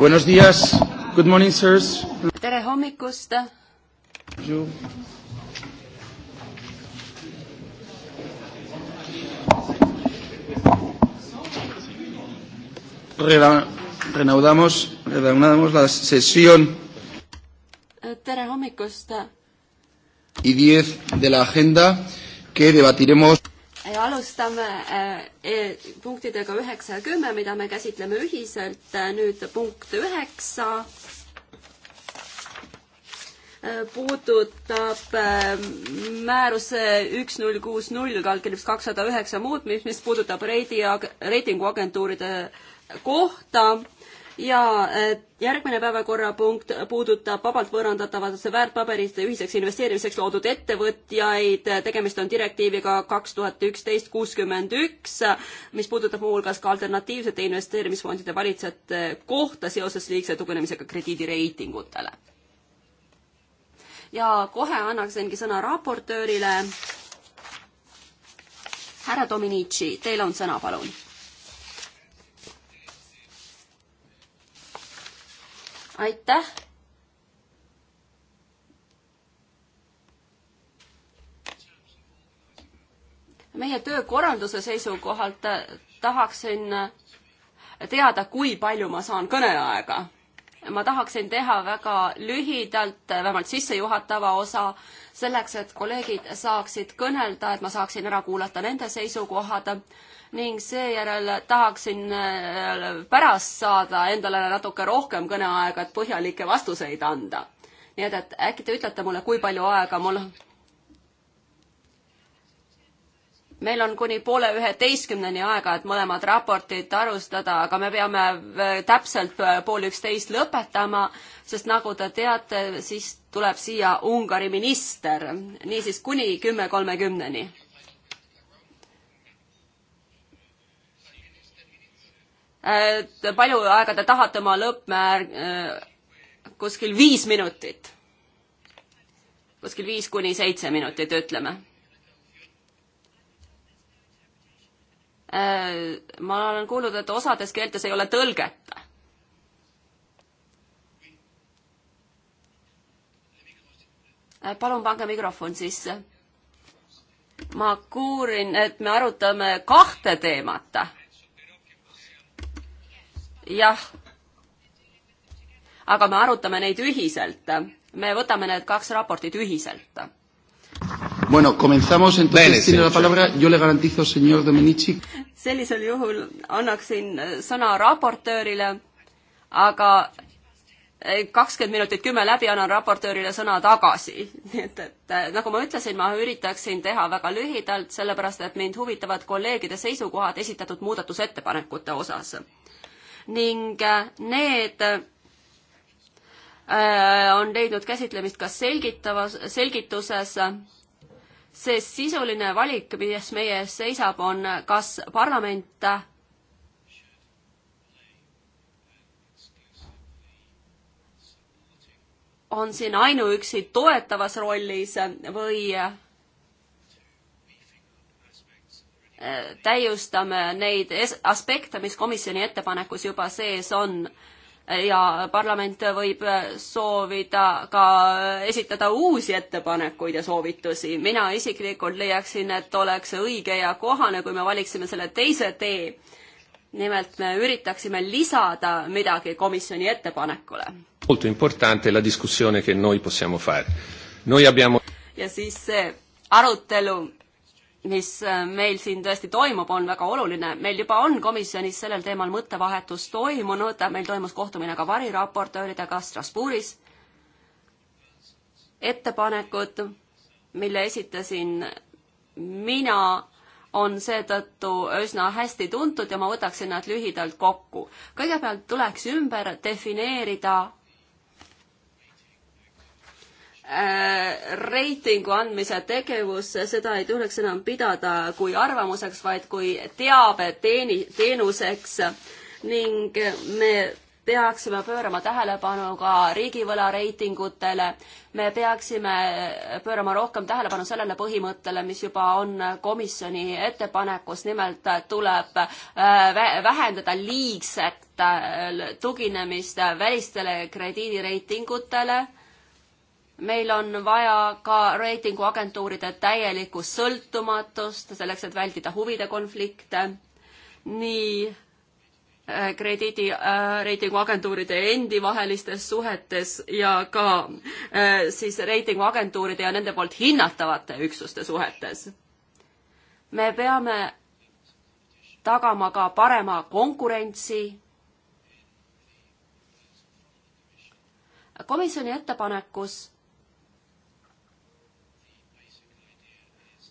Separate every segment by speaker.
Speaker 1: Buenos días. Good morning, sirs.
Speaker 2: tere hommikust.
Speaker 1: Renaudamos, renaudamos la sesión.
Speaker 2: tere hommikust.
Speaker 1: Y 10 de la agenda que debatiremos
Speaker 2: ja alustame äh, e-, punktidega üheksa ja kümme, mida me käsitleme ühiselt. Äh, nüüd punkt üheksa äh, puudutab määruse üks null kuus null kaldkirjas kakssada üheksa muutmist, mis puudutab reidi, reitinguagentuuride kohta ja järgmine päevakorrapunkt puudutab vabalt võõrandatavasse väärtpaberisse ühiseks investeerimiseks loodud ettevõtjaid. tegemist on direktiiviga kaks tuhat üksteist kuuskümmend üks, mis puudutab muuhulgas ka alternatiivsete investeerimisfondide valitsejate kohta seoses liigse tugevnemisega krediidireitingutele. ja kohe annaksingi sõna raportöörile härra Dominici, teil on sõna, palun aitäh. meie töökorralduse seisukohalt äh, tahaksin äh, teada, kui palju ma saan kõneaega. ma tahaksin teha väga lühidalt, äh, vähemalt sissejuhatava osa, selleks et kolleegid saaksid kõnelda, et ma saaksin ära kuulata nende seisukohad ning seejärel tahaksin äh, pärast saada endale natuke rohkem kõneaega, et põhjalikke vastuseid anda. nii et, et äkki te ütlete mulle, kui palju aega mul meil on kuni poole üheteistkümneni aega, et mõlemat raportit arustada, aga me peame äh, täpselt äh, pool üksteist lõpetama, sest nagu te teate, siis tuleb siia Ungari minister, niisiis kuni kümme kolmekümneni et palju aega te tahate oma lõppmäär, äh, kuskil viis minutit. kuskil viis kuni seitse minutit, ütleme. Äh, ma olen kuulnud, et osades keeltes ei ole tõlget äh, palun pange mikrofon sisse. ma kuulin, et me arutame kahte teemat jah. aga me arutame neid ühiselt. me võtame need kaks raportit ühiselt.
Speaker 1: Bueno, comenzamos entonces. Tiene la palabra. Yo le garantizo, señor Domenici.
Speaker 2: Sellisel juhul annaksin eh, sõna raportöörile, aga eh, kakskümmend minutit kümme läbi annan raportöörile sõna tagasi. nii et, et eh, nagu ma ütlesin, ma üritaksin teha väga lühidalt, sellepärast et mind huvitavad kolleegide seisukohad esitatud muudatusettepanekute osas ning äh, need äh, on leidnud käsitlemist ka selgitavas, selgituses, sest sisuline valik, milles meie ees seisab, on kas parlament on siin ainuüksi toetavas rollis või täiustame neid aspekte, mis komisjoni ettepanekus juba sees on ja parlament võib soovida ka esitada uusi ettepanekuid ja soovitusi. mina isiklikult leiaksin, et oleks õige ja kohane, kui me valiksime selle teise tee. nimelt me üritaksime lisada midagi komisjoni ettepanekule. Molto importante la discussione che noi possiamo fare. Noi abbiamo ja siis see arutelu mis äh, meil siin tõesti toimub, on väga oluline. meil juba on komisjonis sellel teemal mõttevahetus toimunud, meil toimus kohtumine ka variraportööridega Strasbourgis. ettepanekud, mille esitasin mina, on seetõttu üsna hästi tuntud ja ma võtaksin nad lühidalt kokku. kõigepealt tuleks ümber defineerida Äh, reitingu andmise tegevus, seda ei tuleks enam pidada kui arvamuseks, vaid kui teabeteeni-, teenuseks ning me peaksime pöörama tähelepanu ka riigivõla reitingutele, me peaksime pöörama rohkem tähelepanu sellele põhimõttele, mis juba on komisjoni ettepanekus, nimelt tuleb äh, vähendada liigset äh, tuginemist välistele krediidireitingutele meil on vaja ka reitinguagentuuride täielikku sõltumatust selleks, et vältida huvide konflikte. nii äh, krediidi äh, reitinguagentuuride endi vahelistes suhetes ja ka äh, siis reitinguagentuuride ja nende poolt hinnatavate üksuste suhetes. me peame tagama ka parema konkurentsi. komisjoni ettepanekus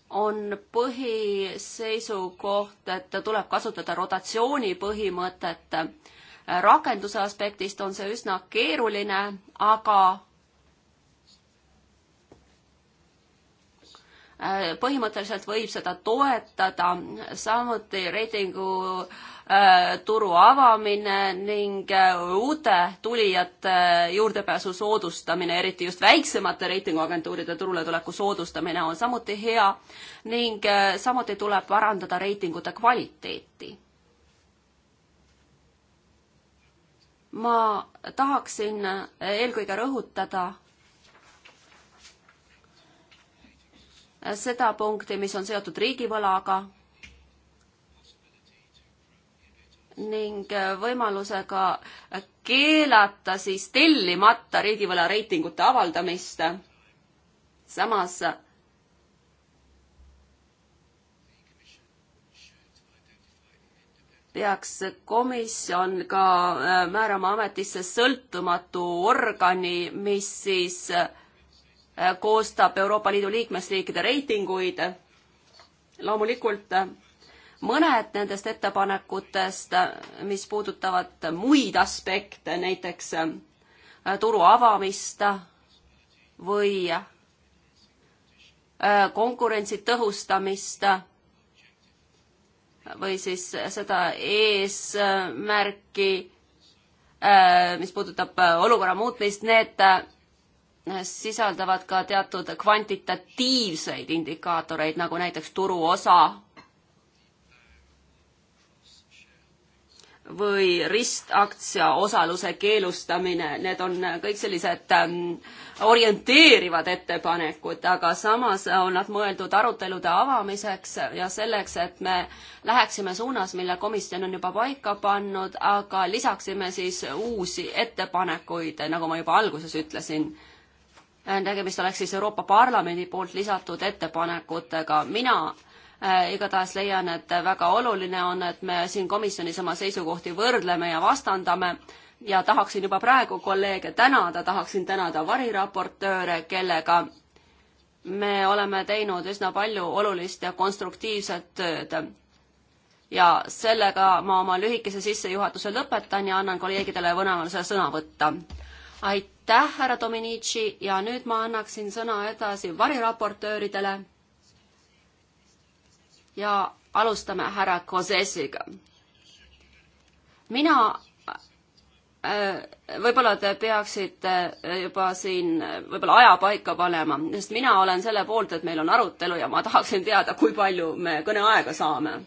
Speaker 2: on põhiseisukoht, et tuleb kasutada rotatsiooni põhimõtet. rakenduse aspektist on see üsna keeruline, aga äh, põhimõtteliselt võib seda toetada, samuti reitingu Äh, turu avamine ning äh, uute tulijate juurdepääsu soodustamine, eriti just väiksemate reitinguagentuuride turule tuleku soodustamine on samuti hea ning äh, samuti tuleb parandada reitingute kvaliteeti. ma tahaksin eelkõige rõhutada seda punkti, mis on seotud riigivõlaga ning äh, võimalusega keelata siis tellimata riigivõlareitingute avaldamist. samas peaks komisjon ka äh, määrama ametisse sõltumatu organi, mis siis äh, koostab Euroopa Liidu liikmesriikide reitinguid. loomulikult mõned nendest ettepanekutest, mis puudutavad muid aspekte, näiteks äh, turu avamist või äh, konkurentsi tõhustamist või siis seda eesmärki, äh, mis puudutab olukorra muutmist, need sisaldavad ka teatud kvantitatiivseid indikaatoreid, nagu näiteks turuosa või ristaktsia osaluse keelustamine, need on kõik sellised ähm, orienteerivad ettepanekud, aga samas on nad mõeldud arutelude avamiseks ja selleks, et me läheksime suunas, mille komisjon on juba paika pannud, aga lisaksime siis uusi ettepanekuid, nagu ma juba alguses ütlesin äh, tegemist oleks siis Euroopa Parlamendi poolt lisatud ettepanekutega. mina Äh, igatahes leian, et väga oluline on, et me siin komisjonis oma seisukohti võrdleme ja vastandame ja tahaksin juba praegu kolleege tänada, tahaksin tänada variraportööre, kellega me oleme teinud üsna palju olulist ja konstruktiivset tööd. ja sellega ma oma lühikese sissejuhatuse lõpetan ja annan kolleegidele võimaluse sõna võtta. aitäh, härra Dominici ja nüüd ma annaksin sõna edasi variraportööridele ja alustame härra Kozesiga. mina äh, võib-olla te peaksite äh, juba siin äh, võib-olla aja paika panema, sest mina olen selle poolt, et meil on arutelu ja ma tahaksin teada, kui palju me kõneaega saame.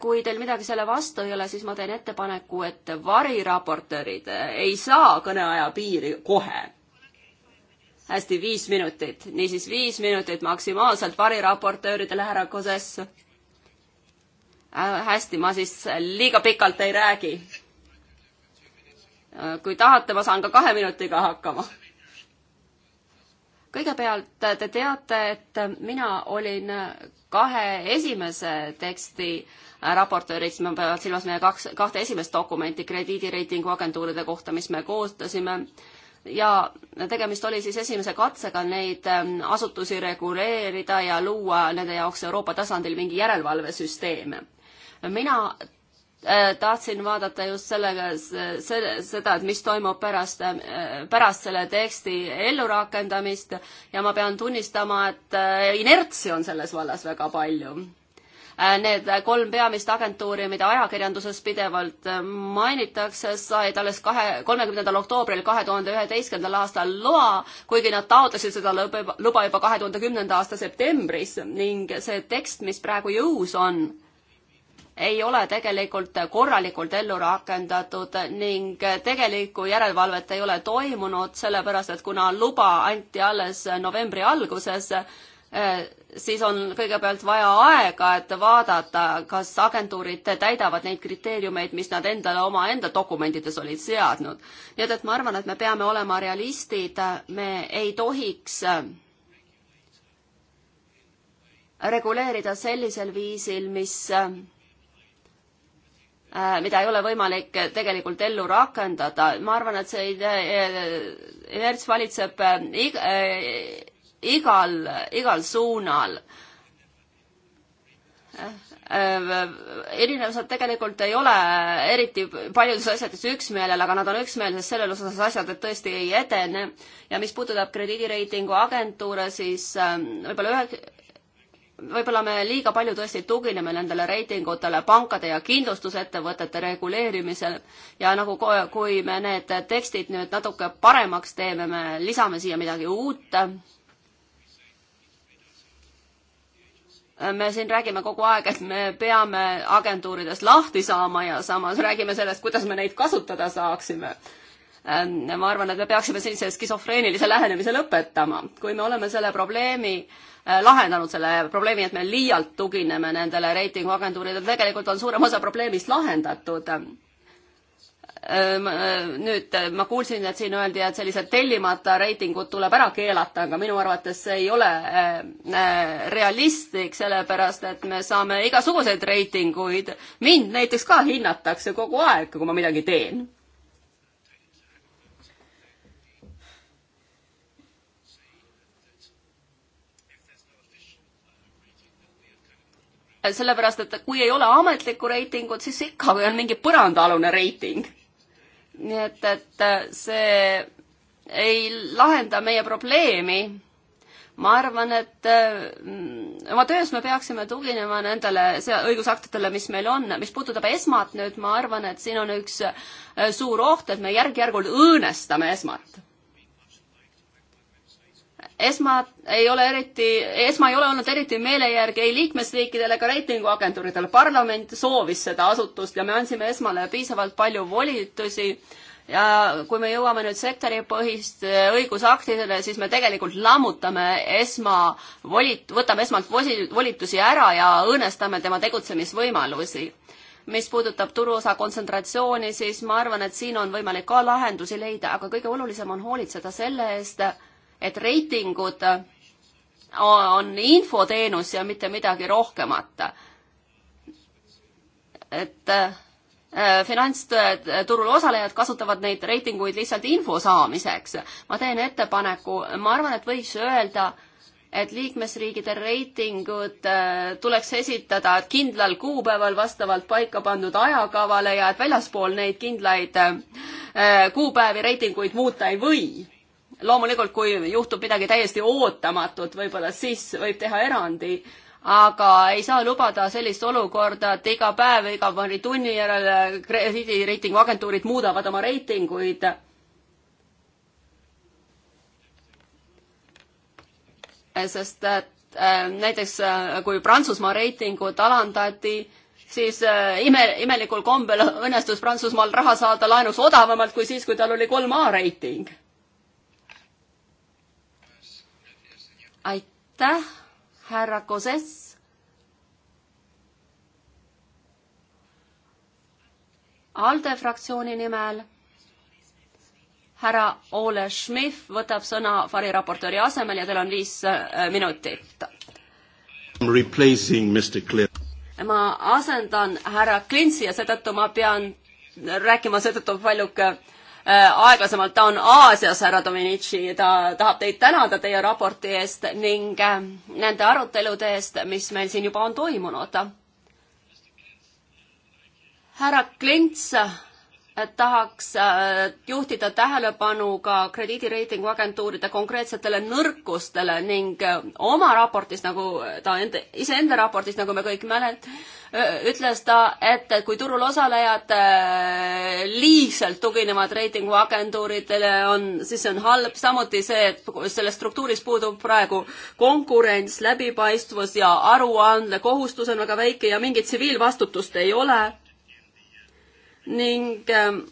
Speaker 2: kui teil midagi selle vastu ei ole, siis ma teen ettepaneku, et variraportöörid ei saa kõneaja piiri kohe hästi, viis minutit, niisiis viis minutit maksimaalselt variraportööridele, härra Koses äh,. hästi, ma siis liiga pikalt ei räägi äh,. kui tahate, ma saan ka kahe minutiga hakkama. kõigepealt äh, te teate, et mina olin kahe esimese teksti äh, raportööriks, ma pean silmas meie kaks, kahte esimest dokumenti krediidireitingu agentuuride kohta, mis me koostasime äh, ja tegemist oli siis esimese katsega neid ähm, asutusi reguleerida ja luua nende jaoks Euroopa tasandil mingi järelevalvesüsteem. mina äh, tahtsin vaadata just sellega, seda, et mis toimub pärast, äh, pärast selle teksti ellurakendamist ja ma pean tunnistama, et äh, inertsi on selles vallas väga palju Äh, need kolm peamist agentuuri, mida ajakirjanduses pidevalt äh, mainitakse, said alles kahe, kolmekümnendal oktoobril kahe tuhande üheteistkümnendal aastal loa, kuigi nad taotlesid seda luba juba kahe tuhande kümnenda aasta septembris ning see tekst, mis praegu jõus on, ei ole tegelikult korralikult ellu rakendatud ning tegelikku järelevalvet ei ole toimunud, sellepärast et kuna luba anti alles novembri alguses, äh, siis on kõigepealt vaja aega, et vaadata, kas agentuurid täidavad neid kriteeriumeid, mis nad endale omaenda dokumentides olid seadnud. nii et, et ma arvan, et me peame olema realistid, me ei tohiks äh, reguleerida sellisel viisil, mis, äh, mida ei ole võimalik tegelikult ellu rakendada. ma arvan, et see inerts äh, valitseb igal, igal suunal ehm, erinevused tegelikult ei ole eriti paljudes asjades üksmeelel, aga nad on üksmeelses selles osas asjad, et tõesti ei edene. ja mis puudutab krediidireitingu agentuure, siis ehm, võib-olla ühe, võib-olla me liiga palju tõesti tugineme nendele reitingutele pankade ja kindlustusettevõtete reguleerimisel ja nagu kui me need tekstid nüüd natuke paremaks teeme, me lisame siia midagi uut me siin räägime kogu aeg, et me peame agentuuridest lahti saama ja samas räägime sellest, kuidas me neid kasutada saaksime. Ähm, ma arvan, et me peaksime sellise skisofreenilise lähenemise lõpetama, kui me oleme selle probleemi äh, lahendanud selle probleemi, et me liialt tugineme nendele reitinguagentuuridele, tegelikult on suurem osa probleemist lahendatud nüüd äh, ma kuulsin, et siin öeldi, et sellised tellimata reitingud tuleb ära keelata, aga minu arvates see ei ole äh, äh, realistlik, sellepärast et me saame igasuguseid reitinguid. mind näiteks ka hinnatakse kogu aeg, kui ma midagi teen. sellepärast, et kui ei ole ametlikku reitingut, siis ikka on mingi põrandaalune reiting nii et, et äh, see ei lahenda meie probleemi. ma arvan, et äh, oma töös me peaksime tuginema nendele õigusaktidele, mis meil on. mis puudutab esmat nüüd, ma arvan, et siin on üks äh, suur oht, et me järk-järgult õõnestame esmat esma ei ole eriti, esma ei ole olnud eriti meele järgi ei liikmesriikidele ega reitinguagentuuridele. parlament soovis seda asutust ja me andsime esmale piisavalt palju volitusi. ja kui me jõuame nüüd sektoripõhiste äh, õigusaktidele, siis me tegelikult lammutame esma volit-, võtame esmalt vosi-, volitusi ära ja õõnestame tema tegutsemisvõimalusi mis puudutab turuosa kontsentratsiooni, siis ma arvan, et siin on võimalik ka lahendusi leida, aga kõige olulisem on hoolitseda selle eest, et reitingud on infoteenus ja mitte midagi rohkemat. et äh, finantsturul osalejad kasutavad neid reitinguid lihtsalt info saamiseks. ma teen ettepaneku, ma arvan, et võiks öelda, et liikmesriigide reitingud äh, tuleks esitada kindlal kuupäeval vastavalt paika pandud ajakavale ja et väljaspool neid kindlaid äh, kuupäevi reitinguid muuta ei või loomulikult, kui juhtub midagi täiesti ootamatut, võib-olla siis võib teha erandi, aga ei saa lubada sellist olukorda, et iga päev, iga paari tunni järel krediidireitingu agentuurid muudavad oma reitinguid. sest et äh, näiteks äh, kui Prantsusmaa reitingut alandati, siis äh, ime, imelikul kombel õnnestus Prantsusmaal raha saada laenust odavamalt kui siis, kui tal oli kolm A reiting aitäh, härra Koses. ALDE fraktsiooni nimel härra Ole Schmidt võtab sõna Fari raportööri asemel ja teil on viis äh, minutit. ma asendan härra Klintsi ja seetõttu ma pean rääkima seetõttu paljuke Äh, aeglasemalt, ta on Aasias, härra Dominici, ta tahab teid tänada teie raporti eest ning äh, nende arutelude eest, mis meil siin juba on toimunud. härra Klints tahaks äh, juhtida tähelepanu ka krediidireitingu agentuuride konkreetsetele nõrkustele ning äh, oma raportis, nagu ta enda, iseenda raportis, nagu me kõik mälet-, äh, ütles ta, et kui turul osalejad liigselt tuginevad reitinguagentuuridele, on, siis see on halb, samuti see, et selles struktuuris puudub praegu konkurents, läbipaistvus ja aruandekohustus on väga väike ja mingit tsiviilvastutust ei ole ning ähm,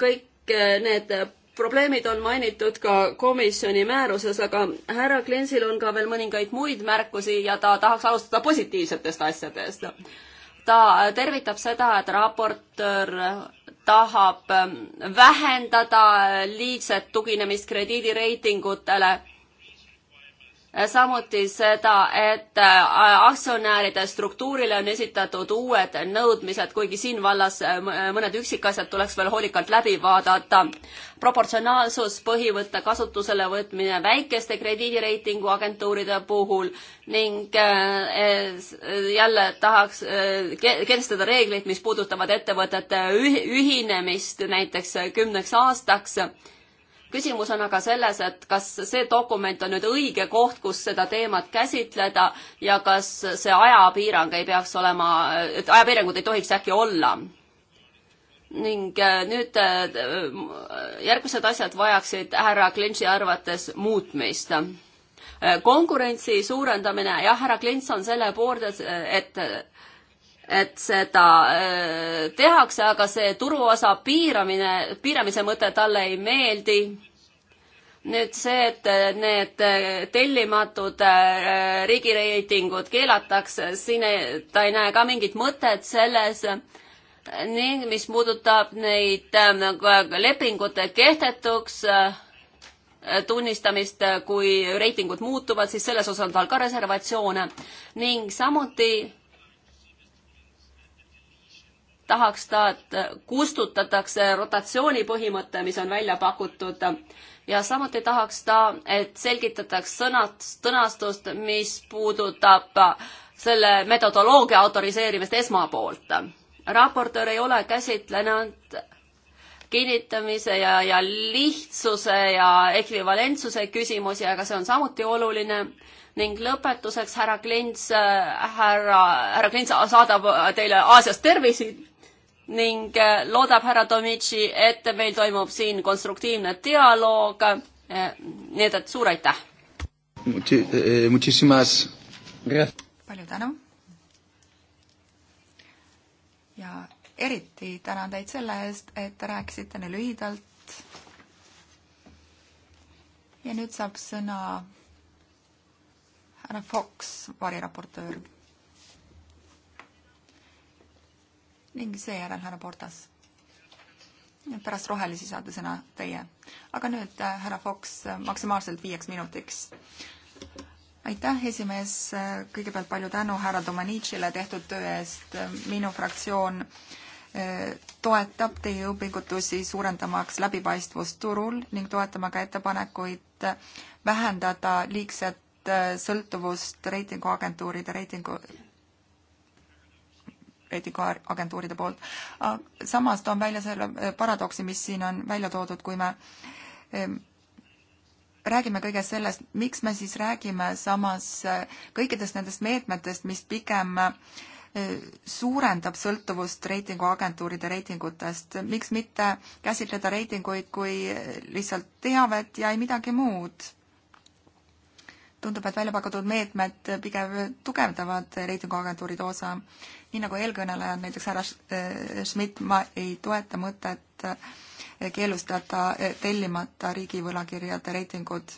Speaker 2: kõik äh, need probleemid on mainitud ka komisjoni määruses, aga härra Klensil on ka veel mõningaid muid märkusi ja ta tahaks alustada positiivsetest asjadest. ta tervitab seda, et raportöör tahab ähm, vähendada liigset tuginemist krediidireitingutele samuti seda, et äh, aktsionäride struktuurile on esitatud uued nõudmised, kuigi siin vallas äh, mõned üksikasjad tuleks veel hoolikalt läbi vaadata. proportsionaalsuspõhimõtte kasutusele võtmine väikeste krediidireitingu agentuuride puhul ning äh, jälle tahaks kehtestada reegleid, mis puudutavad ettevõtete ühinemist näiteks kümneks aastaks küsimus on aga selles, et kas see dokument on nüüd õige koht, kus seda teemat käsitleda ja kas see ajapiirang ei peaks olema, et ajapiirangut ei tohiks äkki olla ning äh, nüüd äh, järgmised asjad vajaksid härra Klintsi arvates muutmist. Äh, konkurentsi suurendamine, jah, härra Klints on selle poolt, et et seda äh, tehakse, aga see turuosa piiramine, piiramise mõte talle ei meeldi. nüüd see, et äh, need äh, tellimatud riigireitingud keelatakse, siin ei, ta ei näe ka mingit mõtet selles ning mis puudutab neid nagu, lepingute kehtetuks tunnistamist, kui reitingud muutuvad, siis selles osas on tal ka reservatsioone ning samuti tahaks ta, et kustutatakse rotatsiooni põhimõte, mis on välja pakutud ja samuti tahaks ta, et selgitataks sõnad, sõnastust, mis puudutab selle metodoloogia autoriseerimist esmapoolt. raportöör ei ole käsitlenud kinnitamise ja, ja lihtsuse ja ekvivalentsuse küsimusi, aga see on samuti oluline ning lõpetuseks härra Klints, äh, härra, härra Klints saadab teile Aasiast terviseid ning äh, loodab härra Tomitši, et meil toimub siin konstruktiivne dialoog. Äh, nii et, et suur aitäh!
Speaker 1: Äh, palju tänu! ja eriti tänan teid selle eest, et te rääkisite nii lühidalt. ja nüüd saab sõna härra Fox, variraportöör ning seejärel härra Portas. pärast rohelisi saate sõna teie. aga nüüd äh, härra Fox äh, maksimaalselt viieks minutiks. aitäh, esimees, äh, kõigepealt palju tänu härra Domanicile tehtud töö eest, minu fraktsioon toetab teie jõupingutusi suurendamaks läbipaistvust turul ning toetama ka ettepanekuid vähendada liigset sõltuvust reitinguagentuuride reitingu, reitinguagentuuride poolt. samas toon välja selle äh, paradoksi, mis siin on välja toodud, kui me ähm, räägime kõigest sellest, miks me siis räägime samas äh, kõikidest nendest meetmetest, mis pigem äh, suurendab sõltuvust reitinguagentuuride reitingutest, miks mitte käsitleda reitinguid kui lihtsalt teavet ja ei midagi muud tundub, et välja pakutud meetmed pigem tugevdavad reitinguagentuuride osa. nii nagu eelkõnelejad, näiteks härra äh, Schmidt, ma ei toeta mõtet äh, keelustada äh, tellimata riigivõlakirjade reitingud.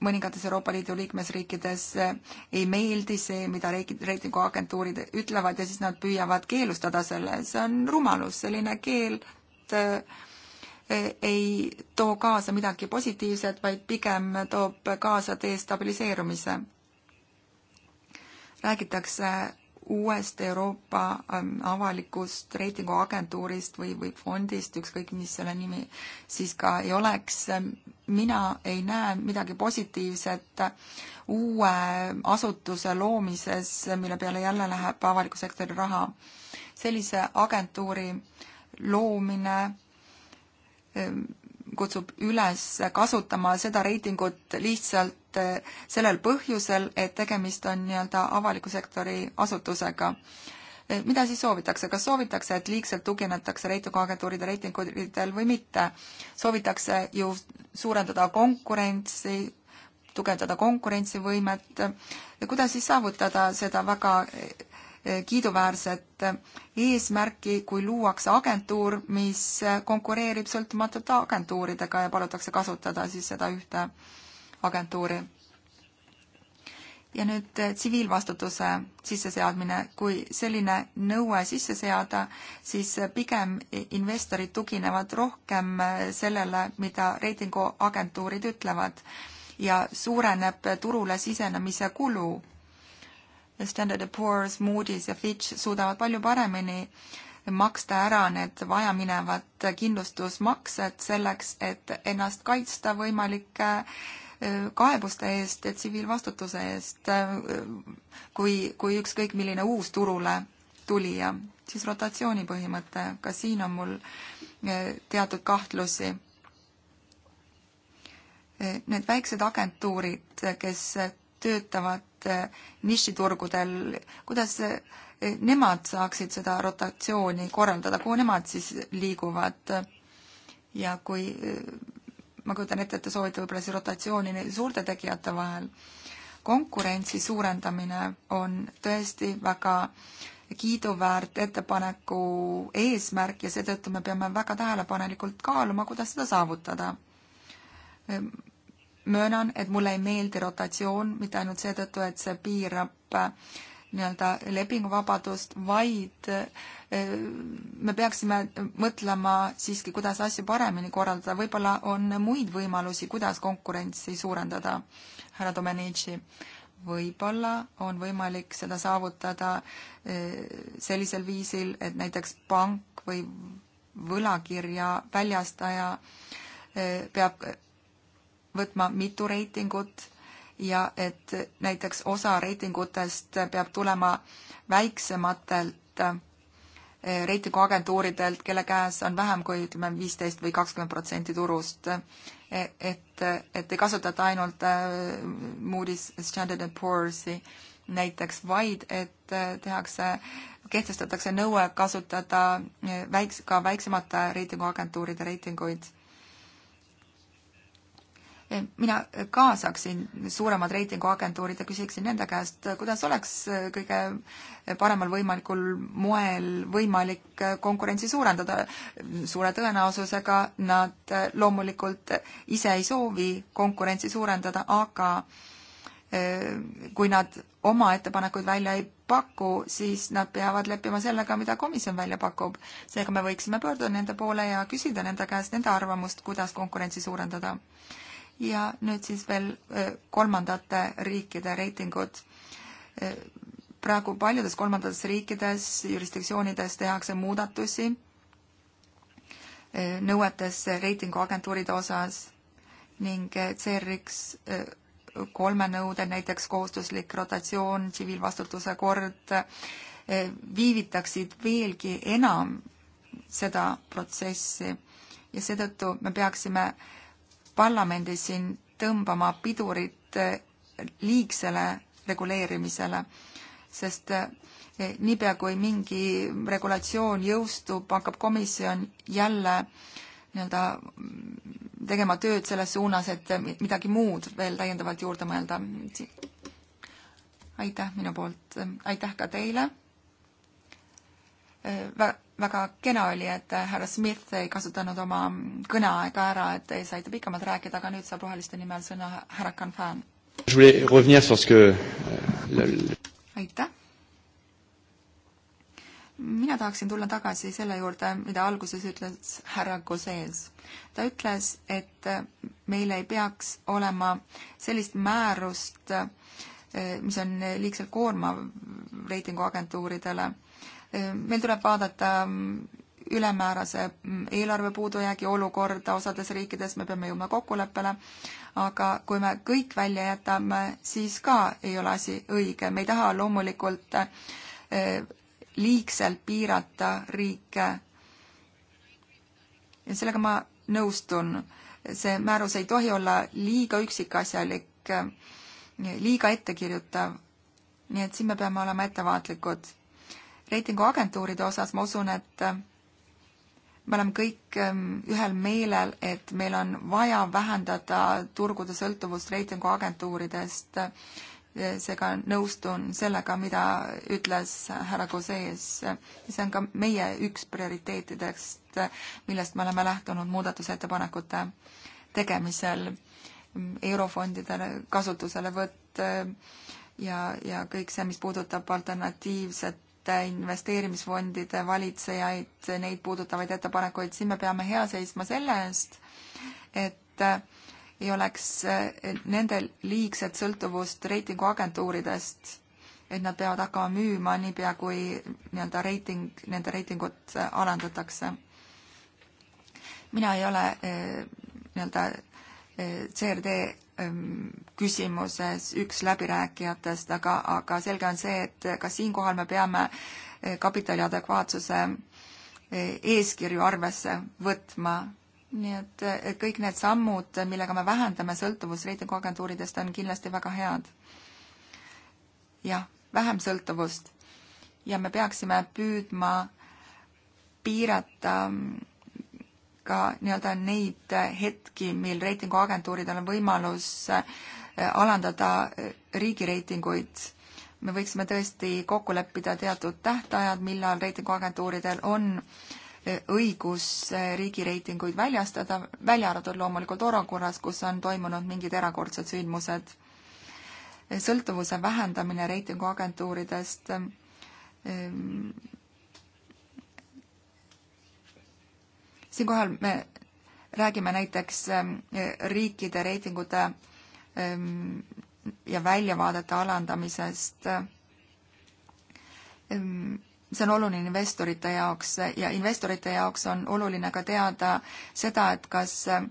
Speaker 1: mõningates Euroopa Liidu liikmesriikides ei meeldi see, mida reitinguagentuurid ütlevad ja siis nad püüavad keelustada selle, see on rumalus, selline keeld äh, ei too kaasa midagi positiivset, vaid pigem toob kaasa destabiliseerumise. räägitakse uuest Euroopa ähm, avalikust reitinguagentuurist või, või fondist, ükskõik mis selle nimi siis ka ei oleks, mina ei näe midagi positiivset uue asutuse loomises, mille peale jälle läheb avaliku sektori raha. sellise agentuuri loomine kutsub üles kasutama seda reitingut lihtsalt eh, sellel põhjusel, et tegemist on nii-öelda avaliku sektori asutusega. Eh, mida siis soovitakse, kas soovitakse, et liigselt tuginetakse reitinguagentuuride reitingutel või mitte? soovitakse ju suurendada konkurentsi, tugevdada konkurentsivõimet ja kuidas siis saavutada seda väga eh, kiiduväärset eesmärki, kui luuakse agentuur, mis konkureerib sõltumatute agentuuridega ja palutakse kasutada siis seda ühte agentuuri. ja nüüd eh, tsiviilvastutuse sisseseadmine, kui selline nõue sisse seada, siis eh, pigem investorid tuginevad rohkem eh, sellele, mida reitinguagentuurid ütlevad ja suureneb turule sisenemise kulu Standard Poor's, Moody's ja Fitch suudavad palju paremini maksta ära need vajaminevad kindlustusmaksed selleks, et ennast kaitsta võimalike äh, kaebuste eest ja tsiviilvastutuse eest, äh, kui, kui ükskõik milline uus turule tulija, siis rotatsiooni põhimõte, ka siin on mul äh, teatud kahtlusi. Need väiksed agentuurid, kes töötavad eh, nišiturgudel, kuidas eh, nemad saaksid seda rotatsiooni korraldada, kuhu nemad siis liiguvad? ja kui eh, ma kujutan ette, et te soovite võib-olla siis rotatsiooni suurte tegijate vahel. konkurentsi suurendamine on tõesti väga kiiduväärt ettepaneku eesmärk ja seetõttu me peame väga tähelepanelikult kaaluma, kuidas seda saavutada. Ehm, möönan, et mulle ei meeldi rotatsioon mitte ainult seetõttu, et see piirab äh, nii-öelda lepinguvabadust, vaid äh, me peaksime mõtlema siiski, kuidas asju paremini korraldada, võib-olla on muid võimalusi, kuidas konkurentsi suurendada, härra Domenici. võib-olla on võimalik seda saavutada äh, sellisel viisil, et näiteks pank või võlakirja väljastaja peab võtma mitu reitingut ja et näiteks osa reitingutest peab tulema väiksematelt eh, reitinguagentuuridelt, kelle käes on vähem kui ütleme, viisteist või kakskümmend protsenti turust. E-, et, et ei kasutata ainult eh, Moody's Standard and Poor'si näiteks, vaid et eh, tehakse, kehtestatakse nõue kasutada väiks-, ka väiksemate reitinguagentuuride reitinguid Eh, mina kaasaksin suuremad reitinguagentuurid ja küsiksin nende käest, kuidas oleks eh, kõige paremal võimalikul moel võimalik eh, konkurentsi suurendada. suure tõenäosusega nad loomulikult ise ei soovi konkurentsi suurendada, aga kui nad oma ettepanekuid välja ei paku, siis nad peavad leppima sellega, mida komisjon välja pakub. seega me võiksime pöörduda nende poole ja küsida nende käest nende arvamust, kuidas konkurentsi suurendada ja nüüd siis veel äh, kolmandate riikide reitingud. Äh, praegu paljudes kolmandates riikides, jurisdiktsioonides tehakse muudatusi äh, nõuetes reitinguagentuuride osas ning CRX kolme nõude, näiteks kohustuslik rotatsioon, tsiviilvastutuse kord, viivitaksid veelgi enam seda protsessi ja seetõttu me peaksime äh, parlamendis siin tõmbama pidurit eh, liigsele reguleerimisele, sest eh, niipea, kui mingi regulatsioon jõustub, hakkab komisjon jälle nii-öelda tegema tööd selles suunas, et midagi muud veel täiendavalt juurde mõelda. aitäh minu poolt, aitäh ka teile eh, väga kena oli, et härra Smith ei kasutanud oma kõneaega ära, et te saite pikemalt rääkida, aga nüüd saab roheliste nimel sõna härra Canfan. Euh, aitäh. mina tahaksin tulla tagasi selle juurde, mida alguses ütles härra Gosses. ta ütles, et meil ei peaks olema sellist määrust, mis on liigselt koormav reitinguagentuuridele meil tuleb vaadata mm, ülemäärase mm, eelarve puudujäägi olukorda osades riikides, me peame jõudma kokkuleppele, aga kui me kõik välja jätame, siis ka ei ole asi õige, me ei taha loomulikult e, liigselt piirata riike. ja sellega ma nõustun, see määrus ei tohi olla liiga üksikasjalik, liiga ettekirjutav, nii et siin me peame olema ettevaatlikud reitinguagentuuride osas ma usun, et äh, me oleme kõik ähm, ühel meelel, et meil on vaja vähendada turgude sõltuvust reitinguagentuuridest. Äh, seega nõustun sellega, mida ütles härra Kosees. see on ka meie üks prioriteetidest, äh, millest me oleme lähtunud muudatusettepanekute tegemisel, mm, eurofondide kasutuselevõtt ja, ja kõik see, mis puudutab alternatiivset mitte investeerimisfondide valitsejaid, neid puudutavaid ettepanekuid, siin me peame hea seisma selle eest, et ei oleks nendel liigset sõltuvust reitinguagentuuridest, et nad peavad hakkama müüma niipea, kui nii-öelda reiting, nende reitingut alandatakse. mina ei ole eh, nii-öelda eh, CRD küsimuses üks läbirääkijatest, aga, aga selge on see, et ka siinkohal me peame eh, kapitali adekvaatsuse eh, eeskirju arvesse võtma. nii et, et eh, kõik need sammud, millega me vähendame sõltuvust reitinguagentuuridest, on kindlasti väga head. jah, vähem sõltuvust ja me peaksime püüdma piirata mm, ka nii-öelda neid hetki, mil reitinguagentuuridel on võimalus eh, alandada eh, riigireitinguid. me võiksime tõesti kokku leppida teatud tähtajad, millal reitinguagentuuridel on eh, õigus riigireitinguid väljastada, välja arvatud loomulikult olukorras, kus on toimunud mingid erakordsed sündmused. sõltuvuse vähendamine reitinguagentuuridest siinkohal me räägime näiteks ähm, riikide reitingute ähm, ja väljavaadete alandamisest. Ähm, see on oluline investorite jaoks ja investorite jaoks on oluline ka teada seda, et kas äh,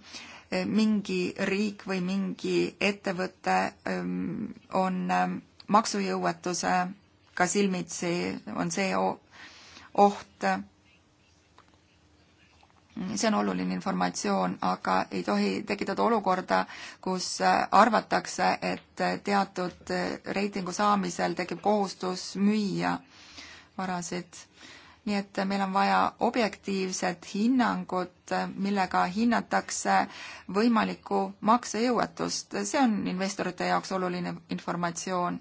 Speaker 1: mingi riik või mingi ettevõte on maksujõuetusega silmitsi, on see oht Mm, see on oluline informatsioon, aga ei tohi tekitada olukorda, kus äh, arvatakse, et äh, teatud äh, reitingu saamisel tekib kohustus müüa varasid. nii et meil on vaja objektiivset hinnangut, millega hinnatakse võimalikku maksejõuetust, see on investorite jaoks oluline informatsioon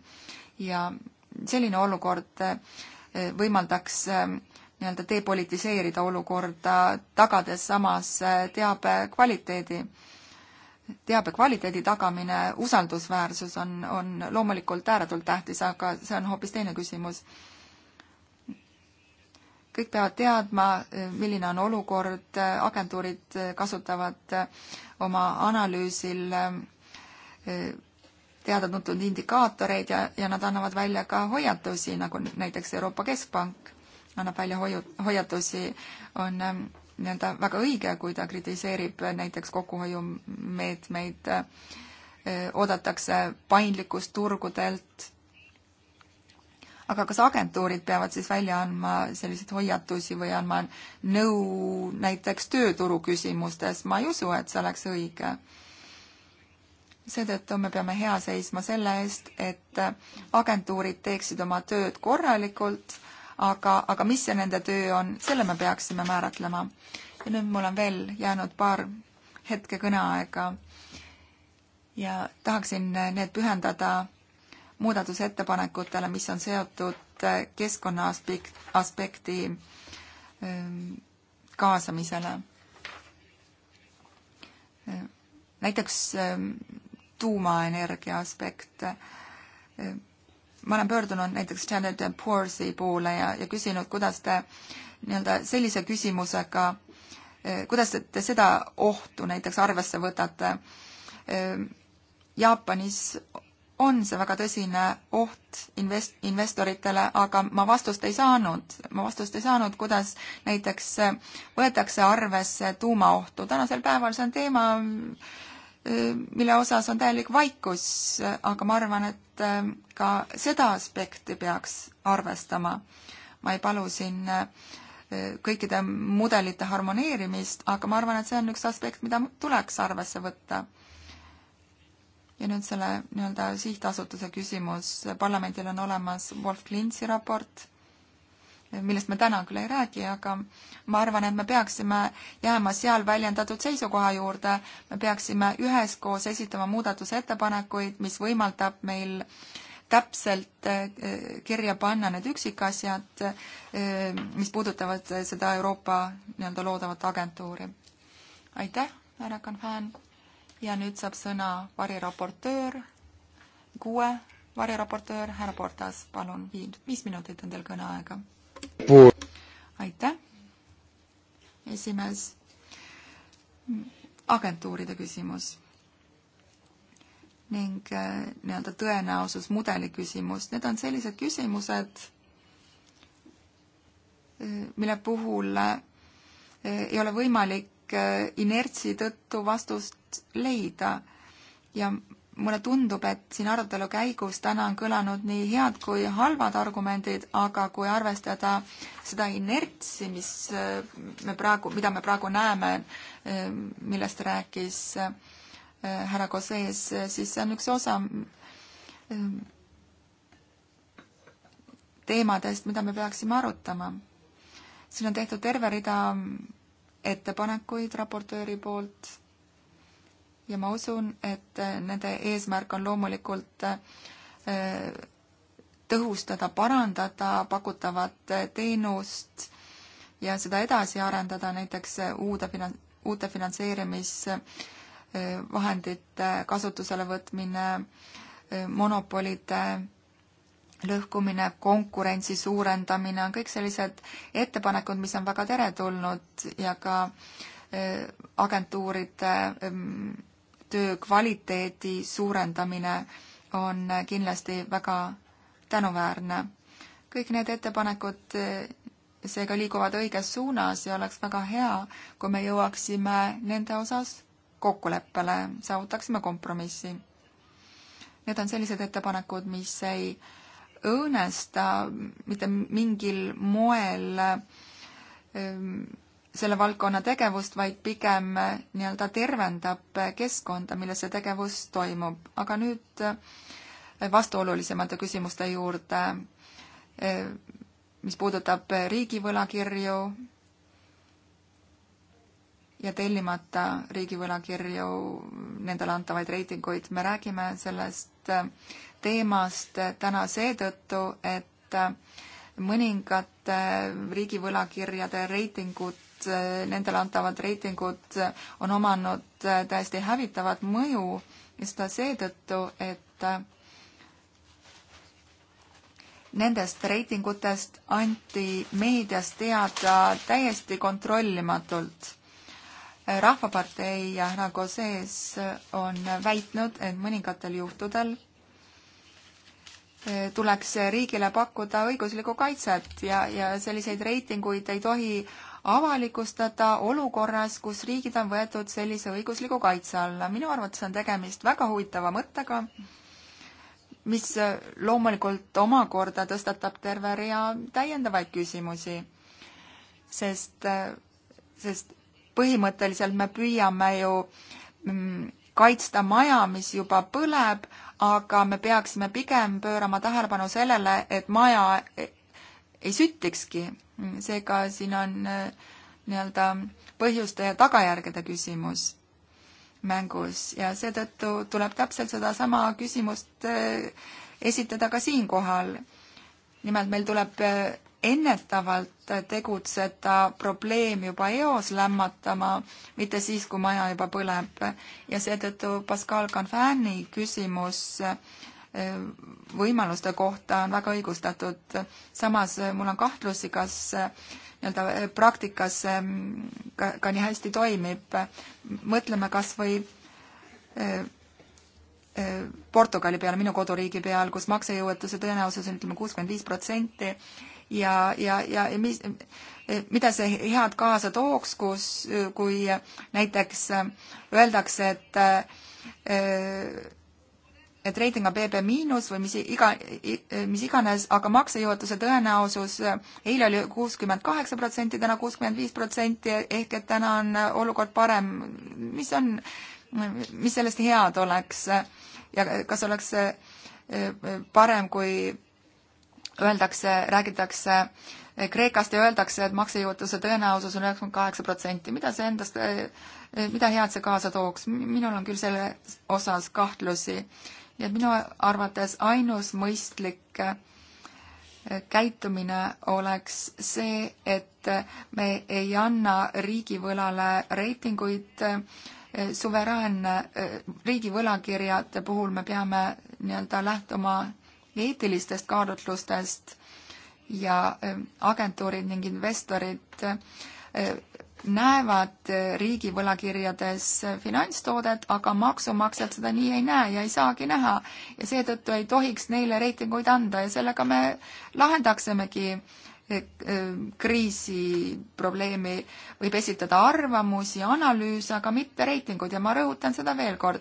Speaker 1: ja selline olukord võimaldaks nii-öelda depolitiseerida olukorda, tagades samas äh, teabe kvaliteedi. teabe kvaliteedi tagamine, usaldusväärsus on, on loomulikult ääretult tähtis, aga see on hoopis teine küsimus. kõik peavad teadma, äh, milline on olukord, äh, agentuurid kasutavad oma analüüsil teada-tuntud indikaatoreid ja, ja nad annavad välja ka hoiatusi, nagu näiteks Euroopa Keskpank annab välja hoiu-, hoiatusi, on ähm, nii-öelda väga õige, kui ta kritiseerib näiteks kokkuhoiumeetmeid, äh, oodatakse paindlikkust turgudelt, aga kas agentuurid peavad siis välja andma selliseid hoiatusi või andma nõu näiteks tööturu küsimustes, ma ei usu, et see oleks õige. seetõttu me peame hea seisma selle eest, et agentuurid teeksid oma tööd korralikult aga, aga mis see nende töö on, selle me peaksime määratlema. ja nüüd mul on veel jäänud paar hetke kõneaega ja tahaksin need pühendada muudatusettepanekutele, mis on seotud keskkonna aspekt, aspekti ähm, kaasamisele. Äh, näiteks ähm, tuumaenergia aspekt. Äh, ma olen pöördunud näiteks Standard and Poor'si poole ja, ja küsinud, kuidas te nii-öelda sellise küsimusega, eh, kuidas te seda ohtu näiteks arvesse võtate. Eh, Jaapanis on see väga tõsine oht invest-, investoritele, aga ma vastust ei saanud, ma vastust ei saanud, kuidas näiteks võetakse arvesse tuumaohtu. tänasel päeval see on teema, Äh, mille osas on täielik vaikus, äh, aga ma arvan, et äh, ka seda aspekti peaks arvestama. ma ei palu siin kõikide mudelite harmoneerimist, aga ma arvan, et see on üks aspekt, mida tuleks arvesse võtta. ja nüüd selle nii-öelda sihtasutuse küsimus, parlamendil on olemas Wolf Klintsi raport millest me täna küll ei räägi, aga ma arvan, et me peaksime jääma seal väljendatud seisukoha juurde, me peaksime üheskoos esitama muudatusettepanekuid, mis võimaldab meil täpselt eh, kirja panna need üksikasjad, eh, mis puudutavad seda Euroopa nii-öelda loodavat agentuuri. aitäh, härra Kanfan, ja nüüd saab sõna variraportöör, kuue variraportöör, härra Portas, palun, viis minutit on teil kõneaega aitäh, esimees. agentuuride küsimus ning äh, nii-öelda tõenäosus mudeli küsimus, need on sellised küsimused, äh, mille puhul äh, ei ole võimalik inertsi tõttu vastust leida ja mulle tundub, et siin arutelu käigus täna on kõlanud nii head kui halvad argumendid, aga kui arvestada seda inertsi, mis äh, me praegu, mida me praegu näeme, äh, millest rääkis äh, härra Kosees, siis see on üks osa teemadest, mida me peaksime arutama. siin on tehtud terve rida ettepanekuid raportööri poolt ja ma usun, et äh, nende eesmärk on loomulikult äh, tõhustada, parandada pakutavat äh, teenust ja seda edasi arendada näiteks uude finan-, uute finantseerimisvahendite kasutusele võtmine, monopolide lõhkumine, konkurentsi suurendamine on kõik sellised ettepanekud, mis on väga teretulnud ja ka agentuuride ähm, töö kvaliteedi suurendamine on kindlasti väga tänuväärne. kõik need ettepanekud eh, seega liiguvad õiges suunas ja oleks väga hea, kui me jõuaksime nende osas kokkuleppele, saavutaksime kompromissi. Need on sellised ettepanekud, mis ei õõnesta mitte mingil moel öö, ehm, selle valdkonna tegevust, vaid pigem äh, nii-öelda tervendab äh, keskkonda, milles see tegevus toimub. aga nüüd äh, vastuolulisemate küsimuste juurde, mis puudutab riigivõlakirju ja tellimata riigivõlakirju, nendele antavaid reitinguid, me räägime sellest teemast täna seetõttu, et mõningate riigivõlakirjade reitingud et äh, nendele antavad reitingud äh, on omanud äh, täiesti hävitavat mõju ja seda seetõttu, et nendest reitingutest anti meedias teada täiesti kontrollimatult. rahvapartei ja härra Gosees on väitnud, et mõningatel juhtudel tuleks riigile pakkuda õiguslikku kaitset ja, ja selliseid reitinguid ei tohi avalikustada olukorras, kus riigid on võetud sellise õigusliku kaitse alla. minu arvates on tegemist väga huvitava mõttega, mis loomulikult omakorda tõstatab terve rea täiendavaid küsimusi, sest, sest põhimõtteliselt me püüame ju mm, kaitsta maja, mis juba põleb, aga me peaksime pigem pöörama tähelepanu sellele, et maja ei süttikski. seega siin on äh, nii-öelda põhjuste ja tagajärgede küsimus mängus ja seetõttu tuleb täpselt sedasama küsimust äh, esitada ka siinkohal. nimelt meil tuleb äh, ennetavalt tegutseda, probleem juba eos lämmatama, mitte siis, kui maja juba põleb. ja seetõttu Pascal Canfani küsimus äh, võimaluste kohta on väga õigustatud. samas mul on kahtlusi, kas eh, nii-öelda eh, praktikas eh, ka, ka nii hästi toimib. mõtleme kas või Portugali peale, minu koduriigi peal, kus maksejõuetuse tõenäosus on ütleme kuuskümmend viis protsenti ja, ja, ja, ja mis, mida see head kaasa tooks, kus, kui näiteks öeldakse, et et reiting on BB miinus või mis iga, mis iganes, aga maksejõuetuse tõenäosus eile oli kuuskümmend kaheksa protsenti, täna kuuskümmend viis protsenti, ehk et täna on olukord parem. mis on, mis sellest head oleks ja kas oleks eh, parem, kui öeldakse, räägitakse Kreekast ja öeldakse, et maksejõuetuse tõenäosus on üheksakümmend kaheksa protsenti, mida see endast, eh, eh, mida head see kaasa tooks, minul on küll selle osas kahtlusi nii et minu arvates ainus mõistlik äh, käitumine oleks see, et me ei anna riigivõlale reitinguid, äh, suveräänne äh, riigivõlakirjade puhul me peame nii-öelda lähtuma eetilistest kaalutlustest ja agentuurid ning investorid näevad riigi võlakirjades finantstoodet, aga maksumaksjad seda nii ei näe ja ei saagi näha ja seetõttu ei tohiks neile reitinguid anda ja sellega me lahendaksemegi eh, kriisi probleemi, võib esitada arvamusi, analüüse, aga mitte reitinguid ja ma rõhutan seda veel kord.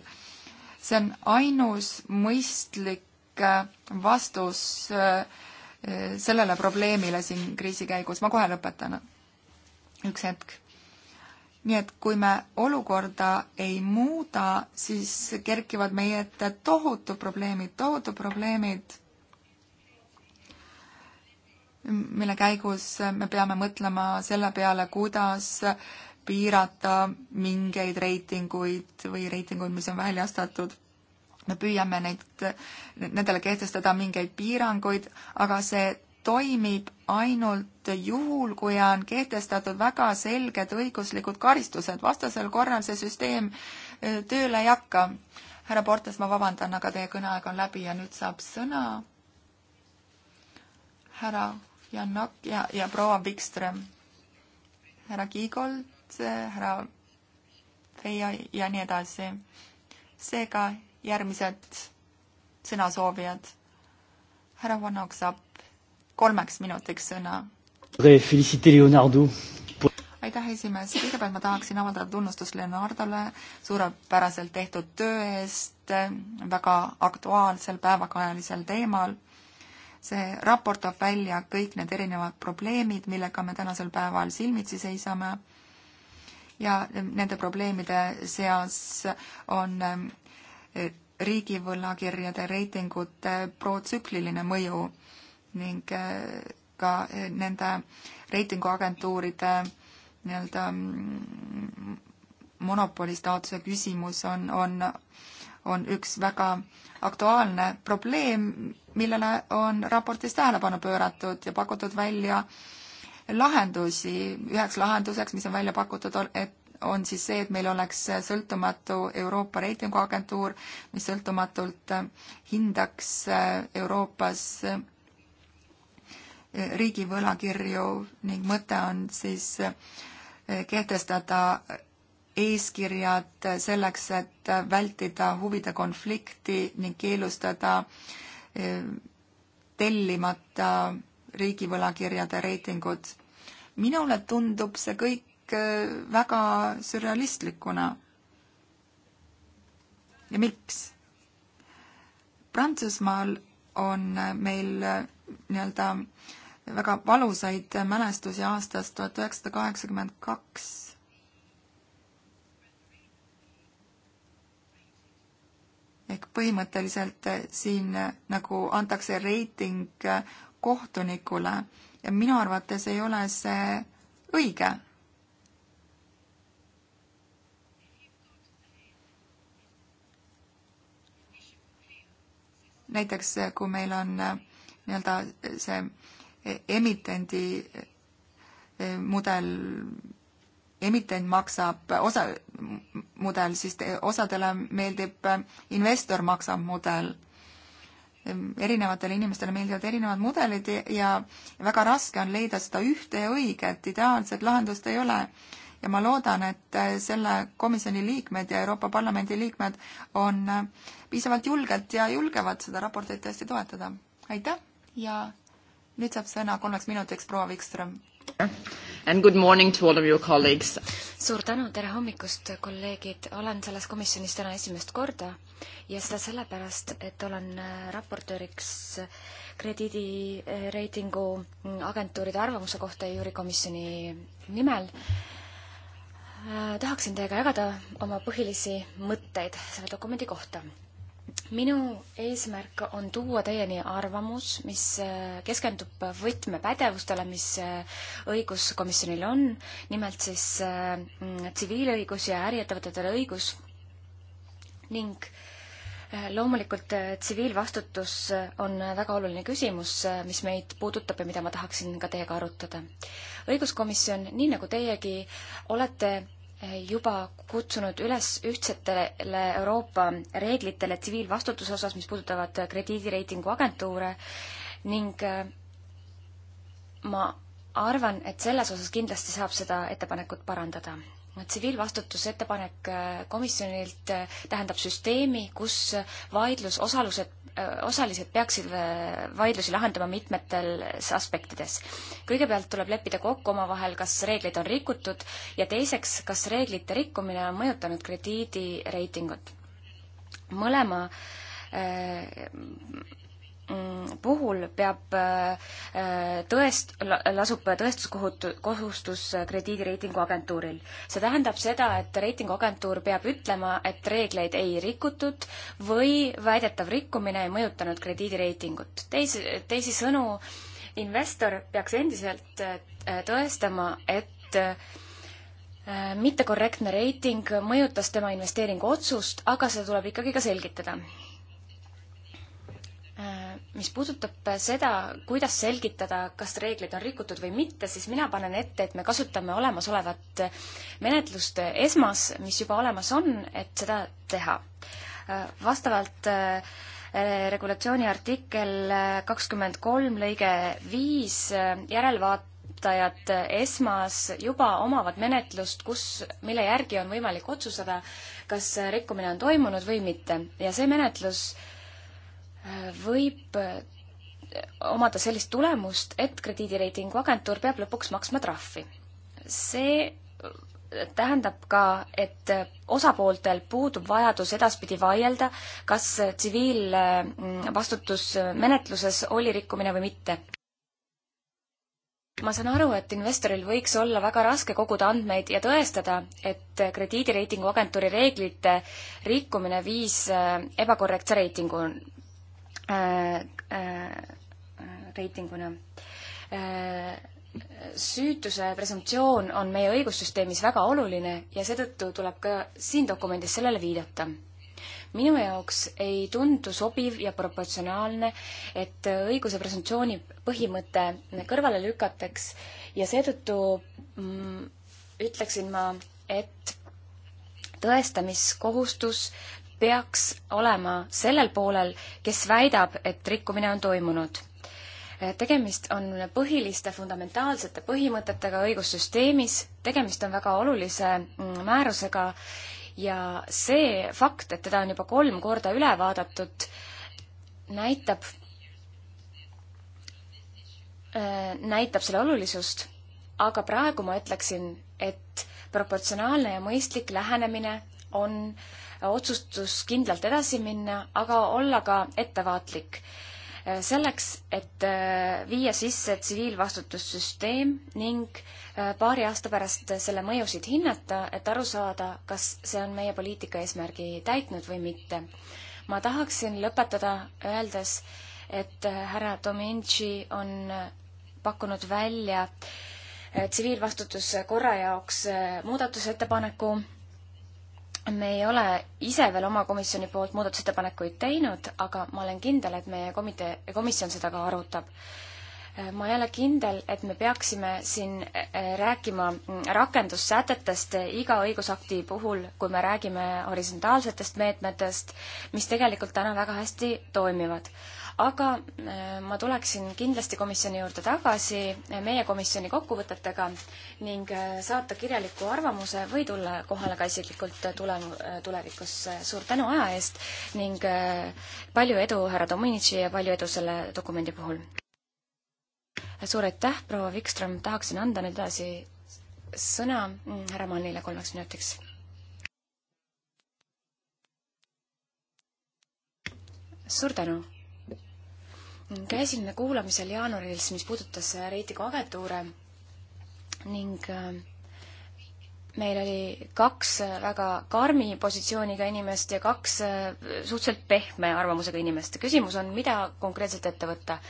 Speaker 1: see on ainus mõistlik eh, vastus eh, sellele probleemile siin kriisi käigus, ma kohe lõpetan. üks hetk nii et kui me olukorda ei muuda, siis kerkivad meie ette tohutud probleemid, tohutud probleemid, mille käigus me peame mõtlema selle peale, kuidas piirata mingeid reitinguid või reitinguid, mis on väljastatud. me püüame neid, nendele kehtestada mingeid piiranguid, aga see toimib ainult juhul, kui on kehtestatud väga selged õiguslikud karistused, vastasel korral see süsteem äh, tööle ei hakka. härra Portas, ma vabandan, aga teie kõneaeg on läbi ja nüüd saab sõna härra Jannok ja, ja proua Wikström, härra Kiigold, härra Feia ja nii edasi. seega järgmised sõnasoovijad. härra Vanok saab kolmeks minutiks sõna. aitäh, esimees, kõigepealt ma tahaksin avaldada tunnustust Leonardole suurepäraselt tehtud töö eest väga aktuaalsel päevakajalisel teemal. see raport toob välja kõik need erinevad probleemid, millega me tänasel päeval silmitsi seisame ja nende probleemide seas on eh, riigivõlakirjade reitingute protsükliline mõju ning äh, ka äh, nende reitinguagentuuride nii-öelda mm, monopoli staatuse küsimus on, on, on üks väga aktuaalne probleem, millele on raportis tähelepanu pööratud ja pakutud välja lahendusi. üheks lahenduseks, mis on välja pakutud, on, et on siis see, et meil oleks sõltumatu Euroopa reitinguagentuur, mis sõltumatult hindaks äh, Euroopas riigi võlakirju ning mõte on siis eh, kehtestada eeskirjad selleks, et vältida huvide konflikti ning keelustada eh, tellimata riigivõlakirjade reitingud. minule tundub see kõik eh, väga sürrealistlikuna. ja miks? Prantsusmaal on meil nii-öelda äh, väga valusaid mälestusi aastast tuhat üheksasada kaheksakümmend kaks. ehk põhimõtteliselt eh, siin eh, nagu antakse reiting eh, kohtunikule ja minu arvates ei ole see õige näiteks kui meil on nii-öelda see emitendi eh, mudel, emitent maksab osa, mudel, siis osadele meeldib eh, investor maksab mudel. erinevatele inimestele meeldivad erinevad mudelid ja väga raske on leida seda ühte ja õiget, ideaalset lahendust ei ole ja ma loodan, et eh, selle komisjoni liikmed ja Euroopa Parlamendi liikmed on piisavalt julged ja julgevad seda raportit tõesti toetada. aitäh ja nüüd saab sõna kolmeks minutiks proua Vikström.
Speaker 2: And good morning to all of your colleagues.
Speaker 3: suur tänu, tere hommikust, kolleegid. olen selles komisjonis täna esimest korda ja seda sellepärast, et olen äh, raportööriks äh, krediidireitingu mm, agentuuride arvamuse kohta juurikomisjoni nimel äh, tahaksin teiega jagada oma põhilisi mõtteid selle dokumendi kohta minu eesmärk on tuua teieni arvamus, mis äh, keskendub võtmepädevustele, mis äh, õiguskomisjonil on, nimelt siis äh, tsiviilõigus ja äriettevõtetele õigus ning loomulikult tsiviilvastutus on väga oluline küsimus, mis meid puudutab ja mida ma tahaksin ka teiega arutada. õiguskomisjon, nii nagu teiegi, olete juba kutsunud üles ühtsetele Euroopa reeglitele tsiviilvastutuse osas, mis puudutavad krediidireitingu agentuure ning äh, ma arvan, et selles osas kindlasti saab seda ettepanekut parandada. tsiviilvastutuse ettepanek äh, komisjonilt äh, tähendab süsteemi, kus vaidlusosalused Äh, osalised peaksid äh, vaidlusi lahendama mitmetes aspektides. kõigepealt tuleb leppida kokku omavahel, kas reegleid on rikutud ja teiseks, kas reeglite rikkumine on mõjutanud krediidireitingut. mõlema äh, Mm, puhul peab äh, tõest-, lasub tõestuskohut-, kohustus äh, krediidireitingu agentuuril. see tähendab seda, et reitinguagentuur peab ütlema, et reegleid ei rikutud või väidetav rikkumine ei mõjutanud krediidireitingut. teisi, teisisõnu, investor peaks endiselt äh, tõestama, et mittekorrektne reiting mõjutas tema investeeringu otsust, aga seda tuleb ikkagi ka selgitada mis puudutab seda, kuidas selgitada, kas reegleid on rikutud või mitte, siis mina panen ette, et me kasutame olemasolevat menetlust esmas, mis juba olemas on, et seda teha. vastavalt äh, regulatsiooni artikkel kakskümmend kolm lõige viis äh, järelvaatajad esmas juba omavad menetlust, kus, mille järgi on võimalik otsustada, kas rikkumine on toimunud või mitte ja see menetlus äh, võib omada sellist tulemust, et krediidireitingu agentuur peab lõpuks maksma trahvi. see tähendab ka, et osapooltel puudub vajadus edaspidi vaielda, kas tsiviilvastutusmenetluses oli rikkumine või mitte. ma saan aru, et investoril võiks olla väga raske koguda andmeid ja tõestada, et krediidireitingu agentuuri reeglite rikkumine viis ebakorrektse reitinguni Äh, äh, reitinguna. Äh, süütuse presumptsioon on meie õigussüsteemis väga oluline ja seetõttu tuleb ka siin dokumendis sellele viidata minu jaoks ei tundu sobiv ja proportsionaalne, et õiguse presumptsiooni põhimõte kõrvale lükataks ja seetõttu mm, ütleksin ma, et tõestamiskohustus peaks olema sellel poolel, kes väidab, et rikkumine on toimunud. tegemist on põhiliste fundamentaalsete põhimõtetega õigussüsteemis, tegemist on väga olulise mm, määrusega ja see fakt, et teda on juba kolm korda üle vaadatud, näitab, äh, näitab selle olulisust, aga praegu ma ütleksin, et proportsionaalne ja mõistlik lähenemine on äh, otsustuskindlalt edasi minna, aga olla ka ettevaatlik. Äh, selleks, et äh, viia sisse tsiviilvastutussüsteem ning äh, paari aasta pärast selle mõjusid hinnata, et aru saada, kas see on meie poliitika eesmärgi täitnud või mitte. ma tahaksin lõpetada öeldes, et härra Dominci on pakkunud välja tsiviilvastutuskorra jaoks muudatusettepaneku me ei ole ise veel oma komisjoni poolt muudatusettepanekuid teinud, aga ma olen kindel, et meie komitee, komisjon seda ka arutab. Äh, ma ei ole kindel, et me peaksime siin äh, rääkima mm, rakendussätetest äh, iga õigusakti puhul, kui me räägime horisontaalsetest meetmetest, mis tegelikult täna väga hästi toimivad aga äh, ma tuleksin kindlasti komisjoni juurde tagasi äh, meie komisjoni kokkuvõtetega ning äh, saata kirjaliku arvamuse või tulla kohale ka isiklikult tule, tulevikus. suur tänu aja eest ning palju edu, härra Dominici, ja palju edu selle dokumendi puhul! suur aitäh, proua Vikström, tahaksin anda nüüd edasi sõna mm, härra Mannile kolmeks minutiks. suur tänu käisin kuulamisel jaanuaris, mis puudutas äh, reitinguagentuure ning äh, meil oli kaks äh, väga karmi positsiooniga inimest ja kaks suhteliselt pehme arvamusega inimest. küsimus on, mida konkreetselt ette võtta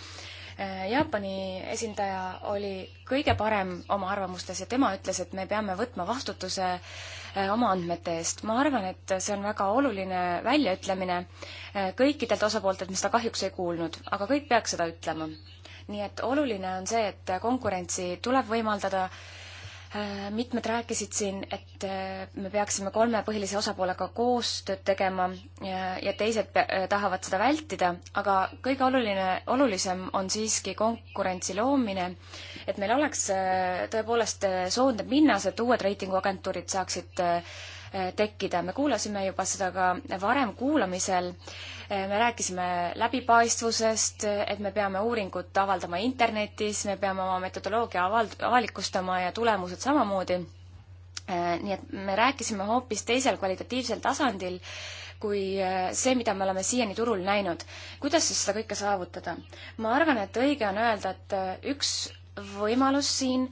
Speaker 3: Äh, Jaapani esindaja oli kõige parem oma arvamustes ja tema ütles, et me peame võtma vastutuse äh, oma andmete eest. ma arvan, et see on väga oluline väljaütlemine äh, kõikidelt osapooltelt, mis ta kahjuks ei kuulnud, aga kõik peaks seda ütlema. nii et oluline on see, et konkurentsi tuleb võimaldada Äh, mitmed rääkisid siin, et äh, me peaksime kolme põhilise osapoolega koostööd tegema ja, ja teised äh, tahavad seda vältida, aga kõige oluline, olulisem on siiski konkurentsi loomine, et meil oleks tõepoolest soodne pinnas, et uued reitinguagentuurid saaksid äh, Äh, tekkida. me kuulasime juba seda ka varem kuulamisel. Äh, me rääkisime läbipaistvusest, et me peame uuringut avaldama internetis, me peame oma metodoloogia avald-, avalikustama ja tulemused samamoodi. Äh, nii et me rääkisime hoopis teisel kvalitatiivsel tasandil kui see, mida me oleme siiani turul näinud. kuidas siis seda kõike saavutada? ma arvan, et õige on öelda, et üks võimalus siin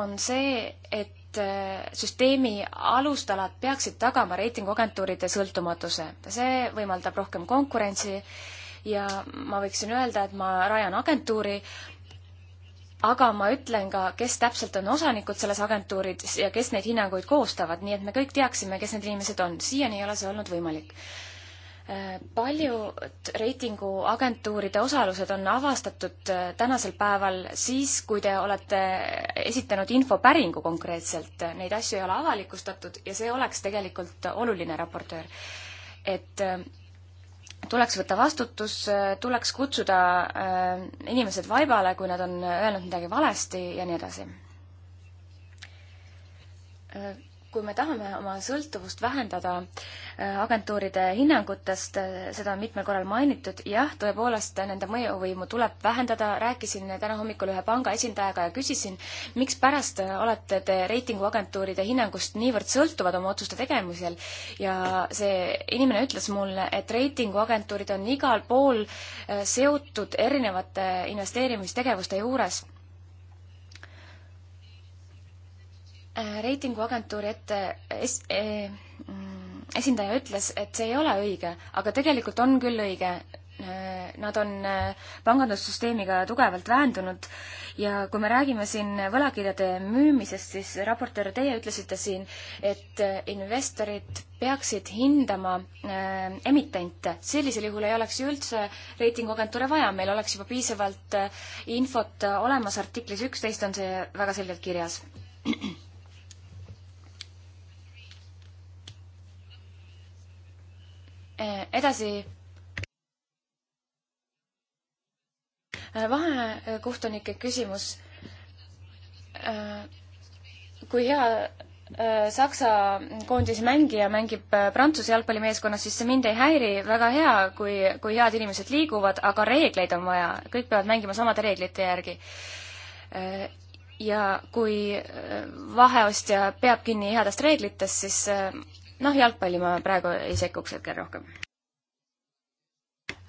Speaker 3: on see, et Äh, süsteemi alustalad peaksid tagama reitinguagentuuride sõltumatuse. see võimaldab rohkem konkurentsi ja ma võiksin öelda, et ma rajan agentuuri, aga ma ütlen ka, kes täpselt on osanikud selles agentuuris ja kes neid hinnanguid koostavad, nii et me kõik teaksime, kes need inimesed on. siiani ei ole see olnud võimalik paljud reitinguagentuuride osalused on avastatud äh, tänasel päeval siis, kui te olete esitanud infopäringu konkreetselt, neid asju ei ole avalikustatud ja see oleks tegelikult oluline, raportöör. et äh, tuleks võtta vastutus, äh, tuleks kutsuda inimesed vaibale, kui nad on öelnud midagi valesti ja nii edasi. kui me tahame oma sõltuvust vähendada, agentuuride hinnangutest, äh, seda on mitmel korral mainitud, jah, tõepoolest nende mõjuvõimu tuleb vähendada, rääkisin täna hommikul ühe panga esindajaga ja küsisin, mikspärast äh, olete te reitinguagentuuride hinnangust niivõrd sõltuvad oma otsuste tegemisel ja see inimene ütles mulle, et reitinguagentuurid on igal pool äh, seotud erinevate investeerimistegevuste juures reitinguagentuuri ette es, e, mm, esindaja ütles, et see ei ole õige, aga tegelikult on küll õige. Nad on äh, pangandussüsteemiga tugevalt väändunud ja kui me räägime siin võlakirjade müümisest, siis raportöör, teie ütlesite siin, et äh, investorid peaksid hindama äh, emitente. sellisel juhul ei oleks ju üldse reitinguagentuure vaja, meil oleks juba piisavalt äh, infot olemas, artiklis üksteist on see väga selgelt kirjas edasi. vahekohtunike küsimus. kui hea äh, Saksa koondismängija mängib äh, Prantsuse jalgpallimeeskonnas, siis see mind ei häiri, väga hea, kui, kui head inimesed liiguvad, aga reegleid on vaja, kõik peavad mängima samade reeglite järgi. Äh, ja kui vaheostja peab kinni headest reeglitest, siis noh, jalgpalli ma praegu ei sekkuks hetkel rohkem.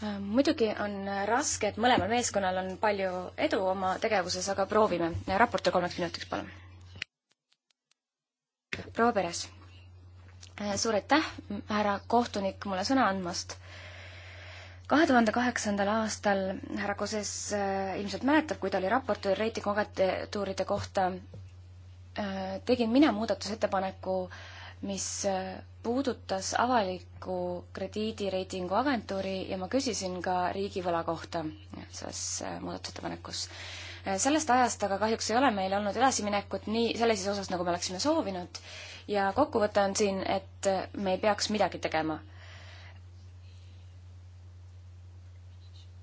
Speaker 3: Äh, muidugi on raske, et mõlemal meeskonnal on palju edu oma tegevuses, aga proovime. raportöö kolmeks minutiks, palun. proua Peres, äh, suur aitäh, härra kohtunik, mulle sõna andmast kahe tuhande kaheksandal aastal härra Koses äh, ilmselt mäletab, kui ta oli raportöör reitinguagentuuride kohta äh,, tegin mina muudatusettepaneku äh, mis äh, puudutas avaliku krediidireitingu agentuuri ja ma küsisin ka riigivõla kohta selles äh, muudatusettepanekus. Äh, sellest ajast aga kahjuks ei ole meil olnud edasiminekut nii sellises osas, nagu me oleksime soovinud ja kokkuvõte on siin, et me ei peaks midagi tegema.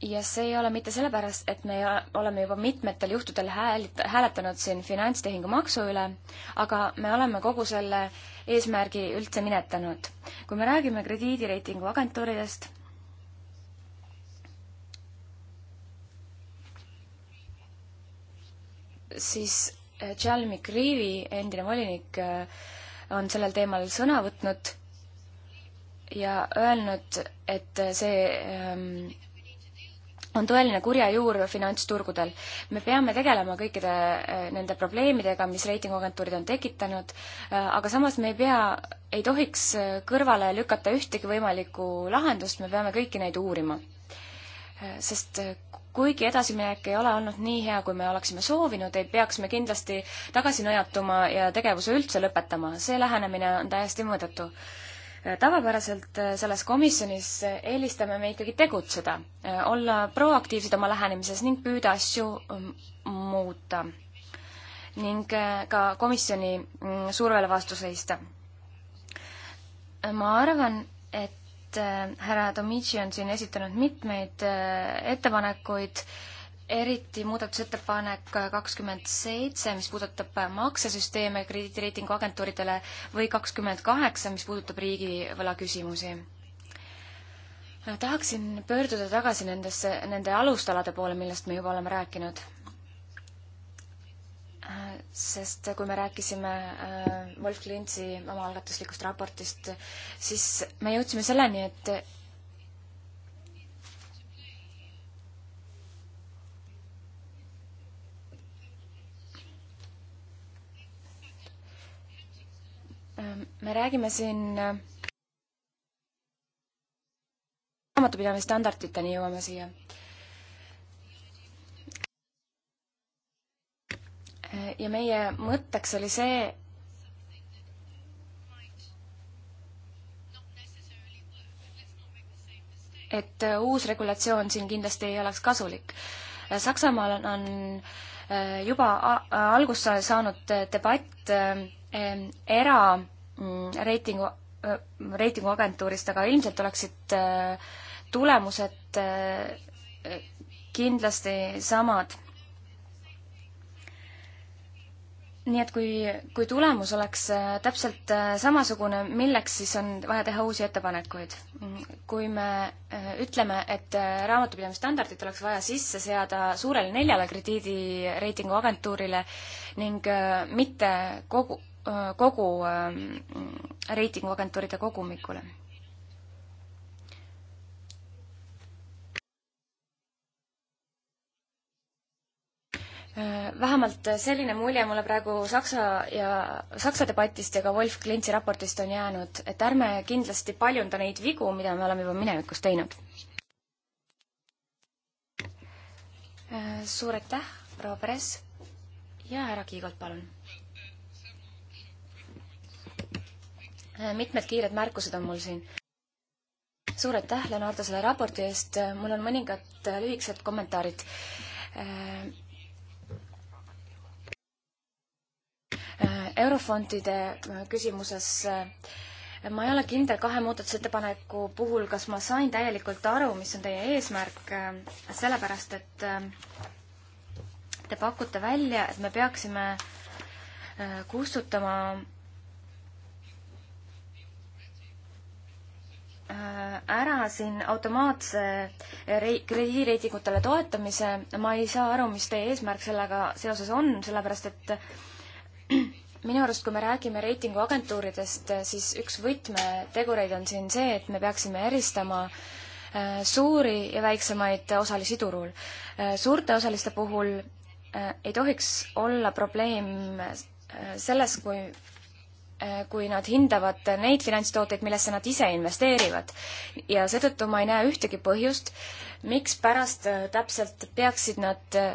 Speaker 3: ja see ei ole mitte sellepärast, et me oleme juba mitmetel juhtudel hääl-, hääletanud siin finantstehingumaksu üle, aga me oleme kogu selle äh, eesmärgi üldse minetanud. kui me räägime krediidireitingu agentuuridest, siis äh, Charles McRivi, endine volinik, äh, on sellel teemal sõna võtnud ja öelnud, et äh, see ähm, on tõeline kurja juur finantsturgudel. me peame tegelema kõikide eh, nende probleemidega, mis reitinguagentuurid on tekitanud, eh, aga samas me ei pea, ei tohiks eh, kõrvale lükata ühtegi võimalikku lahendust, me peame kõiki neid uurima. sest kuigi edasiminek ei ole olnud nii hea, kui me oleksime soovinud, ei peaks me kindlasti tagasi nõjatuma ja tegevuse üldse lõpetama. see lähenemine on täiesti mõõdetu Äh, tavapäraselt äh, selles komisjonis äh, eelistame me ikkagi tegutseda, olla proaktiivsed oma lähenemises ning püüda asju ähm, muuta. ning ka komisjoni mm, survele vastu seista. ma arvan, et härra Domitši on siin esitanud mitmeid ettepanekuid äh, eriti muudatusettepanek kakskümmend seitse, mis puudutab maksesüsteeme krediidireitingu agentuuridele või kakskümmend kaheksa, mis puudutab riigivõla küsimusi. tahaksin pöörduda tagasi nendesse, nende alustalade poole, millest me juba oleme rääkinud. sest kui me rääkisime äh, Wolf Klintsi omaalgatuslikust raportist, siis me jõudsime selleni, et me räägime siin äh, raamatupidamisstandarditeni jõuame siia. Äh, ja meie mõtteks oli see, et äh, uus regulatsioon siin kindlasti ei oleks kasulik. Saksamaal on, on juba algust saanud debatt era- Mm, reitingu, äh, reitinguagentuurist, aga ilmselt oleksid äh, tulemused äh, kindlasti samad. nii et kui, kui tulemus oleks täpselt samasugune, milleks siis on vaja teha uusi ettepanekuid? kui me ütleme, et raamatupidamisstandardid oleks vaja sisse seada suurele neljale krediidireitinguagentuurile ning mitte kogu, kogu reitinguagentuuride kogumikule vähemalt selline mulje mulle praegu Saksa ja Saksa debatist ja ka Wolf Klintsi raportist on jäänud, et ärme kindlasti paljunda neid vigu, mida me oleme juba minevikus teinud. suur aitäh, proua Peres ja härra Kiigolt, palun mitmed kiired märkused on mul siin. suur aitäh, Leonardo, selle raporti eest, mul on mõningad äh, lühikesed kommentaarid äh, äh, eurofondide küsimuses ma ei ole kindel kahe muudatusettepaneku puhul, kas ma sain täielikult aru, mis on teie eesmärk, sellepärast et te pakute välja, et me peaksime kustutama Äh, ära siin automaatse krediidireitingutele toetamise, ma ei saa aru, mis teie eesmärk sellega seoses on, sellepärast et minu arust, kui me räägime reitinguagentuuridest, siis üks võtmetegureid on siin see, et me peaksime eristama äh, suuri ja väiksemaid osalisi turul. Äh, suurte osaliste puhul ei tohiks olla probleem selles, kui Äh, kui nad hindavad neid finantstooteid, millesse nad ise investeerivad. ja seetõttu ma ei näe ühtegi põhjust, mikspärast äh, täpselt peaksid nad äh,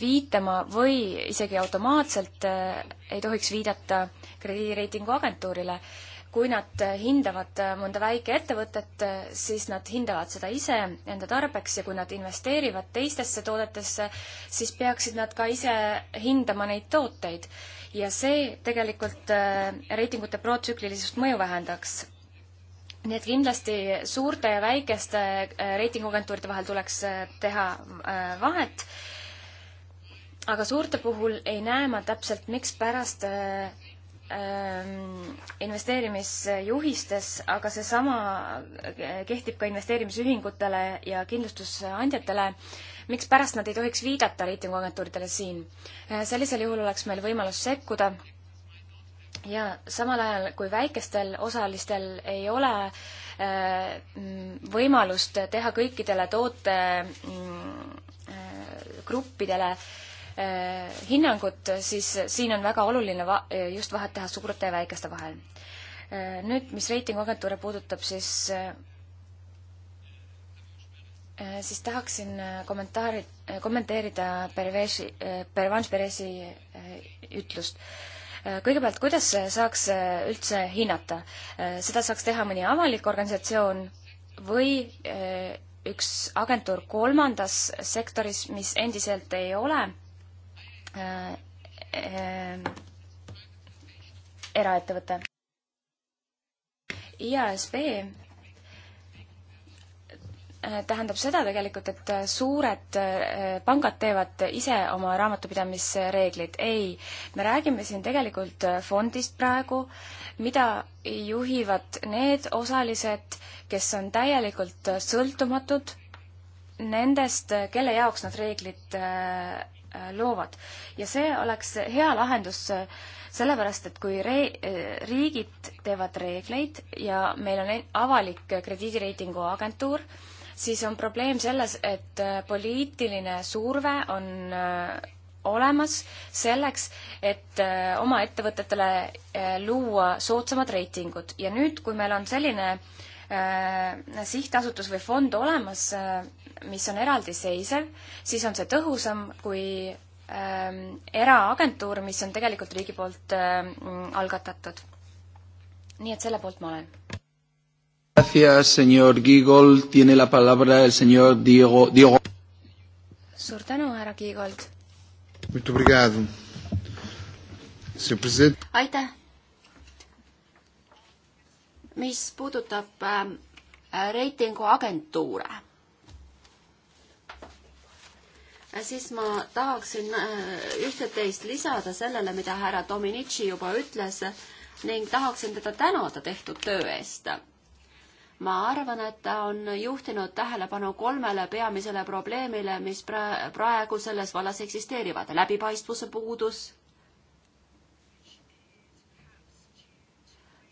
Speaker 3: viitama või isegi automaatselt ei tohiks viidata krediidireitingu agentuurile. kui nad hindavad mõnda väikeettevõtet, siis nad hindavad seda ise enda tarbeks ja kui nad investeerivad teistesse toodetesse, siis peaksid nad ka ise hindama neid tooteid ja see tegelikult äh, reitingute protsüklilisust mõju vähendaks. nii et kindlasti suurte ja väikeste äh, reitinguagentuuride vahel tuleks äh, teha vahet, aga suurte puhul ei näe ma täpselt, mikspärast ähm, investeerimisjuhistes, aga seesama kehtib ka investeerimisühingutele ja kindlustusandjatele, mikspärast nad ei tohiks viidata reitinguagentuuridele siin? Äh, sellisel juhul oleks meil võimalus sekkuda ja samal ajal, kui väikestel osalistel ei ole äh, mm, võimalust teha kõikidele tootegruppidele mm, äh, hinnangut, siis siin on väga oluline va-, just vahet teha suurte ja väikeste vahel. Nüüd, mis reitinguagentuure puudutab, siis Äh, siis tahaksin äh, kommentaari, äh, kommenteerida Perveši, Pervanš Peresi ütlust. kõigepealt, kuidas saaks üldse hinnata? seda saaks teha mõni avalik organisatsioon või üks agentuur kolmandas sektoris, mis endiselt ei ole eraettevõte. IASB Äh, tähendab seda tegelikult, et äh, suured äh, pangad teevad ise oma raamatupidamisreeglid. ei, me räägime siin tegelikult fondist praegu, mida juhivad need osalised, kes on täielikult sõltumatud nendest, kelle jaoks nad reeglid loovad. ja see oleks hea lahendus sellepärast, et kui re-, riigid teevad reegleid ja meil on avalik krediidireitingu agentuur, siis on probleem selles, et äh, poliitiline surve on äh, olemas selleks, et äh, oma ettevõtetele luua soodsamad reitingud ja nüüd, kui meil on selline sihtasutus või fond olemas, mis on eraldiseisev, siis on see tõhusam kui ähm, eraagentuur, mis on tegelikult riigi poolt algatatud. nii et selle poolt ma olen
Speaker 1: Gracias, señor Giegold. Tiene la palabra el señor Diego, Diego.
Speaker 3: Suur tänu, härra Kiigold. Muito obrigado. Senhor presidente. Aitäh.
Speaker 2: mis puudutab äh, reitinguagentuure, siis ma tahaksin äh, ühte-teist lisada sellele, mida härra Dominici juba ütles ning tahaksin teda tänada tehtud töö eest ma arvan, et ta on juhtinud tähelepanu kolmele peamisele probleemile, mis praegu selles vallas eksisteerivad. läbipaistvuse puudus,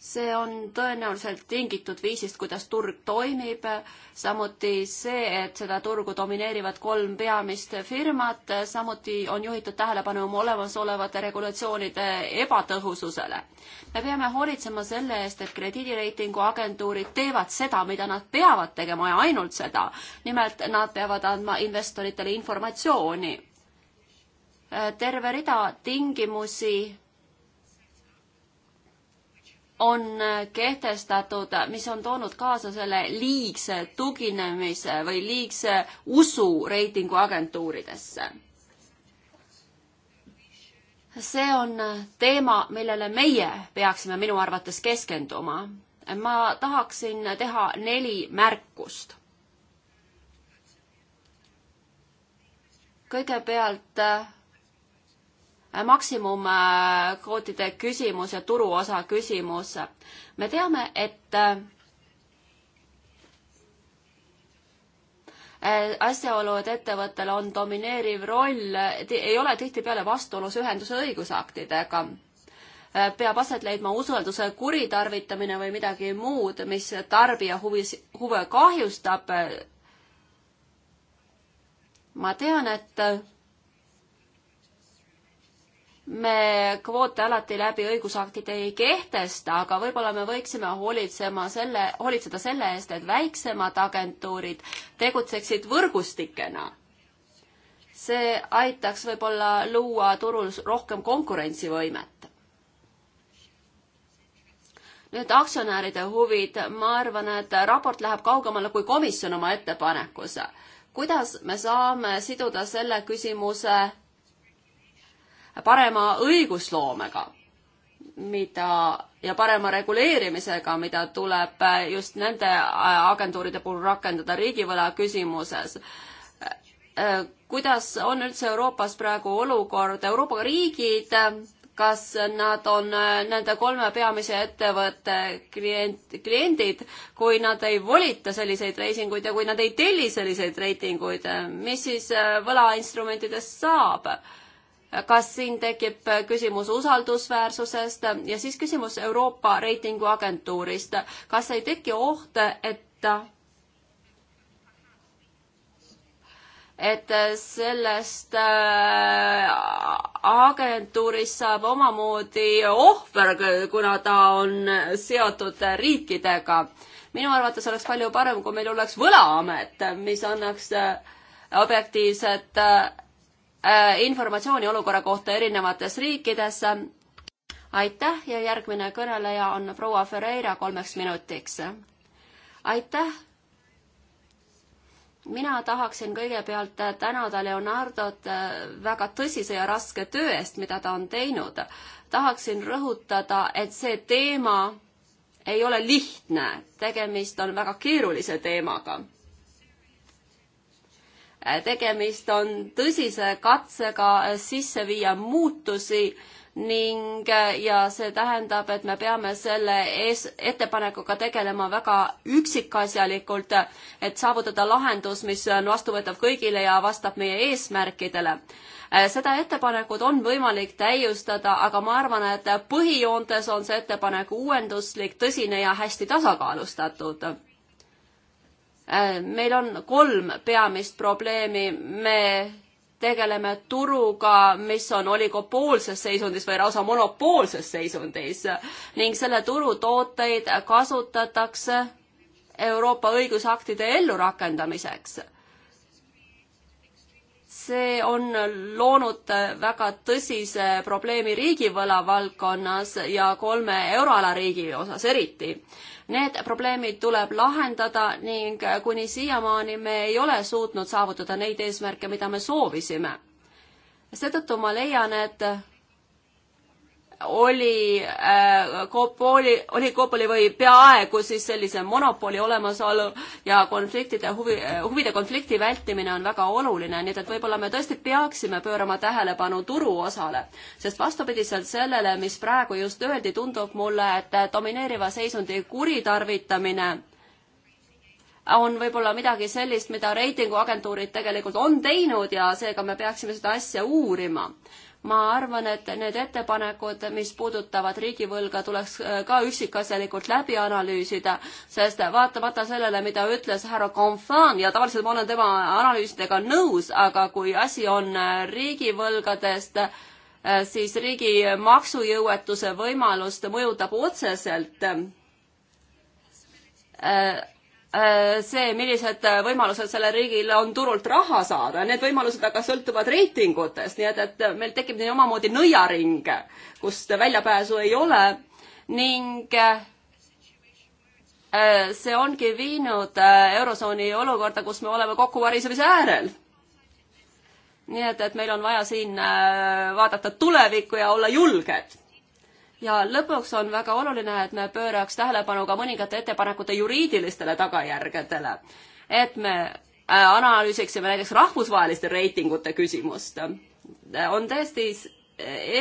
Speaker 2: see on tõenäoliselt tingitud viisist, kuidas turg toimib, samuti see, et seda turgu domineerivad kolm peamist firmat, samuti on juhitud tähelepanu oma olemasolevate regulatsioonide ebatõhususele. me peame hoolitsema selle eest, et krediidireitingu agentuurid teevad seda, mida nad peavad tegema ja ainult seda. nimelt nad peavad andma investoritele informatsiooni. terve rida tingimusi on kehtestatud, mis on toonud kaasa selle liigse tuginemise või liigse usu reitinguagentuuridesse. see on teema, millele meie peaksime minu arvates keskenduma. ma tahaksin teha neli märkust. kõigepealt Äh, maksimumkvootide äh, küsimus ja turuosa küsimus. me teame, et äh, asjaolu, et ettevõttel on domineeriv roll, ei ole tihtipeale vastuolus ühenduse õigusaktidega. peab aset leidma usalduse kuritarvitamine või midagi muud, mis tarbija huvis, huve kahjustab. ma tean, et me kvoote alati läbi õigusaktide ei kehtesta, aga võib-olla me võiksime hoolitsema selle, hoolitseda selle eest, et väiksemad agentuurid tegutseksid võrgustikena. see aitaks võib-olla luua turul rohkem konkurentsivõimet. nüüd aktsionäride huvid, ma arvan, et raport läheb kaugemale kui komisjon oma ettepanekus. kuidas me saame siduda selle küsimuse parema õigusloomega, mida ja parema reguleerimisega, mida tuleb just nende agentuuride puhul rakendada riigivõla küsimuses kuidas on üldse Euroopas praegu olukord, Euroopa riigid, kas nad on nende kolme peamise ettevõtte klient, kliendid, kui nad ei volita selliseid reisinguid ja kui nad ei telli selliseid reitinguid, mis siis võlainstrumentidest saab? kas siin tekib küsimus usaldusväärsusest ja siis küsimus Euroopa reitinguagentuurist. kas ei teki oht, et et sellest äh, agentuurist saab omamoodi ohver, kuna ta on seotud riikidega. minu arvates oleks palju parem, kui meil oleks võlaamet, mis annaks äh, objektiivset äh, Äh, informatsiooni olukorra kohta erinevates riikides. aitäh ja järgmine kõneleja on proua Ferreira kolmeks minutiks. aitäh. mina tahaksin kõigepealt tänada Leonardot äh, väga tõsise ja raske töö eest, mida ta on teinud. tahaksin rõhutada, et see teema ei ole lihtne, tegemist on väga keerulise teemaga tegemist on tõsise katsega sisse viia muutusi ning, ja see tähendab, et me peame selle ees, ettepanekuga tegelema väga üksikasjalikult, et saavutada lahendus, mis on vastuvõetav kõigile ja vastab meie eesmärkidele. seda ettepanekut on võimalik täiustada, aga ma arvan, et põhijoontes on see ettepanek uuenduslik, tõsine ja hästi tasakaalustatud Äh, meil on kolm peamist probleemi, me tegeleme turuga, mis on oligopoolses seisundis või lausa monopoolses seisundis ning selle turu tooteid kasutatakse Euroopa õigusaktide ellurakendamiseks see on loonud väga tõsise probleemi riigivõla valdkonnas ja kolme euroala riigi osas eriti. Need probleemid tuleb lahendada ning kuni siiamaani me ei ole suutnud saavutada neid eesmärke, mida me soovisime. seetõttu ma leian, et oli äh, Koopoli, oli Koopoli või peaaegu siis sellise monopoli olemasolu ja konfliktide huvi, äh, huvide konflikti vältimine on väga oluline, nii et, et võib-olla me tõesti peaksime pöörama tähelepanu turuosale. sest vastupidiselt sellele, mis praegu just öeldi, tundub mulle, et äh, domineeriva seisundi kuritarvitamine on võib-olla midagi sellist, mida reitinguagentuurid tegelikult on teinud ja seega me peaksime seda asja uurima ma arvan, et need ettepanekud, mis puudutavad riigivõlga, tuleks äh, ka üksikasjalikult läbi analüüsida, sest vaatamata sellele, mida ütles härra Confan ja tavaliselt ma olen tema analüüsidega nõus, aga kui asi on äh, riigivõlgadest, äh, siis riigi maksujõuetuse võimalust mõjutab otseselt Äh, see, millised äh, võimalused sellel riigil on turult raha saada, need võimalused aga sõltuvad reitingutest, nii et, et meil tekib nii omamoodi nõiaring, kust väljapääsu ei ole ning äh, see ongi viinud Eurotsooni olukorda, kus me oleme kokkuvarisemise äärel. nii et, et meil on vaja siin vaadata tulevikku ja olla julged ja lõpuks on väga oluline, et me pööraks tähelepanu ka mõningate ettepanekute juriidilistele tagajärgedele. et me äh, analüüsiksime näiteks rahvusvaheliste reitingute küsimust. on täiesti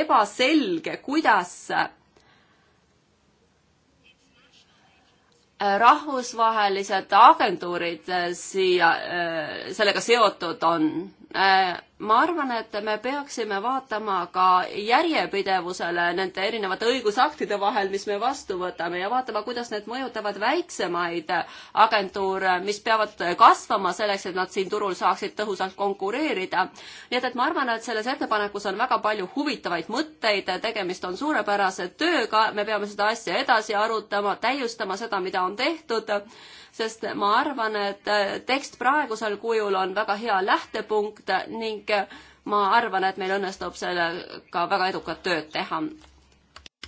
Speaker 2: ebaselge, kuidas äh, rahvusvahelised agentuurid äh, siia, sellega seotud on Äh, ma arvan, et me peaksime vaatama ka järjepidevusele nende erinevate õigusaktide vahel, mis me vastu võtame ja vaatama, kuidas need mõjutavad väiksemaid agentuure, mis peavad kasvama selleks, et nad siin turul saaksid tõhusalt konkureerida. nii et, et ma arvan, et selles ettepanekus on väga palju huvitavaid mõtteid, tegemist on suurepärase tööga, me peame seda asja edasi arutama, täiustama seda, mida on tehtud sest ma arvan, et äh, tekst praegusel kujul on väga hea lähtepunkt ning äh, ma arvan, et meil õnnestub sellega väga edukat tööd teha.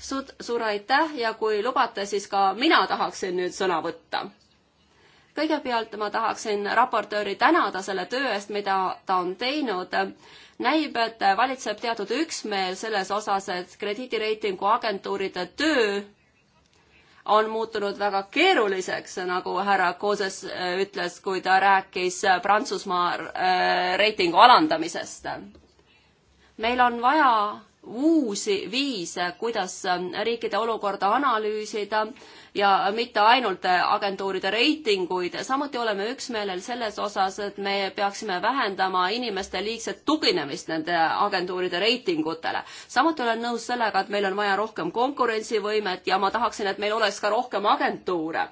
Speaker 2: suur, suur aitäh ja kui lubate, siis ka mina tahaksin nüüd sõna võtta kõigepealt ma tahaksin raportööri tänada selle töö eest, mida ta on teinud. näib, et valitseb teatud üksmeel selles osas, et krediidireitingu agentuuride töö on muutunud väga keeruliseks, nagu härra Kooses äh, ütles, kui ta rääkis äh, Prantsusmaa äh, reitingu alandamisest. meil on vaja uusi viise, kuidas riikide olukorda analüüsida ja mitte ainult agentuuride reitinguid. samuti oleme üksmeelel selles osas, et me peaksime vähendama inimeste liigset tuginemist nende agentuuride reitingutele. samuti olen nõus sellega, et meil on vaja rohkem konkurentsivõimet ja ma tahaksin, et meil oleks ka rohkem agentuure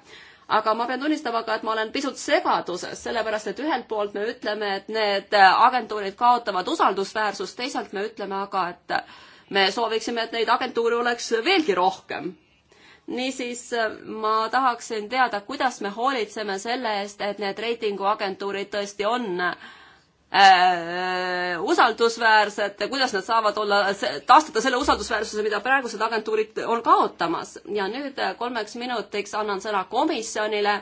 Speaker 2: aga ma pean tunnistama ka, et ma olen pisut segaduses, sellepärast et ühelt poolt me ütleme, et need agentuurid kaotavad usaldusväärsust, teisalt me ütleme aga, et me sooviksime, et neid agentuure oleks veelgi rohkem niisiis äh, ma tahaksin teada, kuidas me hoolitseme selle eest, et need reitinguagentuurid tõesti on äh, usaldusväärsed, kuidas nad saavad olla, taastada selle usaldusväärsuse, mida praegused agentuurid on kaotamas. ja nüüd äh, kolmeks minutiks annan sõna komisjonile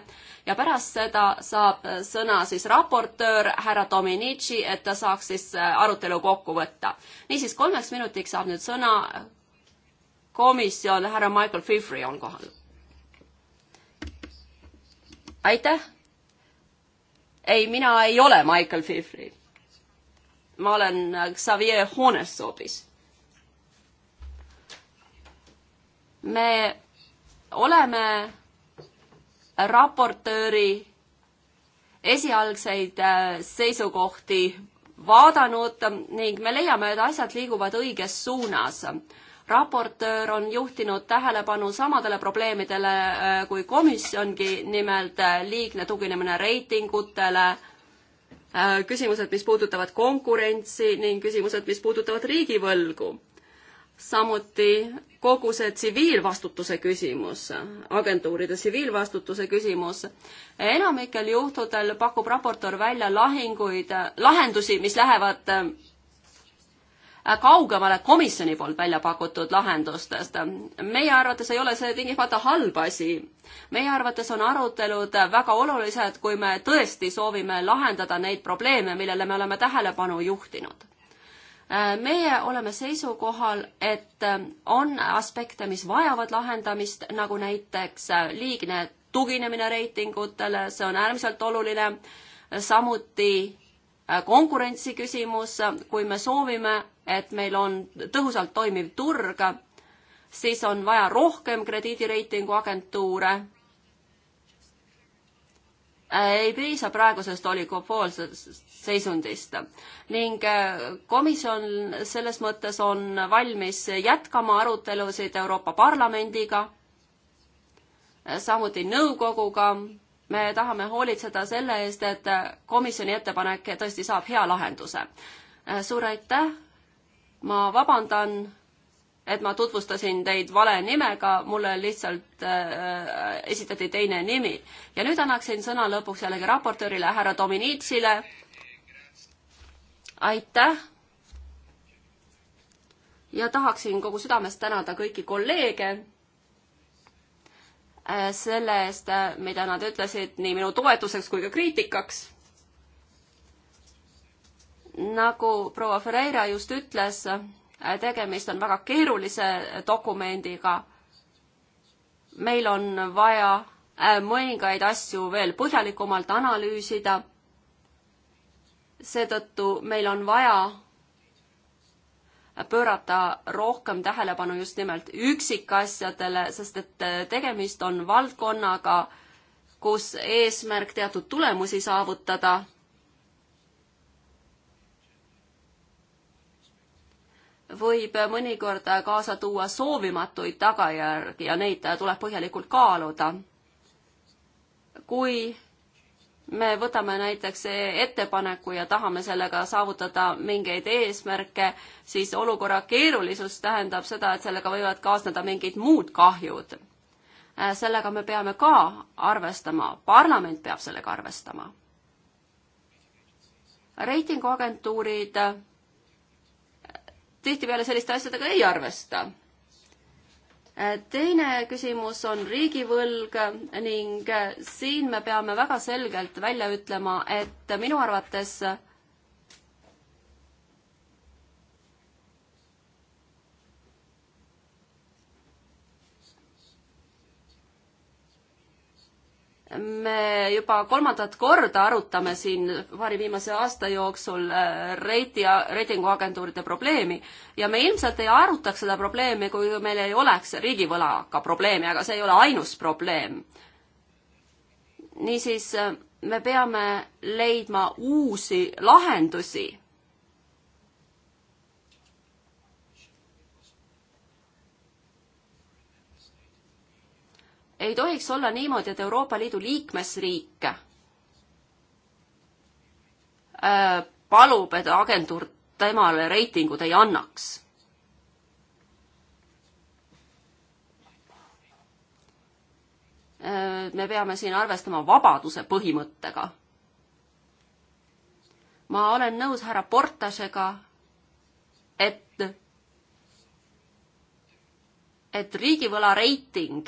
Speaker 2: ja pärast seda saab äh, sõna siis raportöör härra Dominici, et ta saaks siis arutelu kokku võtta. niisiis, kolmeks minutiks saab nüüd sõna komisjon, härra Michael Fifri on kohal. aitäh. ei, mina ei ole Michael Fifri. ma olen Xavier Honesopis. me oleme raportööri esialgseid äh, seisukohti vaadanud ning me leiame, et asjad liiguvad õiges suunas raportöör on juhtinud tähelepanu samadele probleemidele äh, kui komisjongi, nimelt äh, liigne tuginemine reitingutele, äh, küsimused, mis puudutavad konkurentsi ning küsimused, mis puudutavad riigivõlgu. samuti kogu see tsiviilvastutuse küsimus, agentuuride tsiviilvastutuse küsimus. enamikel juhtudel pakub raportöör välja lahinguid, lahendusi, mis lähevad Äh, kaugemale komisjoni poolt välja pakutud lahendustest. meie arvates ei ole see tingimata halb asi. meie arvates on arutelud väga olulised, kui me tõesti soovime lahendada neid probleeme, millele me oleme tähelepanu juhtinud. Äh, meie oleme seisukohal, et on aspekte, mis vajavad lahendamist, nagu näiteks äh, liigne tuginemine reitingutele, see on äärmiselt oluline, samuti Äh, konkurentsi küsimus, kui me soovime, et meil on tõhusalt toimiv turg, siis on vaja rohkem krediidireitingu agentuure. Äh, ei piisa praegusest oligopoolsest seisundist ning äh, komisjon selles mõttes on valmis jätkama arutelusid Euroopa Parlamendiga, samuti nõukoguga me tahame hoolitseda selle eest, et komisjoni ettepanek tõesti saab hea lahenduse. suur aitäh, ma vabandan, et ma tutvustasin teid vale nimega, mulle lihtsalt äh, esitati teine nimi. ja nüüd annaksin sõna lõpuks jällegi raportöörile, härra Dominitsile. aitäh ja tahaksin kogu südamest tänada kõiki kolleege Äh, selle eest, äh, mida nad ütlesid nii minu toetuseks kui ka kriitikaks. nagu proua Ferreira just ütles, äh, tegemist on väga keerulise dokumendiga. meil on vaja mõningaid asju veel põhjalikumalt analüüsida. seetõttu meil on vaja pöörata rohkem tähelepanu just nimelt üksikasjadele, sest et äh, tegemist on valdkonnaga, kus eesmärk teatud tulemusi saavutada võib mõnikord kaasa tuua soovimatuid tagajärgi ja neid tuleb põhjalikult kaaluda. kui me võtame näiteks ettepaneku ja tahame sellega saavutada mingeid eesmärke, siis olukorra keerulisus tähendab seda, et sellega võivad kaasneda mingid muud kahjud. Äh, sellega me peame ka arvestama, parlament peab sellega arvestama. reitinguagentuurid äh, tihtipeale selliste asjadega ei arvesta teine küsimus on riigivõlg ning äh, siin me peame väga selgelt välja ütlema, et minu arvates me juba kolmandat korda arutame siin paari viimase aasta jooksul äh, reiti, reitinguagentuuride probleemi ja me ilmselt ei arutaks seda probleemi, kui meil ei oleks riigivõlaga probleemi, aga see ei ole ainus probleem. niisiis äh, me peame leidma uusi lahendusi ei tohiks olla niimoodi, et Euroopa Liidu liikmesriik äh, palub, et agentuur temale reitingud ei annaks. Äh, me peame siin arvestama vabaduse põhimõttega. ma olen nõus härra Portasega, et, et riigivõla reiting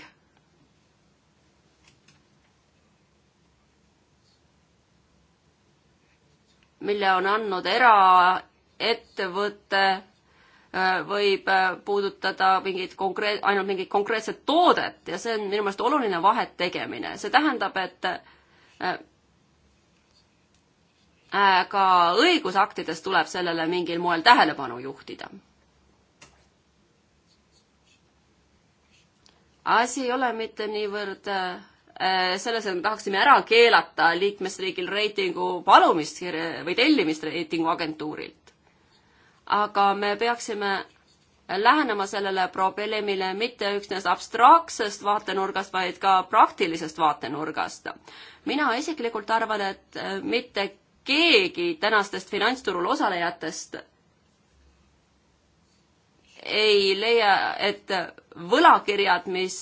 Speaker 2: mille on andnud eraettevõte, äh, võib äh, puudutada mingit konkreet-, ainult mingit konkreetset toodet ja see on minu meelest oluline vahet tegemine. see tähendab, et äh, ka õigusaktides tuleb sellele mingil moel tähelepanu juhtida. asi ei ole mitte niivõrd Äh, selles, et me tahaksime ära keelata liikmesriigil reitingu palumist või tellimist reitinguagentuurilt. aga me peaksime lähenema sellele probleemile mitte üksnes abstraktsest vaatenurgast, vaid ka praktilisest vaatenurgast. mina isiklikult arvan, et mitte keegi tänastest finantsturul osalejatest ei leia, et võlakirjad, mis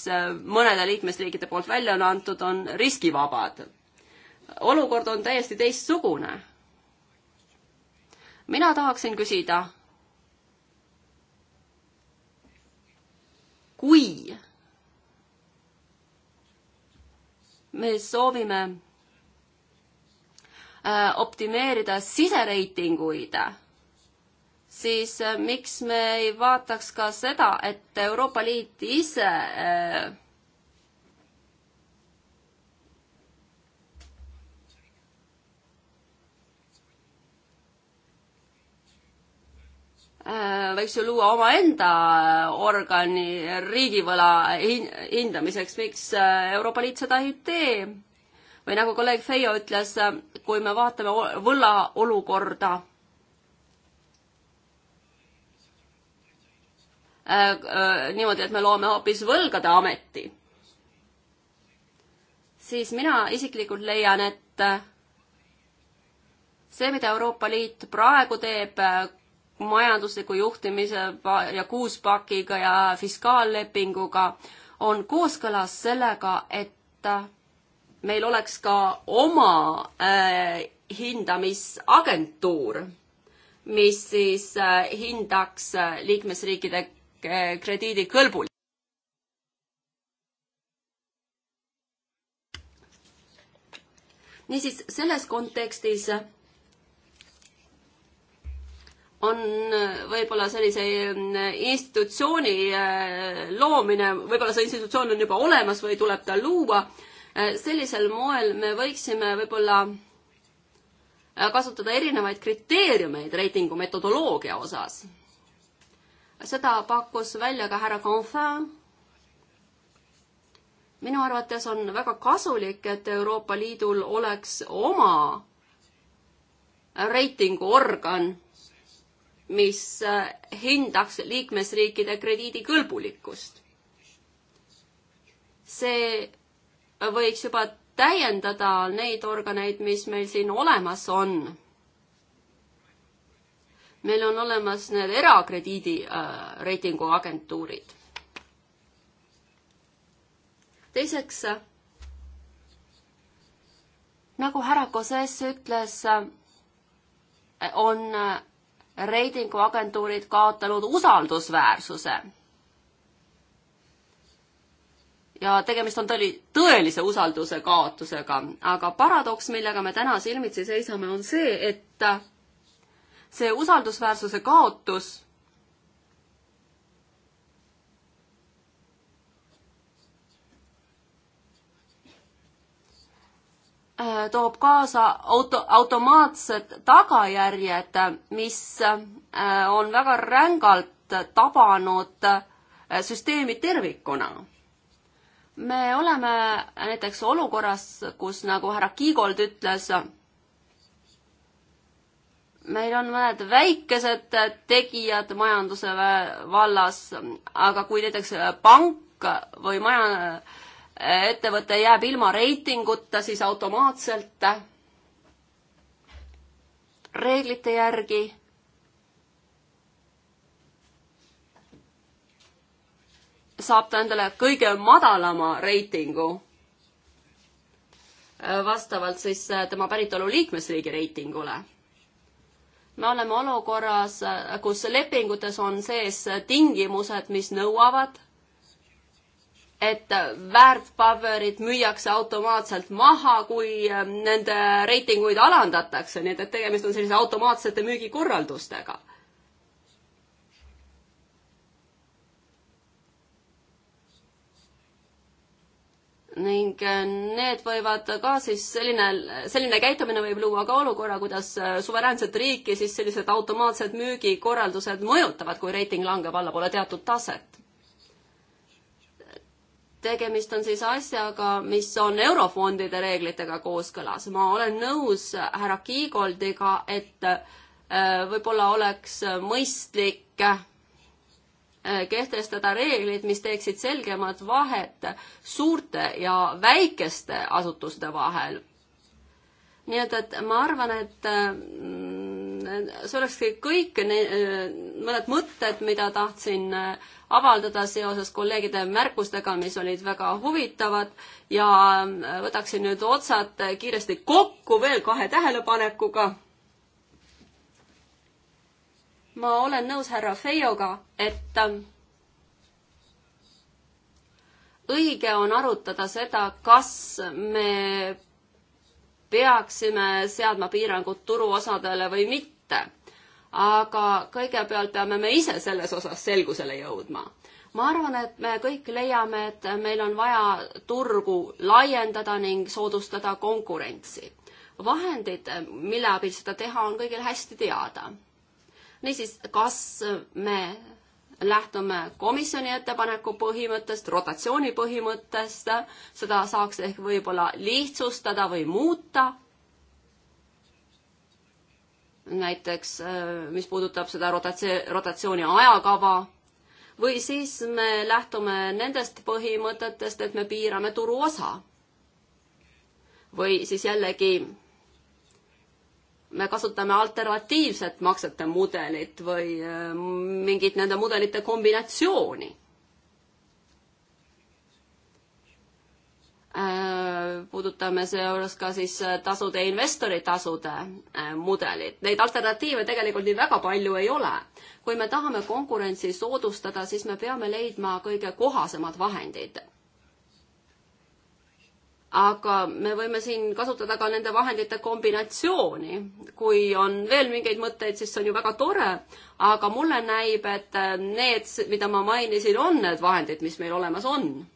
Speaker 2: mõnede liikmesriikide poolt välja on antud, on riskivabad. olukord on täiesti teistsugune. mina tahaksin küsida, kui me soovime äh, optimeerida sisereitinguid siis äh, miks me ei vaataks ka seda, et Euroopa Liit ise äh, võiks ju luua omaenda äh, organi riigivõla hindamiseks, miks Euroopa Liit seda ei tee? või nagu kolleeg Feio ütles, kui me vaatame võla olukorda Äh, äh, niimoodi, et me loome hoopis võlgade ameti, siis mina isiklikult leian, et äh, see, mida Euroopa Liit praegu teeb majandusliku juhtimise ja kuuspakiga ja fiskaallepinguga, on kooskõlas sellega, et meil oleks ka oma äh, hindamisagentuur, mis siis äh, hindaks liikmesriikide kõik eh, krediidikõlbul-. niisiis, selles kontekstis on võib-olla sellise eh, institutsiooni eh, loomine, võib-olla see institutsioon on juba olemas või tuleb ta luua, sellisel moel me võiksime võib-olla kasutada erinevaid kriteeriumeid reitingu metodoloogia osas seda pakkus välja ka härra Confin. minu arvates on väga kasulik, et Euroopa Liidul oleks oma reitinguorgan, mis eh, hindaks liikmesriikide krediidikõlbulikkust. see võiks juba täiendada neid organeid, mis meil siin olemas on meil on olemas need erakrediidi äh, reitinguagentuurid. teiseks, nagu härra Koses ütles, on äh, reitinguagentuurid kaotanud usaldusväärsuse. ja tegemist on tõli, tõelise usalduse kaotusega, aga paradoks, millega me täna silmitsi seisame, on see, et äh, see usaldusväärsuse kaotus äh, toob kaasa auto, automaatsed tagajärjed, mis äh, on väga rängalt tabanud äh, süsteemi tervikuna. me oleme näiteks olukorras, kus nagu härra Kiigold ütles, meil on mõned väikesed tegijad majanduse vallas, aga kui näiteks pank või maja, ettevõte jääb ilma reitinguta, siis automaatselt reeglite järgi saab ta endale kõige madalama reitingu vastavalt siis äh, tema päritolu liikmesriigi reitingule me oleme olukorras, kus lepingutes on sees tingimused, mis nõuavad, et väärtpaberid müüakse automaatselt maha, kui ähm, nende reitinguid alandatakse, nii et, et tegemist on sellise automaatsete müügikorraldustega ning äh, need võivad ka siis selline, selline käitumine võib luua ka olukorra, kuidas äh, suveräänset riiki siis sellised automaatsed müügikorraldused mõjutavad, kui reiting langeb allapoole teatud taset. tegemist on siis asjaga, mis on eurofondide reeglitega kooskõlas. ma olen nõus härra Kiigoldiga, et äh, võib-olla oleks mõistlik Äh, kehtestada reeglid, mis teeksid selgemat vahet suurte ja väikeste asutuste vahel. nii et, et ma arvan, et äh, see olekski kõik äh, mõned mõtted, mida tahtsin avaldada seoses kolleegide märkustega, mis olid väga huvitavad ja võtaksin nüüd otsad kiiresti kokku veel kahe tähelepanekuga ma olen nõus härra Feioga, et ähm, õige on arutada seda, kas me peaksime seadma piirangud turuosadele või mitte. aga kõigepealt peame me ise selles osas selgusele jõudma. ma arvan, et me kõik leiame, et meil on vaja turgu laiendada ning soodustada konkurentsi. vahendid, mille abil seda teha, on kõigil hästi teada niisiis, kas me lähtume komisjoni ettepaneku põhimõttest, rotatsiooni põhimõttest, seda saaks ehk võib-olla lihtsustada või muuta. näiteks, äh, mis puudutab seda rotatsiooni, rotatsiooni ajakava või siis me lähtume nendest põhimõtetest, et me piirame turuosa. või siis jällegi me kasutame alternatiivset maksete mudelit või äh, mingit nende mudelite kombinatsiooni. Äh, puudutame seejuures ka siis äh, tasude, investori tasude mudelit. Neid alternatiive tegelikult nii väga palju ei ole. kui me tahame konkurentsi soodustada, siis me peame leidma kõige kohasemad vahendid aga me võime siin kasutada ka nende vahendite kombinatsiooni. kui on veel mingeid mõtteid, siis see on ju väga tore, aga mulle näib, et need, mida ma mainisin, on need vahendid, mis meil olemas on.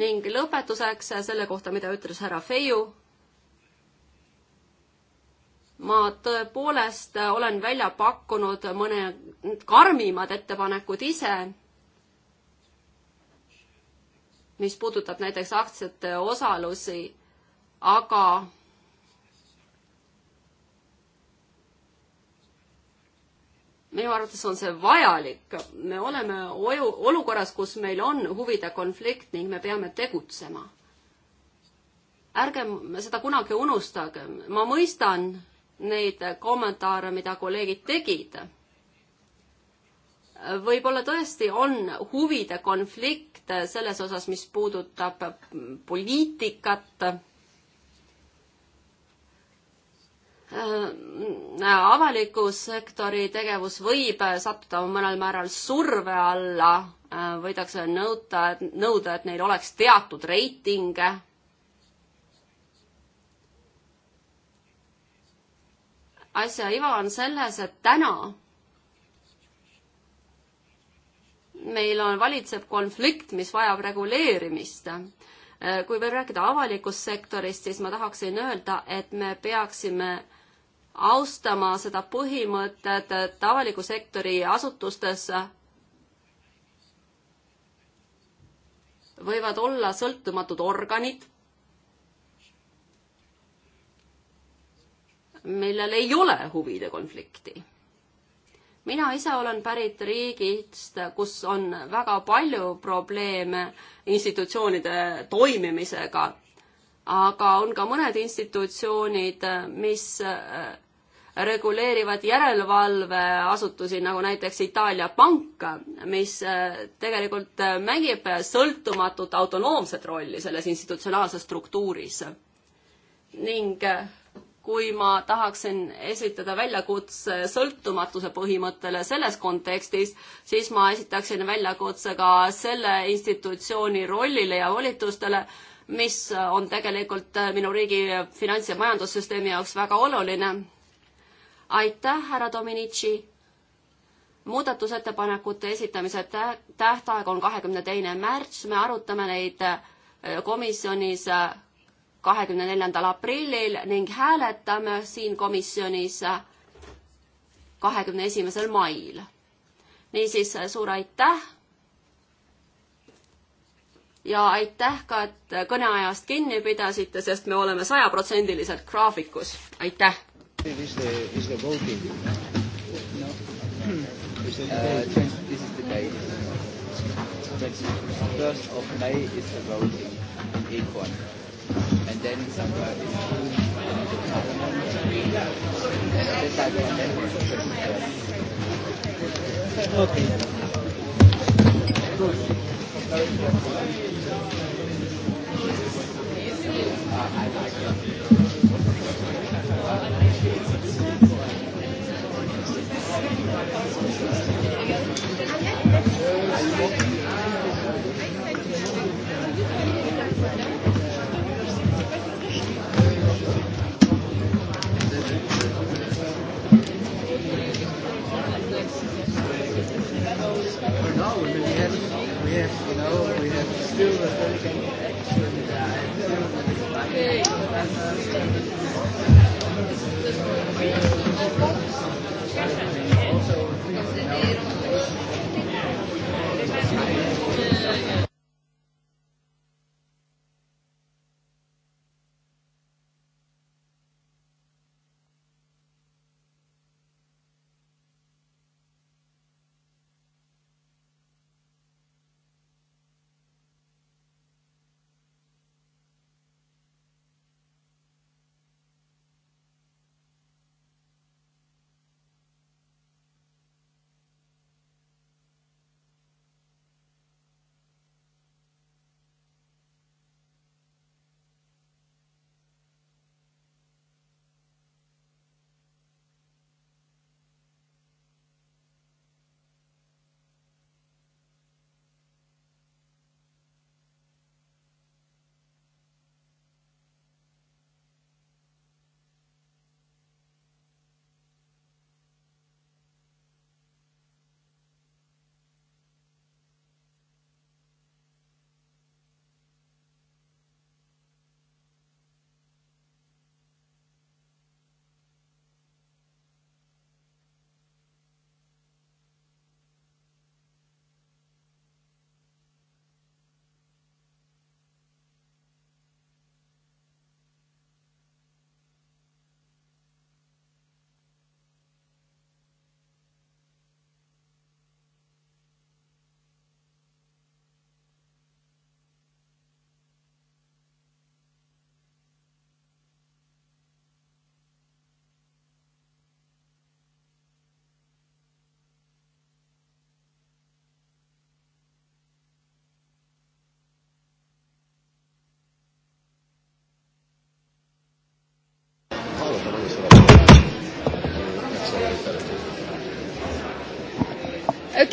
Speaker 2: ning lõpetuseks selle kohta, mida ütles härra Feiu. ma tõepoolest olen välja pakkunud mõned karmimad ettepanekud ise mis puudutab näiteks aktsiate osalusi, aga minu arvates on see vajalik. me oleme oju, olukorras, kus meil on huvide konflikt ning me peame tegutsema. ärgem seda kunagi unustagem. ma mõistan neid kommentaare, mida kolleegid tegid võib-olla tõesti on huvide konflikt selles osas, mis puudutab poliitikat. avaliku sektori tegevus võib sattuda mõnel määral surve alla, võidakse nõuda, nõuda, et neil oleks teatud reitinge asja iva on selles, et täna meil on, valitseb konflikt, mis vajab reguleerimist. Äh, kui veel rääkida avalikust sektorist, siis ma tahaksin öelda, et me peaksime austama seda põhimõtet, et avaliku sektori asutustes võivad olla sõltumatud organid, millel ei ole huvide konflikti mina ise olen pärit riigist, kus on väga palju probleeme institutsioonide toimimisega, aga on ka mõned institutsioonid, mis äh, reguleerivad järelevalveasutusi, nagu näiteks Itaalia pank, mis äh, tegelikult äh, mängib sõltumatut autonoomset rolli selles institutsionaalses struktuuris. ning kui ma tahaksin esitada väljakutse sõltumatuse põhimõttele selles kontekstis, siis ma esitaksin väljakutse ka selle institutsiooni rollile ja volitustele, mis on tegelikult minu riigi finants- ja majandussüsteemi jaoks väga oluline. aitäh, härra Dominici! muudatusettepanekute esitamise tähtaeg on kahekümne teine märts, me arutame neid äh, komisjonis äh, kahekümne neljandal aprillil ning hääletame siin komisjonis kahekümne esimesel mail. niisiis suur aitäh. ja aitäh ka, et kõneajast kinni pidasite, sest me oleme sajaprotsendiliselt graafikus. aitäh.
Speaker 3: Is the, is the voting? No.
Speaker 1: Hmm. Is the debate? Uh, this is debate. 21st of May is the voting in Econ and then somewhere is doing the parliament. Okay.
Speaker 2: Good. Very good. Uh, I like it. Are you walking? No, oh, we have, we have, you know, we have
Speaker 3: still a very kind of action. I'm still okay. Also, you know,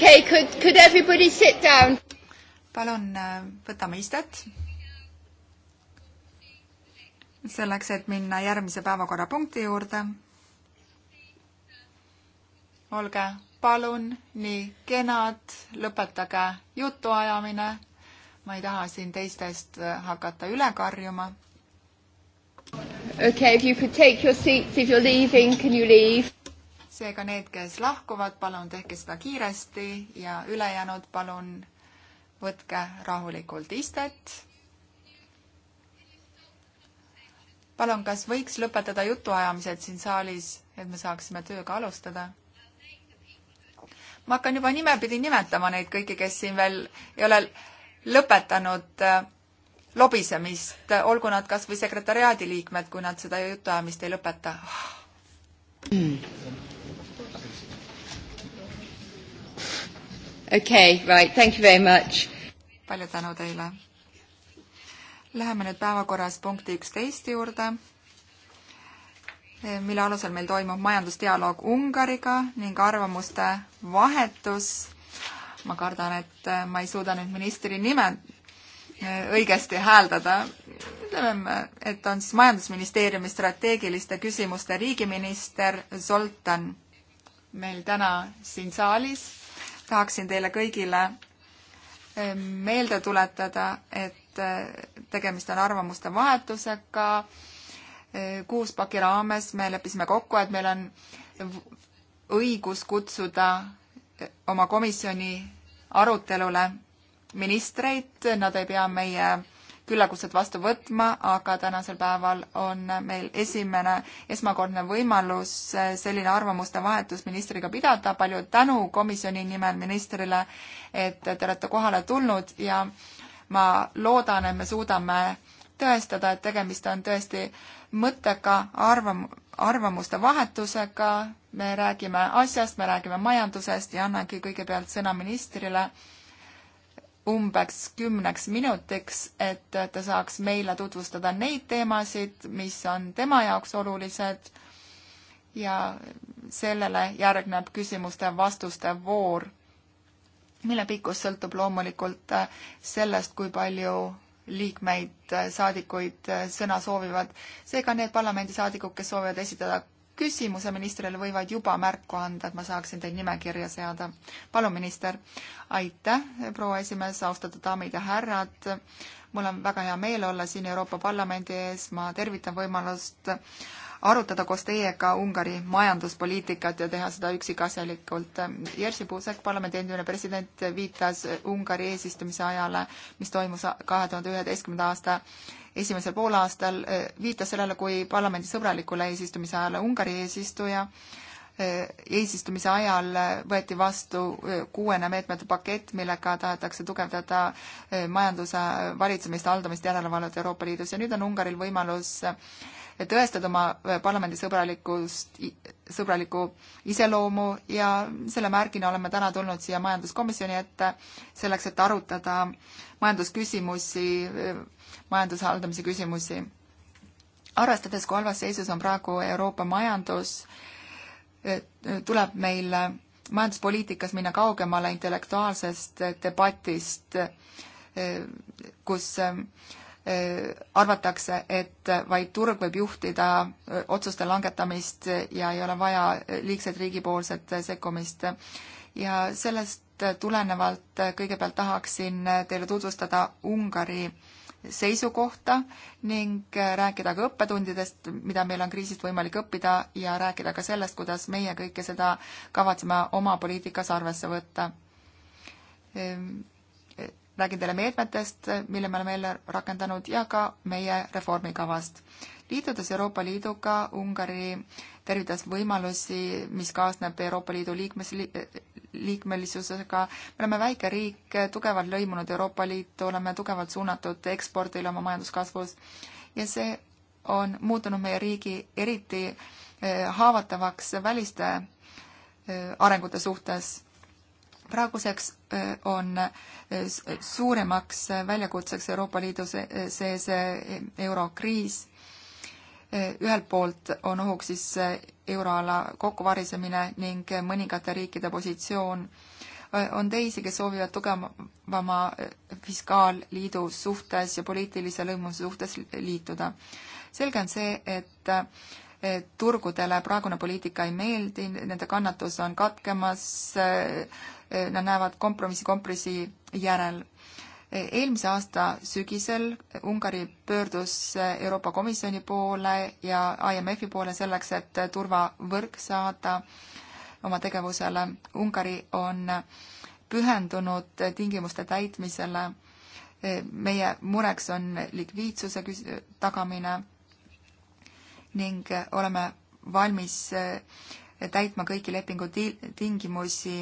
Speaker 1: Okay, could, could everybody sit down? palun äh, võtame istet. selleks, et minna järgmise päevakorrapunkti juurde. olge palun nii kenad, lõpetage jutuajamine. ma ei taha siin teistest äh, hakata üle karjuma. Okay, if you could take your seats, if you are leaving, can you leave? seega need, kes lahkuvad, palun tehke seda kiiresti ja ülejäänud palun võtke rahulikult istet. palun, kas võiks lõpetada jutuajamised siin saalis, et me saaksime tööga alustada? ma hakkan juba nimepidi nimetama neid kõiki, kes siin veel ei ole lõpetanud äh, lobisemist, olgu nad kas või sekretäriaadi liikmed, kui nad seda jutuajamist ei lõpeta ah okei okay,, right, thank you very much. palju tänu teile. Läheme nüüd päevakorras punkti üksteist juurde, eh, mille alusel meil toimub majandusdialoog Ungariga ning arvamuste vahetus. ma kardan, et eh, ma ei suuda nüüd ministri nime õigesti hääldada. ütleme, et on siis Majandusministeeriumi strateegiliste küsimuste riigiminister Zoltan meil täna siin saalis. tahaksin teile kõigile e, meelde tuletada, et e, tegemist on arvamuste vahetusega. E, kuuspaki raames me leppisime kokku, et meil on õigus kutsuda oma komisjoni arutelule ministreid, nad ei pea meie küllakutset vastu võtma, aga tänasel päeval on meil esimene, esmakordne võimalus selline arvamuste vahetus ministriga pidada. palju tänu komisjoni nimel ministrile, et te olete kohale tulnud ja ma loodan, et me suudame tõestada, et tegemist on tõesti mõtteka arvam-, arvamuste vahetusega. me räägime asjast, me räägime majandusest ja annangi kõigepealt sõna ministrile umbes kümneks minutiks, et ta saaks meile tutvustada neid teemasid, mis on tema jaoks olulised ja sellele järgneb küsimuste-vastuste voor, mille pikkus sõltub loomulikult äh, sellest, kui palju liikmeid, äh, saadikuid äh, sõna soovivad. seega need parlamendisaadikud, kes soovivad esitada küsimuse ministrile, võivad juba märku anda, et ma saaksin teid nimekirja seada. palun, minister. aitäh, proua esimees, austatud daamid ja härrad. mul on väga hea meel olla siin Euroopa Parlamendi ees, ma tervitan võimalust arutada koos teiega Ungari majanduspoliitikat ja teha seda üksikasjalikult. Jerzy Buzek, parlamendi endine president, viitas Ungari eesistumise ajale, mis toimus kahe tuhande üheteistkümnenda aasta esimesel poolaastal, eh, viitas sellele kui parlamendi sõbralikule eesistumise ajale Ungari eesistuja, eh, eesistumise ajal eh, võeti vastu kuuene meetmete pakett, millega tahetakse tugevdada majanduse valitsemist, haldamist, järelevalvet Euroopa Liidus ja nüüd on Ungaril võimalus tõestada oma äh, parlamendisõbralikkust, sõbralikku iseloomu ja selle märgina oleme täna tulnud siia majanduskomisjoni ette selleks, et arutada majandusküsimusi, äh, majanduse haldamise küsimusi. arvestades, kui halvas seisus on praegu Euroopa majandus, äh, tuleb meil majanduspoliitikas minna kaugemale intellektuaalsest debatist, kus Äh, arvatakse, et vaid turg võib juhtida äh, otsuste langetamist ja ei ole vaja äh, liigset riigipoolset sekkumist. ja sellest tulenevalt kõigepealt tahaksin teile tutvustada Ungari seisukohta ning rääkida ka õppetundidest, mida meil on kriisist võimalik õppida ja rääkida ka sellest, kuidas meie kõike seda kavatseme oma poliitikas arvesse võtta ehm, räägin teile meetmetest, mille me oleme jälle rakendanud ja ka meie reformikavast. liitudes Euroopa Liiduga, Ungari tervitas võimalusi, mis kaasneb Euroopa Liidu liikmes, liikmelisusega. me oleme väike riik, tugevalt lõimunud Euroopa Liitu, oleme tugevalt suunatud ekspordile oma majanduskasvus ja see on muutunud meie riigi eriti eh, haavatavaks väliste eh, arengute suhtes praeguseks äh, on äh, suuremaks äh, väljakutseks Euroopa Liidu sees eurokriis. ühelt poolt on ohuks siis euroala kokkuvarisemine ning mõningate riikide positsioon. on teisi, kes soovivad tugevama fiskaalliidu suhtes ja poliitilise lõimuse suhtes liituda. selge on see, et turgudele praegune poliitika ei meeldi, nende kannatus on katkemas, nad näevad kompromissi kompromissi järel. eelmise aasta sügisel Ungari pöördus Euroopa Komisjoni poole ja IMF-i poole selleks, et turvavõrk saada oma tegevusele. Ungari on pühendunud tingimuste täitmisele meie mureks on likviidsuse tagamine ning äh, oleme valmis äh, täitma kõiki lepingu tingimusi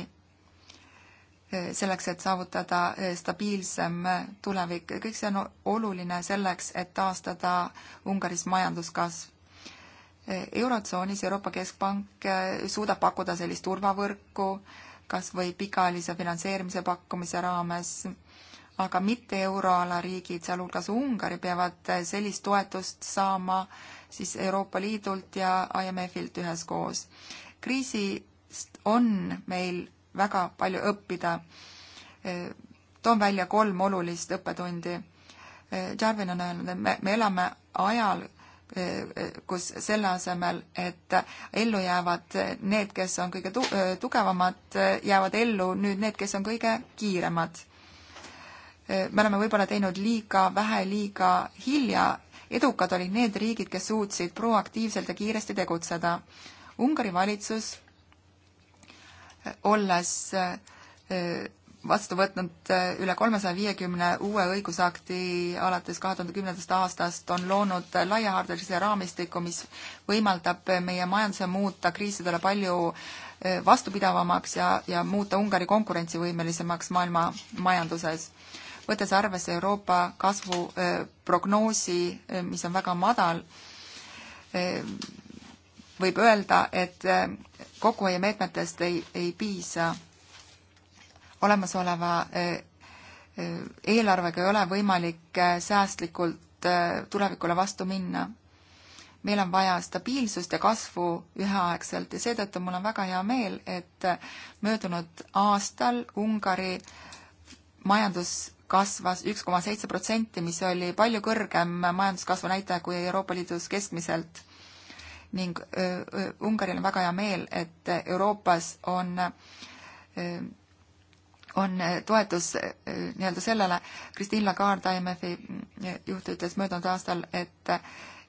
Speaker 1: äh, selleks, et saavutada stabiilsem tulevik. kõik see on oluline selleks, et taastada Ungaris majanduskasv. Eurotsoonis Euroopa Keskpank suudab pakkuda sellist turvavõrku kas või pikaajalise finantseerimise pakkumise raames, aga mitte euroala riigid, sealhulgas Ungari, peavad sellist toetust saama äh, siis Euroopa Liidult ja IMF-ilt üheskoos. kriisist on meil väga palju õppida. toon välja kolm olulist õppetundi. Jarvin on öelnud, et me, me elame ajal, kus selle asemel, et ellu jäävad need, kes on kõige tu-, tugevamad, jäävad ellu nüüd need, kes on kõige kiiremad. me oleme võib-olla teinud liiga vähe, liiga hilja edukad olid need riigid, kes suutsid proaktiivselt ja kiiresti tegutseda. Ungari valitsus, eh, olles eh, vastu võtnud eh, üle kolmesaja viiekümne uue õigusakti alates kahe tuhande kümnendast aastast, on loonud laiahaardelise raamistiku, mis võimaldab meie majanduse muuta kriisidele palju vastupidavamaks ja, ja muuta Ungari konkurentsivõimelisemaks maailma majanduses võttes arvesse Euroopa kasvuprognoosi, mis on väga madal, võib öelda, et kokkuhoiumeetmetest ei, ei piisa. olemasoleva eelarvega ei ole võimalik säästlikult tulevikule vastu minna. meil on vaja stabiilsust ja kasvu üheaegselt ja seetõttu mul on väga hea meel, et möödunud aastal Ungari majandus kasvas üks koma seitse protsenti, mis oli palju kõrgem majanduskasvu näitaja kui Euroopa Liidus keskmiselt. ning Ungaril on väga hea meel, et Euroopas on, on toetus nii-öelda sellele, Christine Lagarde, IMF-i juht ütles möödunud aastal, et,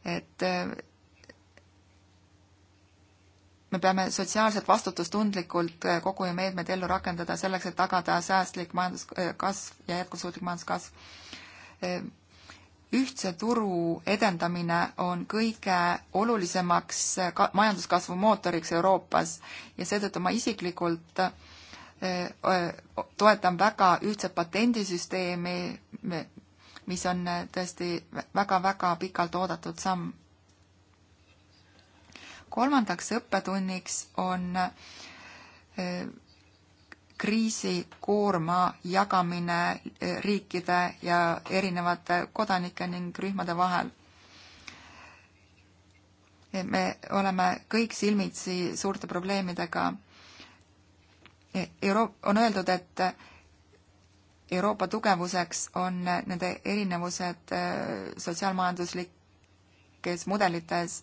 Speaker 1: et me peame sotsiaalselt vastutustundlikult äh, kokkuhoiumeetmed ellu rakendada selleks, et tagada säästlik majanduskasv äh, ja jätkusuutlik majanduskasv. Äh, ühtse turu edendamine on kõige olulisemaks majanduskasvu mootoriks Euroopas ja seetõttu ma isiklikult toetan väga ühtset patendisüsteemi, mis on tõesti väga-väga pikalt oodatud samm kolmandaks õppetunniks on e, kriisikoorma jagamine e, riikide ja erinevate kodanike ning rühmade vahel. E, me oleme kõik silmitsi suurte probleemidega. Euro-, on öeldud, et Euroopa tugevuseks on nende erinevused sotsiaalmajanduslik kõikes mudelites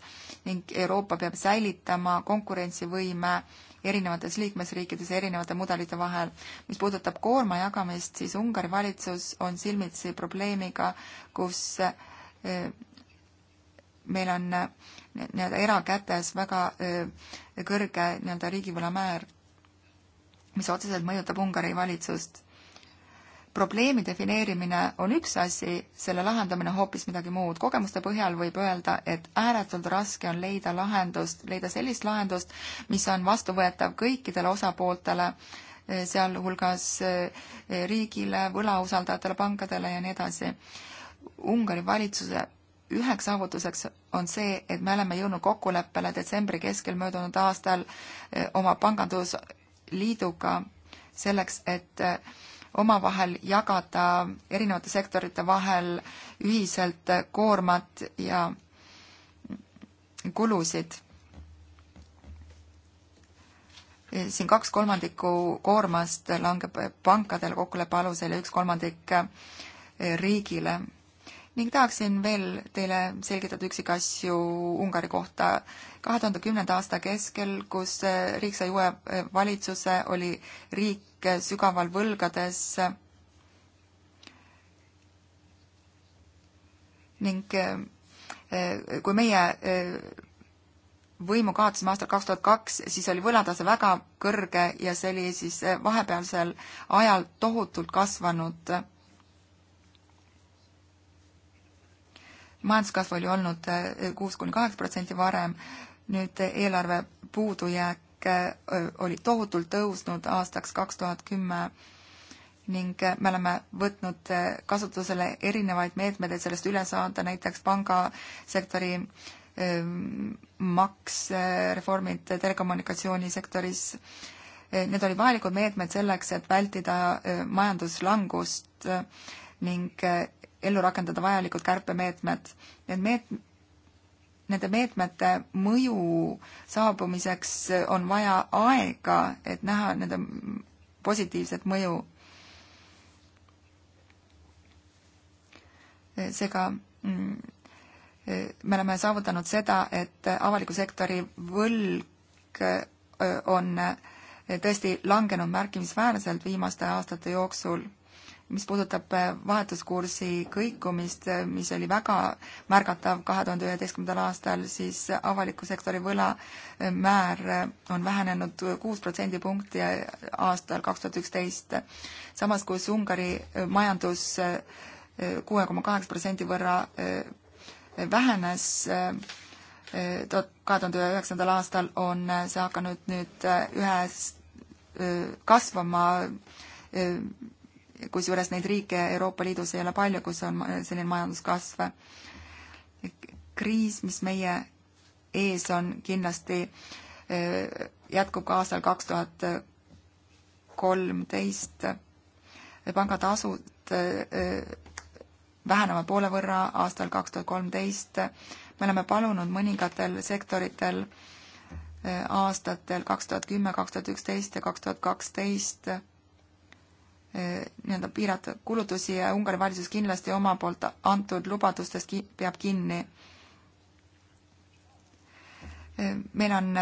Speaker 1: ning Euroopa peab säilitama konkurentsivõime erinevates liikmesriikides erinevate mudelite vahel. mis puudutab koorma jagamist, siis Ungari valitsus on silmitsi probleemiga, kus eh, meil on eh, nii-öelda erakätes väga eh, kõrge nii-öelda riigivõlamäär, mis otseselt mõjutab Ungari valitsust probleemi defineerimine on üks asi, selle lahendamine hoopis midagi muud. kogemuste põhjal võib öelda, et ääretult raske on leida lahendust, leida sellist lahendust, mis on vastuvõetav kõikidele osapooltele, eh, sealhulgas eh, riigile, võlausaldajatele, pankadele ja nii edasi. Ungari valitsuse üheks saavutuseks on see, et me oleme jõudnud kokkuleppele detsembri keskel möödunud aastal eh, oma pangandusliiduga selleks, et omavahel jagada erinevate sektorite vahel ühiselt koormat ja kulusid. siin kaks kolmandikku koormast langeb pankadele kokkuleppe alusel ja üks kolmandik riigile ning tahaksin veel teile selgitada üksikasju Ungari kohta. kahe tuhande kümnenda aasta keskel, kus riik sai uue valitsuse, oli riik riik sügaval võlgades ning eh, kui meie eh, võimu kaotasime aastal kaks tuhat kaks, siis oli võlatase väga kõrge ja see oli siis eh, vahepealsel ajal tohutult kasvanud. majanduskasv oli olnud kuus kuni kaheksa protsenti varem, nüüd eelarve puudujääk oli tohutult tõusnud aastaks kaks tuhat kümme ning me oleme võtnud kasutusele erinevaid meetmeid, et sellest üle saada, näiteks pangasektori maks, reformid telekommunikatsioonisektoris. Need olid vajalikud meetmed selleks, et vältida majanduslangust ning ellu rakendada vajalikud kärpemeetmed. Need meet-, nende meetmete mõju saabumiseks on vaja aega, et näha nende positiivset mõju. seega mm, me oleme saavutanud seda, et avaliku sektori võlg äh, on äh, tõesti langenud märkimisväärselt viimaste aastate jooksul mis puudutab äh, vahetuskursi kõikumist, äh, mis oli väga märgatav kahe tuhande üheteistkümnendal aastal, siis avaliku sektori võlamäär äh, on vähenenud kuus protsendipunkti aastal kaks tuhat üksteist. samas, kus Ungari majandus kuue koma kaheksa protsendi võrra vähenes kahe tuhande üheksandal aastal, on see hakanud nüüd ühes kasvama kusjuures neid riike Euroopa Liidus ei ole palju, kus on selline majanduskasv. kriis, mis meie ees on, kindlasti äh, jätkub ka aastal kaks tuhat kolmteist. pangatasud äh, vähenema poole võrra aastal kaks tuhat kolmteist. me oleme palunud mõningatel sektoritel äh, aastatel kaks tuhat kümme, kaks tuhat üksteist ja kaks tuhat kaksteist nii-öelda piirata kulutusi ja Ungari valitsus kindlasti oma poolt antud lubadustest ki peab kinni. meil on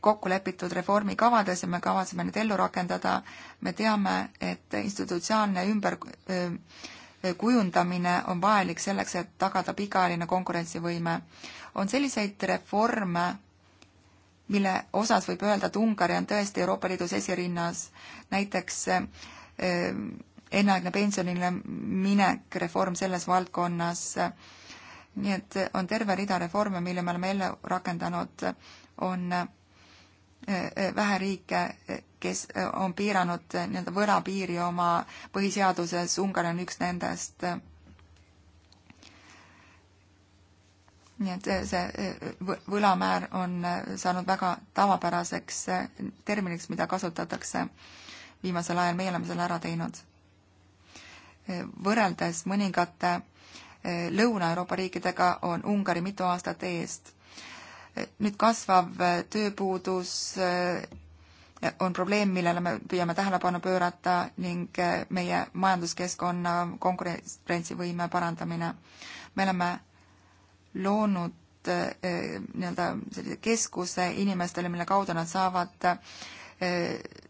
Speaker 1: kokku lepitud reformikavades ja me kavatseme need ellu rakendada. me teame, et institutsionaalne ümberkujundamine on vajalik selleks, et tagada pikaajaline konkurentsivõime. on selliseid reforme, mille osas võib öelda, et Ungari on tõesti Euroopa Liidus esirinnas. näiteks enneaegne pensionile minek, reform selles valdkonnas. nii et on terve rida reforme, mille me oleme ellu rakendanud, on äh, äh, vähe riike, äh, kes on piiranud nii-öelda võlapiiri oma põhiseaduses, Ungari on üks nendest. nii et see võlamäär on saanud väga tavapäraseks terminiks, mida kasutatakse viimasel ajal, meie oleme selle ära teinud. võrreldes mõningate eh, Lõuna-Euroopa riikidega on Ungari mitu aastat eest. Eh, nüüd kasvav eh, tööpuudus on probleem, millele me püüame tähelepanu pöörata ning meie majanduskeskkonna konkurentsivõime parandamine. me oleme loonud nii-öelda sellise keskuse inimestele, mille kaudu nad saavad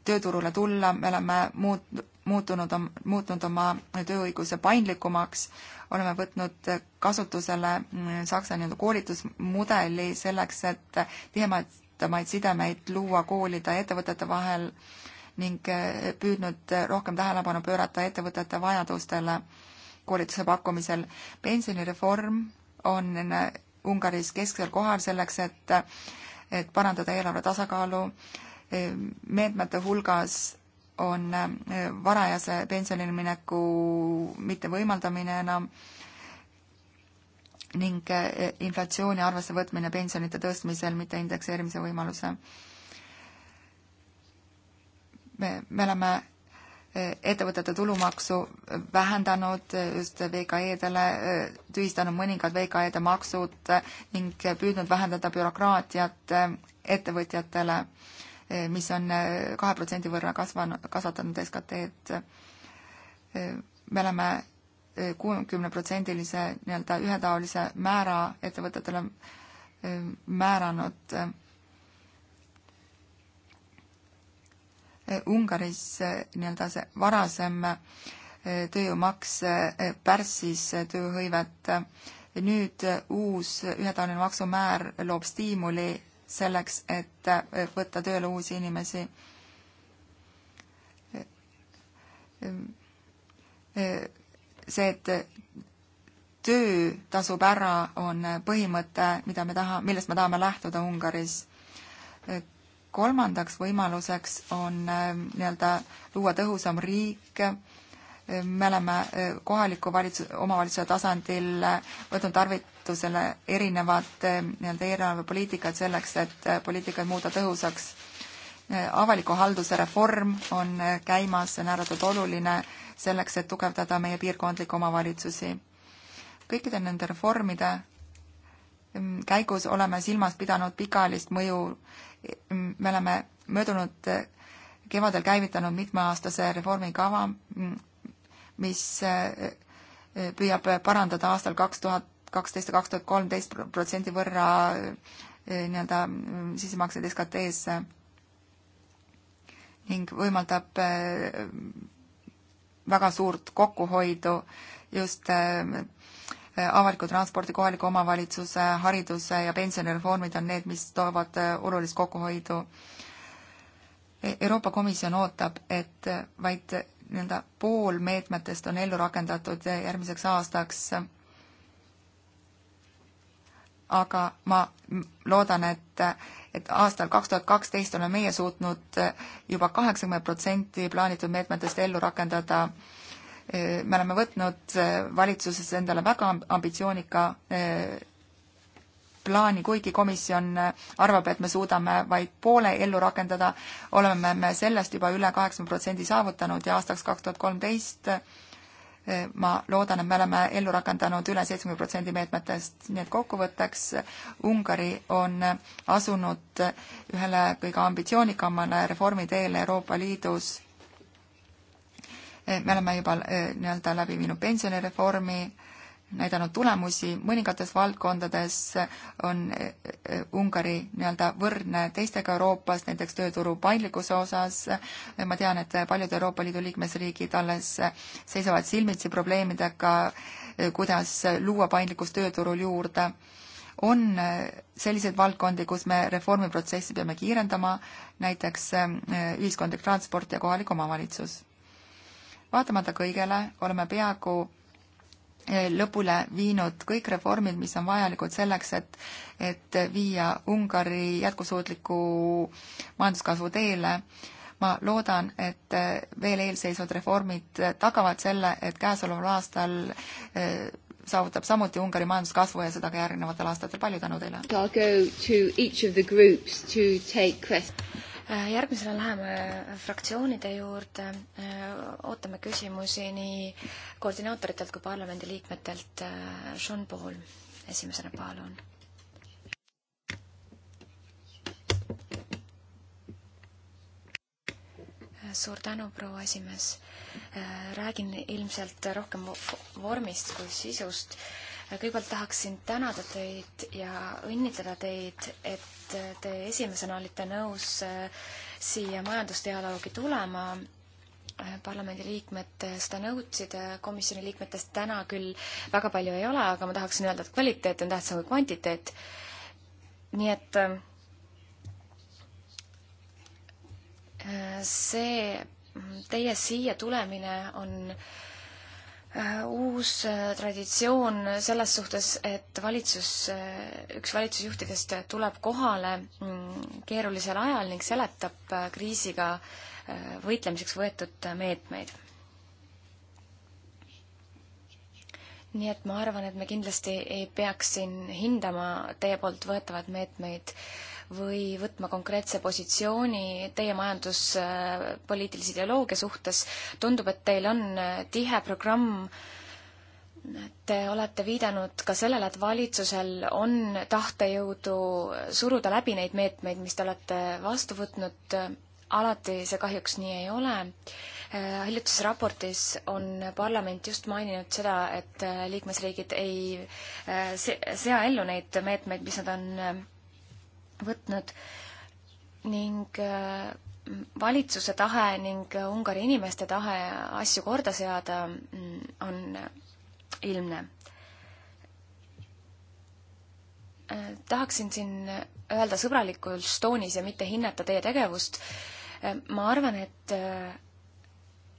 Speaker 1: tööturule tulla, me oleme muut-, muutunud, muutnud oma tööõiguse paindlikumaks, oleme võtnud kasutusele mm, Saksa nii-öelda koolitusmudeli selleks, et tihedamaid sidemeid luua koolide ja ettevõtete vahel ning eh, püüdnud rohkem tähelepanu pöörata ettevõtete vajadustele koolituse pakkumisel. pensionireform on Ungaris kesksel kohal selleks, et, et parandada eelarve tasakaalu äh, meetmete hulgas on eh, varajase pensionile mineku mittevõimaldamine enam ning eh, inflatsiooni arvesse võtmine pensionite tõstmisel, mitte indekseerimise võimaluse. me, me oleme eh, ettevõtete tulumaksu vähendanud just VKE-dele, tühistanud mõningad VKE-de maksud ning püüdnud vähendada bürokraatiat ettevõtjatele Eh, mis on eh, kahe protsendi võrra kasvanud, kasvatanud SKT-d. Eh, me oleme kuuekümneprotsendilise nii-öelda ühetaolise määra ettevõtetele määranud. Ungaris nii-öelda see varasem tööjõumaks pärssis tööhõivet, nüüd uus ühetaoline maksumäär loob stiimuli selleks, et võtta tööle uusi inimesi. see, et töö tasub ära, on põhimõte, mida me taha, millest me tahame lähtuda Ungaris. kolmandaks võimaluseks on nii-öelda luua tõhusam riik, me oleme kohaliku valitsus, omavalitsuse tasandil võtnud tarvit-, kasutusele erinevad eh, nii-öelda eelarvepoliitikad selleks, et eh, poliitikaid muuta tõhusaks. Eh, avaliku halduse reform on käimas, see on ääretult oluline selleks, et tugevdada meie piirkondlikke omavalitsusi. kõikide nende reformide mm, käigus oleme silmas pidanud pikaajalist mõju, mm, me oleme möödunud kevadel käivitanud mitmeaastase reformikava, mm, mis püüab parandada aastal kaks tuhat kaksteist ja kaks tuhat kolmteist protsendi võrra eh, nii-öelda mm, sissemaksed SKT-sse eh, ning võimaldab eh, väga suurt kokkuhoidu just avaliku transpordi, kohaliku omavalitsuse, hariduse ja pensionireformid on need, mis toovad olulist kokkuhoidu. E-, Euroopa Komisjon ootab, et vaid nii-öelda pool meetmetest on ellu rakendatud järgmiseks aastaks aga ma loodan, et, et aastal kaks tuhat kaksteist oleme meie suutnud juba kaheksakümmend protsenti plaanitud meetmetest ellu rakendada. me oleme võtnud valitsuses endale väga ambitsioonika e, plaani, kuigi komisjon arvab, et me suudame vaid poole ellu rakendada, oleme me sellest juba üle kaheksakümne protsendi saavutanud ja aastaks kaks tuhat kolmteist ma loodan, et me oleme ellu rakendanud üle seitsmekümne protsendi meetmetest, nii et kokkuvõtteks Ungari on asunud ühele kõige ambitsioonikamale reformiteele Euroopa Liidus. me oleme juba eh, nii-öelda läbi viinud pensionireformi näidanud tulemusi, mõningates valdkondades on eh, eh, Ungari nii-öelda võrdne teistega Euroopas, näiteks tööturu paindlikkuse osas, ma tean, et paljud Euroopa Liidu liikmesriigid alles seisavad silmitsi probleemidega, eh, kuidas luua paindlikkust tööturul juurde, on selliseid valdkondi, kus me reformiprotsessi peame kiirendama, näiteks ühiskondlik transport ja kohalik omavalitsus. vaatamata kõigele oleme peaaegu Eh, lõpule viinud kõik reformid, mis on vajalikud selleks, et, et viia Ungari jätkusuutliku majanduskasvu teele. ma loodan, et eh, veel eelseisvad reformid tagavad selle, et käesoleval aastal eh, saavutab samuti Ungari majanduskasvu ja seda ka järgnevatel aastatel. palju tänu teile!
Speaker 3: Äh, järgmisena läheme äh, fraktsioonide juurde, äh, ootame küsimusi nii koordinaatoritelt kui parlamendiliikmetelt. Sean Paul esimesena, palun. suur tänu, proua esimees. räägin ilmselt rohkem vormist kui sisust kõigepealt tahaksin tänada teid ja õnnitleda teid, et te esimesena olite nõus äh, siia majandusdialoogi tulema. Äh, parlamendiliikmed seda nõudsid, komisjoni liikmetest täna küll väga palju ei ole, aga ma tahaksin öelda, et kvaliteet on tähtsam kui kvantiteet. nii et äh, see teie siia tulemine on äh, Äh, uus äh, traditsioon selles suhtes, et valitsus, äh, üks valitsusjuhtidest tuleb kohale mm, keerulisel ajal ning seletab kriisiga võitlemiseks võetud meetmeid. nii et ma arvan, et me kindlasti ei peaks siin hindama teie poolt võetavaid meetmeid äh, või võtma konkreetse positsiooni teie majanduspoliitilise ideoloogia suhtes. tundub, et teil on äh, tihe programm. Te olete viidanud ka sellele, et valitsusel on tahtejõudu suruda läbi neid meetmeid, mis te olete vastu võtnud. alati see kahjuks nii ei ole äh, hiljutises raportis on parlament just maininud seda, et äh, liikmesriigid ei sea ellu neid meetmeid, mis nad on võtnud ning äh, valitsuse tahe ning äh, Ungari inimeste tahe asju korda seada mm, on äh, ilmne. tahaksin siin öelda sõbralikus toonis ja mitte hinnata teie tegevust. ma arvan, et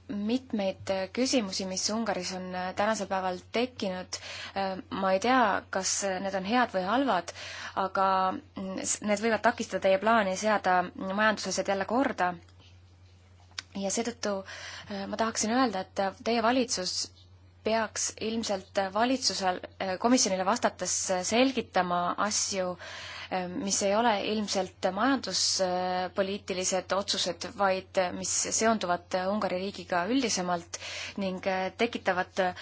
Speaker 3: mitmeid küsimusi, mis Ungaris on äh, tänasel päeval tekkinud. Äh, ma ei tea, kas need on head või halvad, aga mm, need võivad takistada teie plaani seada majandusasjad jälle korda. ja seetõttu äh, ma tahaksin öelda, et teie valitsus peaks ilmselt valitsusel, komisjonile vastates selgitama asju äh, mis ei ole ilmselt majanduspoliitilised otsused, vaid mis seonduvad Ungari riigiga üldisemalt ning tekitavad äh,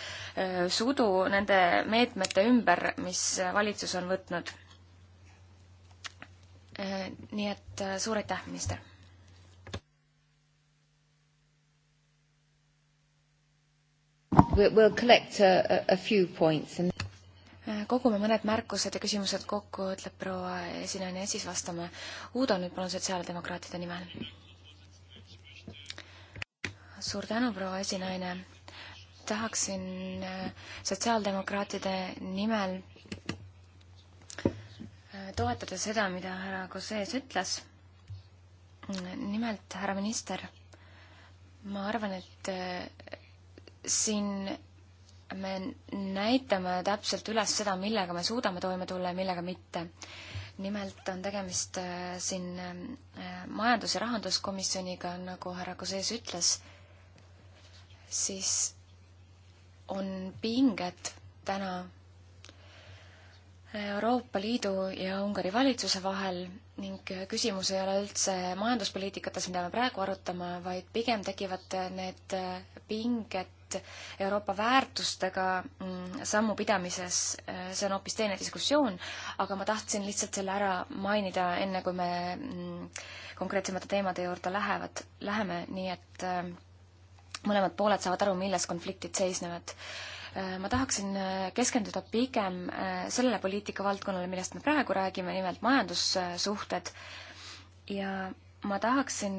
Speaker 3: sudu nende meetmete ümber, mis valitsus on võtnud. Äh, nii et äh, suur aitäh, minister! We'll collect a, a few points and kogume mõned märkused ja küsimused kokku, ütleb proua esinaine ja siis vastame. Uudo nüüd palun sotsiaaldemokraatide nimel. suur tänu, proua esinaine. tahaksin äh, sotsiaaldemokraatide nimel äh, toetada seda, mida härra Kossees ütles. nimelt, härra minister, ma arvan, et äh, siin me näitame täpselt üles seda, millega me suudame toime tulla ja millega mitte. nimelt on tegemist äh, siin äh, majandus- ja rahanduskomisjoniga, nagu härra Kosees ütles, siis on pinged täna äh, Euroopa Liidu ja Ungari valitsuse vahel ning küsimus ei ole üldse majanduspoliitikates, mida me praegu arutame, vaid pigem tekivad need pinged et Euroopa väärtustega mm, sammu pidamises, äh, see on hoopis teine diskussioon, aga ma tahtsin lihtsalt selle ära mainida, enne kui me mm, konkreetsemate teemade juurde lähevad, läheme, nii et äh, mõlemad pooled saavad aru, milles konfliktid seisnevad äh, ma tahaksin keskenduda pigem sellele poliitikavaldkonnale, millest me praegu räägime, nimelt majandussuhted ja ma tahaksin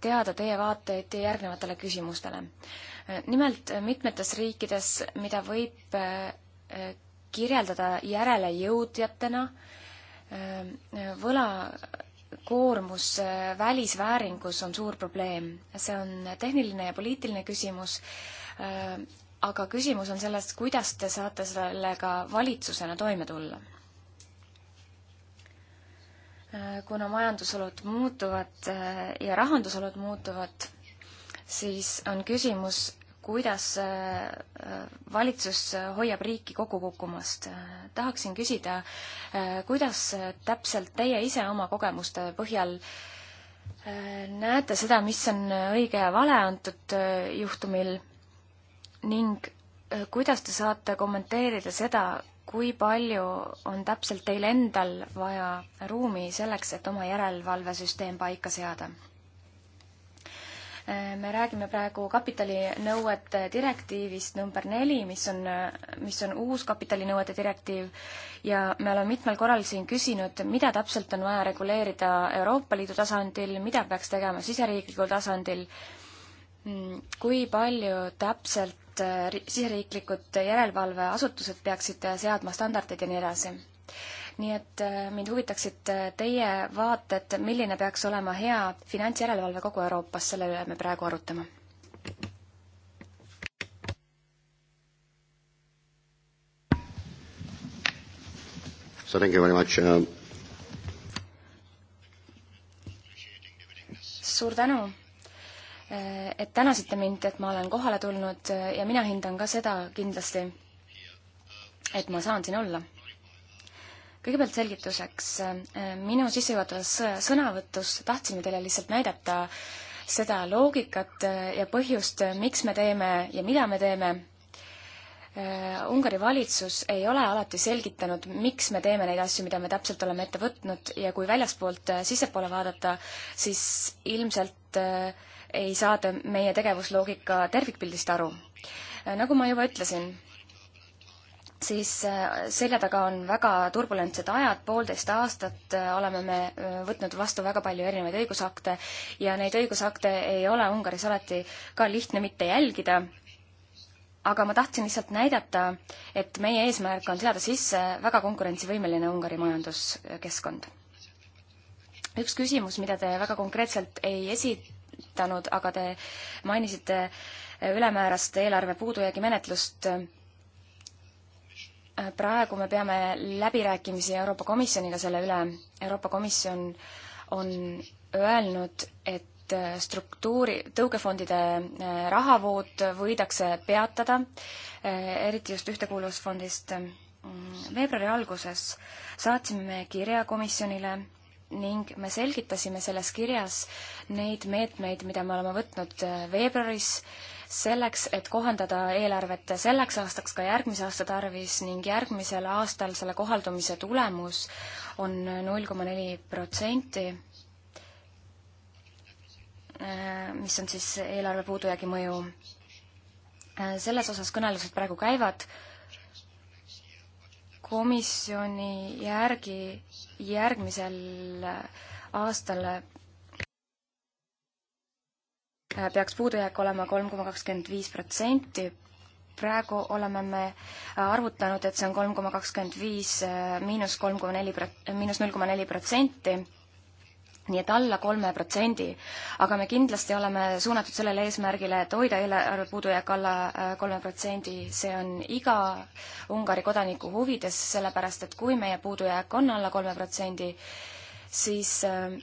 Speaker 3: teada teie vaateid järgnevatele küsimustele. nimelt mitmetes riikides, mida võib eh, kirjeldada järelejõudjatena, eh, võlakoormus eh, välisvääringus on suur probleem. see on tehniline ja poliitiline küsimus, aga küsimus on selles, kuidas te saate sellega valitsusena toime tulla kuna majandusolud muutuvad äh, ja rahandusolud muutuvad, siis on küsimus, kuidas äh, valitsus hoiab riiki kokku kukkumast. tahaksin küsida, äh, kuidas täpselt teie ise oma kogemuste põhjal näete seda, mis on õige ja vale antud juhtumil ning kuidas te saate kommenteerida seda, kui palju on täpselt teil endal vaja ruumi selleks, et oma järelevalvesüsteem paika seada? me räägime praegu kapitalinõuete direktiivist number neli, mis on, mis on uus kapitalinõuete direktiiv ja me oleme mitmel korral siin küsinud, mida täpselt on vaja reguleerida Euroopa Liidu tasandil, mida peaks tegema siseriiklikul tasandil, hmm, kui palju täpselt et äh, siseriiklikud järelevalveasutused peaksid äh, seadma standardeid ja nii edasi. nii et äh, mind huvitaksid teie vaated, milline peaks olema hea finantsjärelevalve kogu Euroopas, selle üle me praegu arutame.
Speaker 2: So thank you very much um....
Speaker 3: suur tänu et tänasite mind, et ma olen kohale tulnud äh, ja mina hindan ka seda kindlasti, et ma saan siin olla. kõigepealt selgituseks, äh, minu sissejuhatavas sõnavõtus tahtsime teile lihtsalt näidata seda loogikat äh, ja põhjust, miks me teeme ja mida me teeme. Ungari valitsus ei ole alati selgitanud, miks me teeme neid asju, mida me täpselt oleme ette võtnud ja kui väljaspoolt sissepoole vaadata, siis ilmselt äh, ei saa te meie tegevusloogika tervikpildist aru. nagu ma juba ütlesin, siis äh, selja taga on väga turbulentsed ajad, poolteist aastat äh, oleme me äh, võtnud vastu väga palju erinevaid õigusakte ja neid õigusakte ei ole Ungaris alati ka lihtne mitte jälgida aga ma tahtsin lihtsalt näidata, et meie eesmärk on seada sisse väga konkurentsivõimeline Ungari majanduskeskkond. üks küsimus, mida te väga konkreetselt ei esi-, esitanud, aga te mainisite ülemäärast eelarve puudujäägi menetlust. praegu me peame läbirääkimisi Euroopa Komisjoniga selle üle. Euroopa Komisjon on öelnud, et struktuuri, tõukefondide eh, rahavood võidakse peatada, eh, eriti just Ühtekuuluvusfondist. Mm, veebruari alguses saatsime kirja komisjonile ning me selgitasime selles kirjas neid meetmeid, mida me oleme võtnud äh, veebruaris selleks, et kohandada eelarvet selleks aastaks ka järgmise aasta tarvis ning järgmisel aastal selle kohaldumise tulemus on null koma neli protsenti, äh, mis on siis eelarve puudujäägi mõju. Äh, selles osas kõnelused praegu käivad komisjoni järgi järgmisel aastal äh, peaks puudujääk olema kolm koma kakskümmend viis protsenti. praegu oleme me äh, arvutanud, et see on kolm koma kakskümmend viis äh, miinus kolm koma neli, miinus null koma neli protsenti nii et alla kolme protsendi. aga me kindlasti oleme suunatud sellele eesmärgile, et hoida eelarve puudujääk alla äh, kolme protsendi. see on iga Ungari kodaniku huvides, sellepärast et kui meie puudujääk on alla kolme protsendi, siis äh,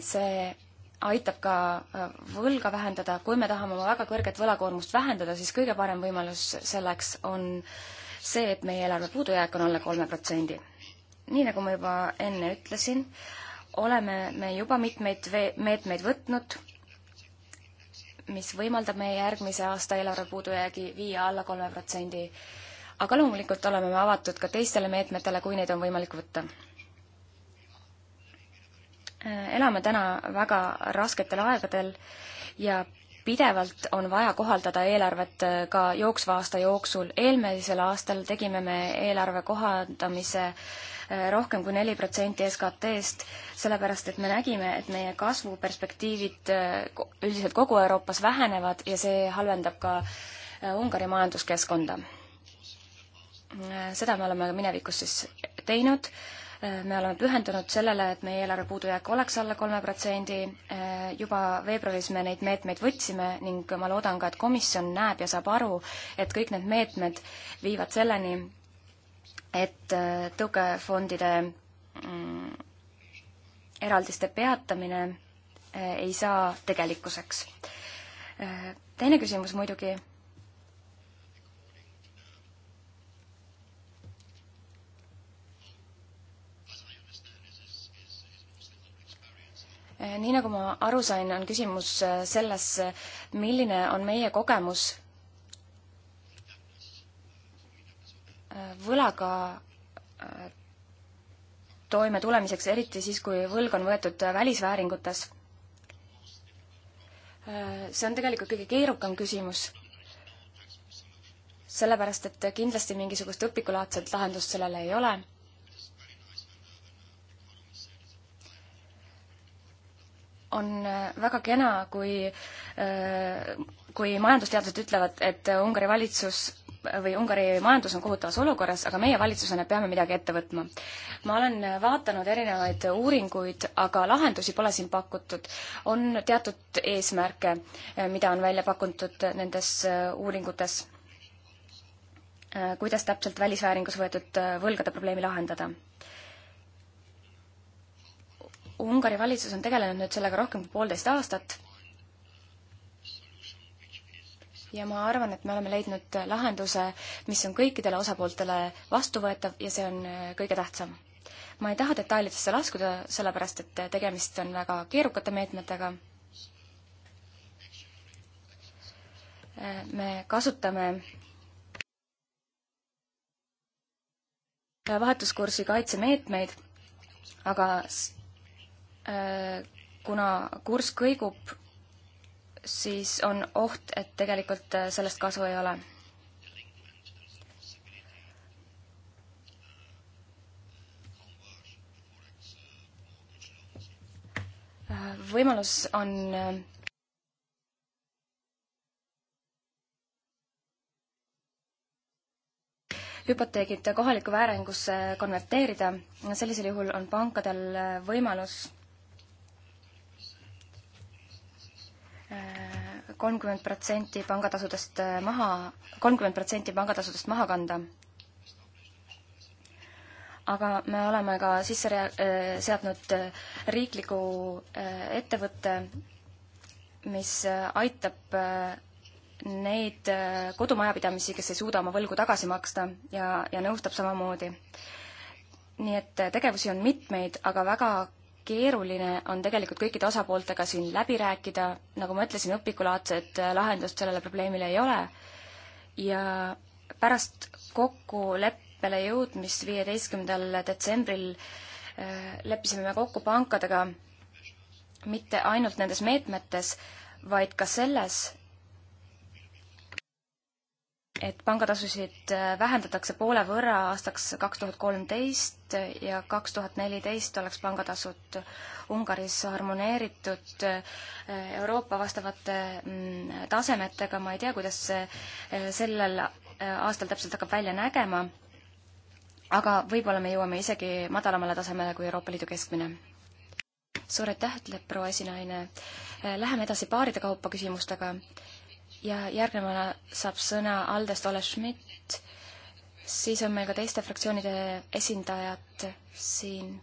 Speaker 3: see aitab ka äh, võlga vähendada. kui me tahame oma väga kõrget võlakoormust vähendada, siis kõige parem võimalus selleks on see, et meie eelarve puudujääk on alla kolme protsendi. nii nagu ma juba enne ütlesin, oleme me juba mitmeid meetmeid võtnud, mis võimaldab meie järgmise aasta eelarve puudujäägi viia alla kolme protsendi. aga loomulikult oleme me avatud ka teistele meetmetele, kui neid on võimalik võtta. elame täna väga rasketel aegadel ja pidevalt on vaja kohaldada eelarvet ka jooksva aasta jooksul. eelmisel aastal tegime me eelarve kohaldamise äh, Äh, rohkem kui neli protsenti SKT-st, sellepärast et me nägime, et meie kasvuperspektiivid äh, üldiselt kogu Euroopas vähenevad ja see halvendab ka äh, Ungari majanduskeskkonda. seda me oleme minevikus siis teinud me oleme pühendunud sellele, et meie eelarve puudujääk oleks alla kolme protsendi. juba veebruaris me neid meetmeid võtsime ning ma loodan ka, et komisjon näeb ja saab aru, et kõik need meetmed viivad selleni, et äh, tõukefondide mm, eraldiste peatamine äh, ei saa tegelikkuseks. Äh, teine küsimus muidugi. nii nagu ma aru sain, on küsimus selles, milline on meie kogemus võlaga äh, toime tulemiseks, eriti siis, kui võlg on võetud äh, välisvääringutes. Äh, see on tegelikult kõige keerukam küsimus, sellepärast et kindlasti mingisugust õpikulaadset lahendust sellele ei ole. on väga kena, kui, kui majandusteadlased ütlevad, et Ungari valitsus või Ungari majandus on kohutavas olukorras, aga meie valitsusena peame midagi ette võtma. ma olen vaadanud erinevaid uuringuid, aga lahendusi pole siin pakutud. on teatud eesmärke, eh, mida on välja pakutud nendes eh, uuringutes. Eh, kuidas täpselt välisvääringus võetud võlgade probleemi lahendada Ungari valitsus on tegelenud nüüd sellega rohkem kui poolteist aastat ja ma arvan, et me oleme leidnud lahenduse, mis on kõikidele osapooltele vastuvõetav ja see on äh, kõige tähtsam. ma ei taha detailidesse laskuda, sellepärast et tegemist on väga keerukate meetmetega. Äh, me kasutame vahetuskursi kaitsemeetmeid, aga äh, kuna kurss kõigub siis on oht, et tegelikult äh, sellest kasu ei ole. Äh, võimalus on äh, hüpoteegid kohalikku vääringusse konverteerida, sellisel juhul on pankadel võimalus kolmkümmend protsenti pangatasudest äh, maha, kolmkümmend protsenti pangatasudest maha kanda. aga me oleme ka sisse rea-, äh, seadnud äh, riikliku ettevõtte, mis aitab neid kodumajapidamisi, kes ei suuda oma võlgu tagasi maksta ja, ja nõustab samamoodi. nii et tegevusi on mitmeid, aga väga keeruline on tegelikult kõikide osapooltega siin läbi rääkida, nagu ma ütlesin, õpikulaadset äh, lahendust sellele probleemile ei ole ja pärast kokkuleppele jõudmist viieteistkümnendal detsembril äh, leppisime me kokku pankadega mitte ainult nendes meetmetes, vaid ka selles, et pangatasusid äh, vähendatakse poole võrra aastaks kaks tuhat kolmteist ja kaks tuhat neliteist oleks pangatasud Ungaris harmoneeritud äh, Euroopa vastavate mm, tasemetega, ma ei tea, kuidas see äh, sellel aastal täpselt hakkab välja nägema, aga võib-olla me jõuame isegi madalamale tasemele kui Euroopa Liidu keskmine. suur aitäh, ütleb proua esinaine. Läheme edasi paaride kaupa küsimustega ja järgnevana saab sõna Aldest Ole Schmidt, siis on meil ka teiste fraktsioonide esindajad siin.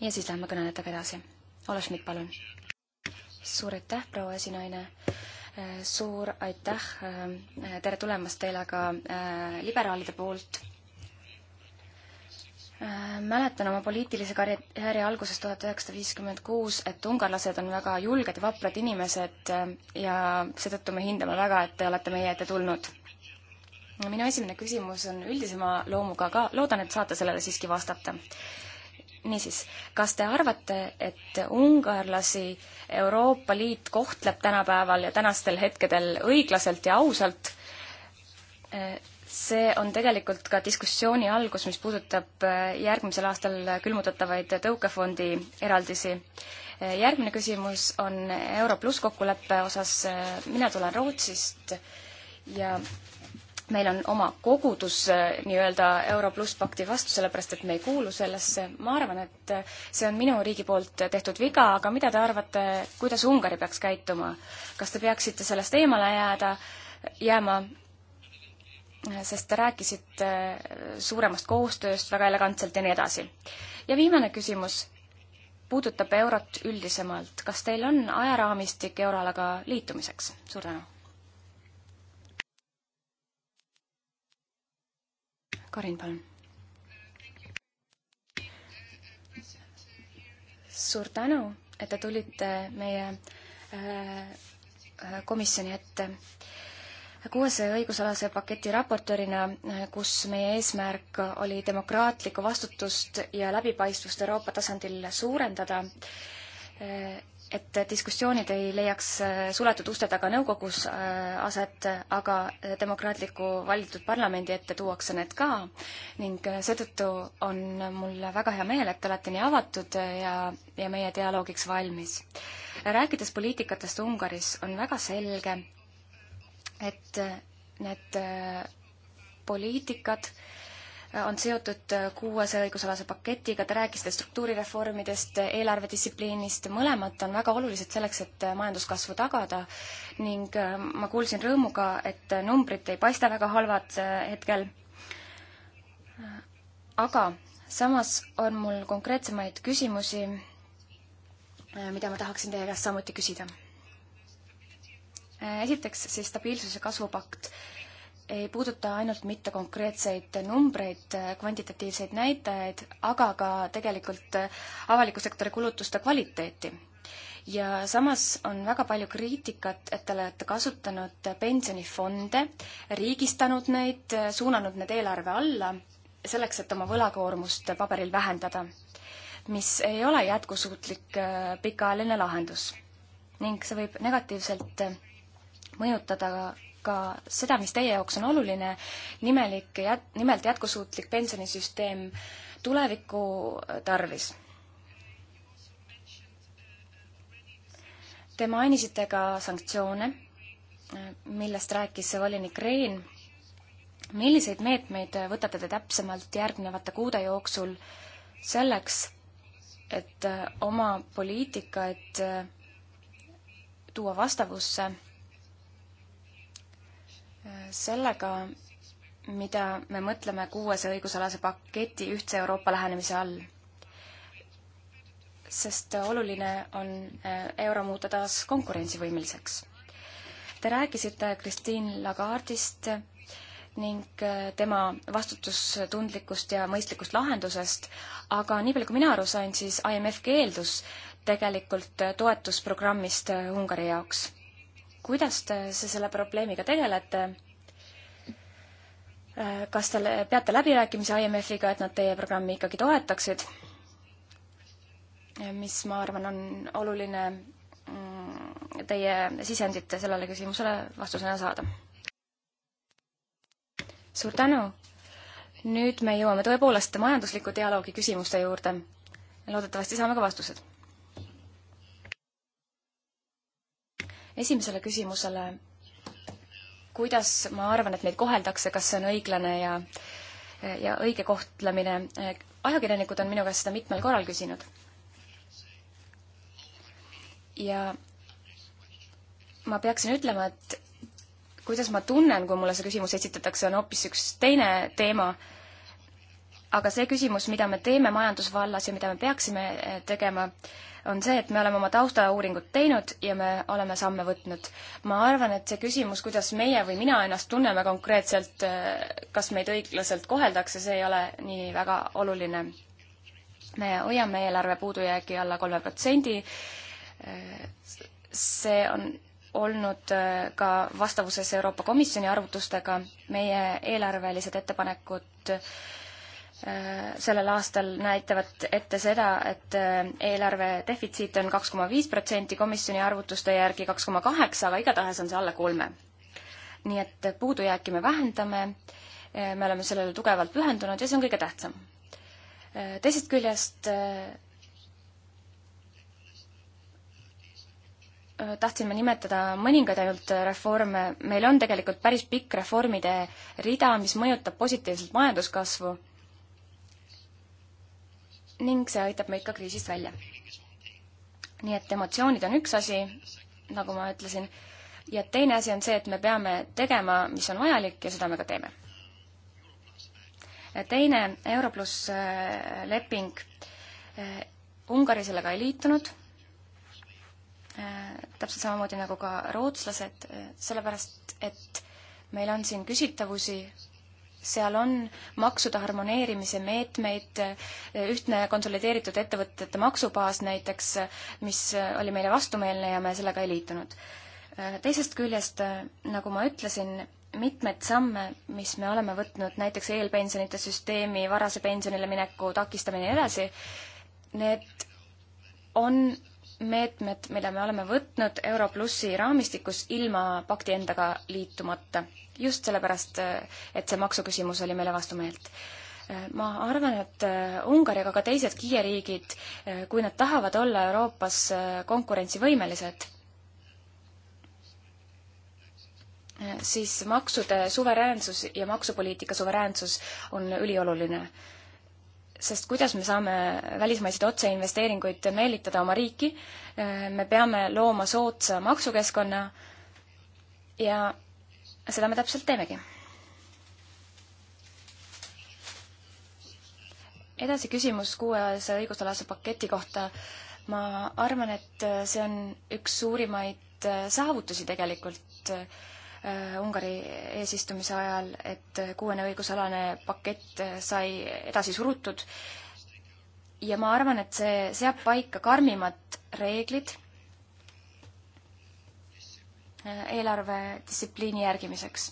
Speaker 3: ja siis läheme kõnelejatega edasi. Ole Schmidt, palun. suur aitäh, proua esinaine. suur aitäh, äh, tere tulemast teile ka äh, liberaalide poolt Äh, mäletan oma poliitilise karjääri algusest tuhat üheksasada viiskümmend kuus, et ungarlased on väga julged ja vaprad inimesed äh, ja seetõttu me hindame väga, et te olete meie ette tulnud. minu esimene küsimus on üldisema loomuga ka, loodan, et saate sellele siiski vastata. niisiis, kas te arvate, et ungarlasi Euroopa Liit kohtleb tänapäeval ja tänastel hetkedel õiglaselt ja ausalt äh, see on tegelikult ka diskussiooni algus, mis puudutab äh, järgmisel aastal külmutatavaid tõukefondi eraldisi. Äh, järgmine küsimus on Euro pluss kokkuleppe osas. Äh, mina tulen Rootsist ja meil on oma kogudus nii-öelda Euro pluss pakti vastu, sellepärast et me ei kuulu sellesse. ma arvan, et see on minu riigi poolt tehtud viga, aga mida te arvate, kuidas Ungari peaks käituma? kas te peaksite sellest eemale jääda, jääma sest te rääkisite äh, suuremast koostööst väga elegantselt ja nii edasi. ja viimane küsimus puudutab eurot üldisemalt. kas teil on ajaraamistik euroalaga liitumiseks? suur tänu. Karin, palun. suur tänu, et te tulite meie äh, äh, komisjoni ette kuuese õigusalase paketi raportöörina, kus meie eesmärk oli demokraatlikku vastutust ja läbipaistvust Euroopa tasandil suurendada, et diskussioonid ei leiaks suletud uste taga nõukogus äh, aset, aga demokraatliku valitud parlamendi ette tuuakse need ka ning seetõttu on mul väga hea meel, et te olete nii avatud ja, ja meie dialoogiks valmis. rääkides poliitikatest Ungaris, on väga selge, et need äh, poliitikad äh, on seotud äh, kuuese õigusalase paketiga, te rääkisite struktuurireformidest, eelarvedistsipliinist, mõlemad on väga olulised selleks, et majanduskasvu tagada ning ma kuulsin rõõmuga, et numbrid ei paista väga halvad hetkel. aga samas on mul konkreetsemaid küsimusi, mida ma tahaksin teie käest samuti küsida Äh, esiteks siis stabiilsuse kasvupakt ei puuduta ainult mitte konkreetseid numbreid, äh, kvantitatiivseid näitajaid, aga ka tegelikult äh, avaliku sektori kulutuste kvaliteeti. ja samas on väga palju kriitikat, et te olete kasutanud pensionifonde, riigistanud neid, suunanud need eelarve alla, selleks, et oma võlakoormust paberil vähendada, mis ei ole jätkusuutlik pikaajaline lahendus. ning see võib negatiivselt mõjutada ka seda, mis teie jaoks on oluline, nimelik, nimelt jätkusuutlik pensionisüsteem tuleviku tarvis. Te mainisite ka sanktsioone, millest rääkis volinik Rein. milliseid meetmeid võtate te täpsemalt järgnevate kuude jooksul selleks, et oma poliitikaid tuua vastavusse sellega, mida me mõtleme kuuese õigusalase paketi ühtse Euroopa lähenemise all. sest oluline on eh, euro muuta taas konkurentsivõimeliseks. Te rääkisite Christine Lagarde'ist ning eh, tema vastutustundlikust ja mõistlikust lahendusest, aga nii palju, kui mina aru sain, siis IMF keeldus tegelikult eh, toetusprogrammist Ungari jaoks kuidas te selle probleemiga tegelete? Äh, kas te peate läbirääkimisi IMF-iga, et nad teie programmi ikkagi toetaksid? mis, ma arvan, on oluline mm, teie sisendit sellele küsimusele vastusena saada. suur tänu! nüüd me jõuame tõepoolest majandusliku dialoogi küsimuste juurde. loodetavasti saame ka vastused esimesele küsimusele, kuidas ma arvan, et meid koheldakse, kas see on õiglane ja ja õige kohtlemine. ajakirjanikud on minu käest seda mitmel korral küsinud. ja ma peaksin ütlema, et kuidas ma tunnen, kui mulle see küsimus esitatakse, on hoopis üks teine teema aga see küsimus, mida me teeme majandusvallas ja mida me peaksime eh, tegema, on see, et me oleme oma taustauuringut teinud ja me oleme samme võtnud. ma arvan, et see küsimus, kuidas meie või mina ennast tunneme konkreetselt, eh, kas meid õiglaselt koheldakse, see ei ole nii väga oluline. me hoiame eelarve puudujäägi alla kolme protsendi. Eh, see on olnud ka vastavuses Euroopa Komisjoni arvutustega. meie eelarvelised ettepanekud Äh, sellel aastal näitavad ette seda, et äh, eelarve defitsiit on kaks koma viis protsenti, komisjoni arvutuste järgi kaks koma kaheksa, aga igatahes on see alla kolme. nii et puudujääki me vähendame, äh, me oleme sellele tugevalt pühendunud ja see on kõige tähtsam. teisest küljest tahtsin ma nimetada mõningaid ainult reforme, meil on tegelikult päris pikk reformide rida, mis mõjutab positiivselt majanduskasvu ning see aitab meid ka kriisist välja. nii et emotsioonid on üks asi, nagu ma ütlesin, ja teine asi on see, et me peame tegema, mis on vajalik ja seda me ka teeme. teine Europluss äh, leping, äh, Ungari sellega ei liitunud, äh, täpselt samamoodi nagu ka rootslased, sellepärast et meil on siin küsitavusi seal on maksude harmoneerimise meetmeid, ühtne konsolideeritud ettevõtete maksubaas näiteks, mis oli meile vastumeelne ja me sellega ei liitunud. teisest küljest, nagu ma ütlesin, mitmeid samme, mis me oleme võtnud, näiteks eelpensionite süsteemi, varase pensionile mineku takistamine ja nii edasi, need on meetmed, mida me oleme võtnud Euro plussi raamistikus ilma pakti endaga liitumata just sellepärast, et see maksuküsimus oli meile vastumeelt ma arvan, et äh, Ungari, aga ka teised Kiie riigid, äh, kui nad tahavad olla Euroopas äh, konkurentsivõimelised, siis maksude suveräänsus ja maksupoliitika suveräänsus on ülioluline. sest kuidas me saame välismaiseid otseinvesteeringuid meelitada oma riiki, me peame looma soodsa maksukeskkonna ja seda me täpselt teemegi. edasi küsimus kuueajase õigusalase paketi kohta. ma arvan, et see on üks suurimaid saavutusi tegelikult äh, Ungari eesistumise ajal, et kuuene õigusalane pakett äh, sai edasi surutud. ja ma arvan, et see seab paika karmimad reeglid eelarvedistsipliini järgimiseks.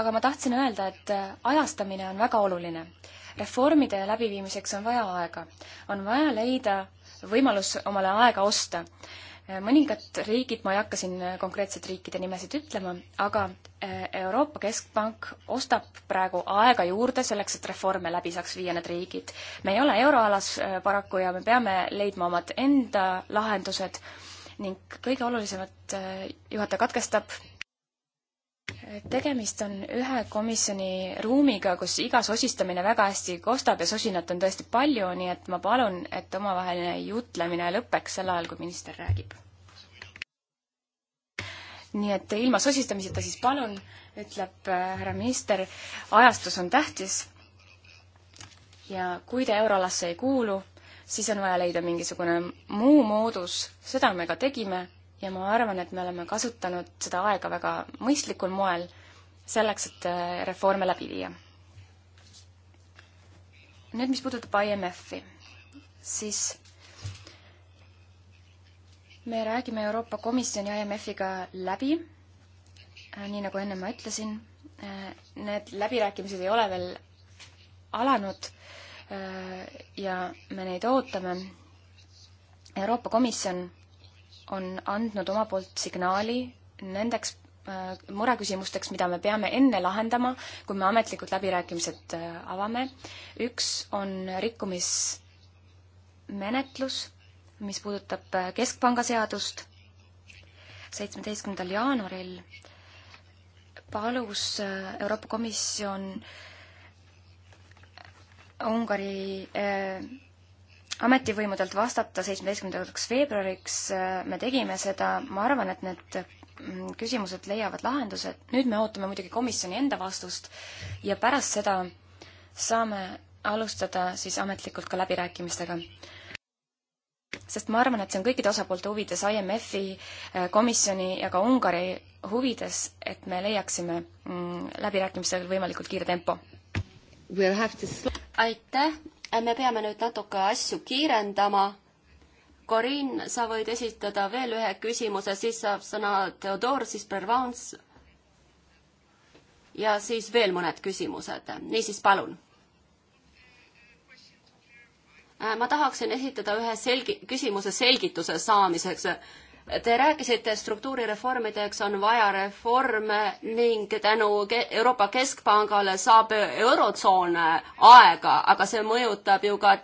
Speaker 3: aga ma tahtsin öelda, et ajastamine on väga oluline. reformide läbiviimiseks on vaja aega. on vaja leida võimalus omale aega osta mõningad riigid, ma ei hakka siin konkreetselt riikide nimesid ütlema, aga äh, Euroopa Keskpank ostab praegu aega juurde selleks, et reforme läbi saaks viia need riigid. me ei ole euroalas äh, paraku ja me peame leidma omad enda lahendused ning kõige olulisemat äh, juhataja katkestab tegemist on ühe komisjoni ruumiga, kus iga sosistamine väga hästi kostab ja sosinat on tõesti palju, nii et ma palun, et omavaheline jutlemine lõpeks sel ajal, kui minister räägib. nii et ilma sosistamiseta siis palun, ütleb äh, härra minister, ajastus on tähtis ja kui te euroalasse ei kuulu, siis on vaja leida mingisugune muu moodus, seda me ka tegime ja ma arvan, et me oleme kasutanud seda aega väga mõistlikul moel selleks, et äh, reforme läbi viia. nüüd, mis puudutab IMF-i, siis me räägime Euroopa Komisjoni IMF-iga läbi, äh, nii nagu enne ma ütlesin, äh, need läbirääkimised ei ole veel alanud ja me neid ootame. Euroopa Komisjon on andnud oma poolt signaali nendeks äh, mureküsimusteks, mida me peame enne lahendama, kui me ametlikud läbirääkimised äh, avame. üks on rikkumismenetlus, mis puudutab äh, Keskpanga seadust. seitsmeteistkümnendal jaanuaril palus Euroopa Komisjon Ungari äh, ametivõimudelt vastata seitsmeteistkümnendaks veebruariks, äh, me tegime seda, ma arvan, et need mm, küsimused leiavad lahendused, nüüd me ootame muidugi komisjoni enda vastust ja pärast seda saame alustada siis ametlikult ka läbirääkimistega. sest ma arvan, et see on kõikide osapoolte huvides, IMF-i, äh, komisjoni ja ka Ungari huvides, et me leiaksime mm, läbirääkimistel võimalikult kiire tempo.
Speaker 2: aitäh me peame nüüd natuke asju kiirendama. Corin, sa võid esitada veel ühe küsimuse, siis saab sõna Theodor, siis Pervans ja siis veel mõned küsimused. niisiis, palun. Äh, ma tahaksin esitada ühe selgi-, küsimuse selgituse saamiseks Te rääkisite, struktuurireformideks on vaja reforme ning tänu Euroopa Keskpangale saab Eurotsoon aega, aga see mõjutab ju ka,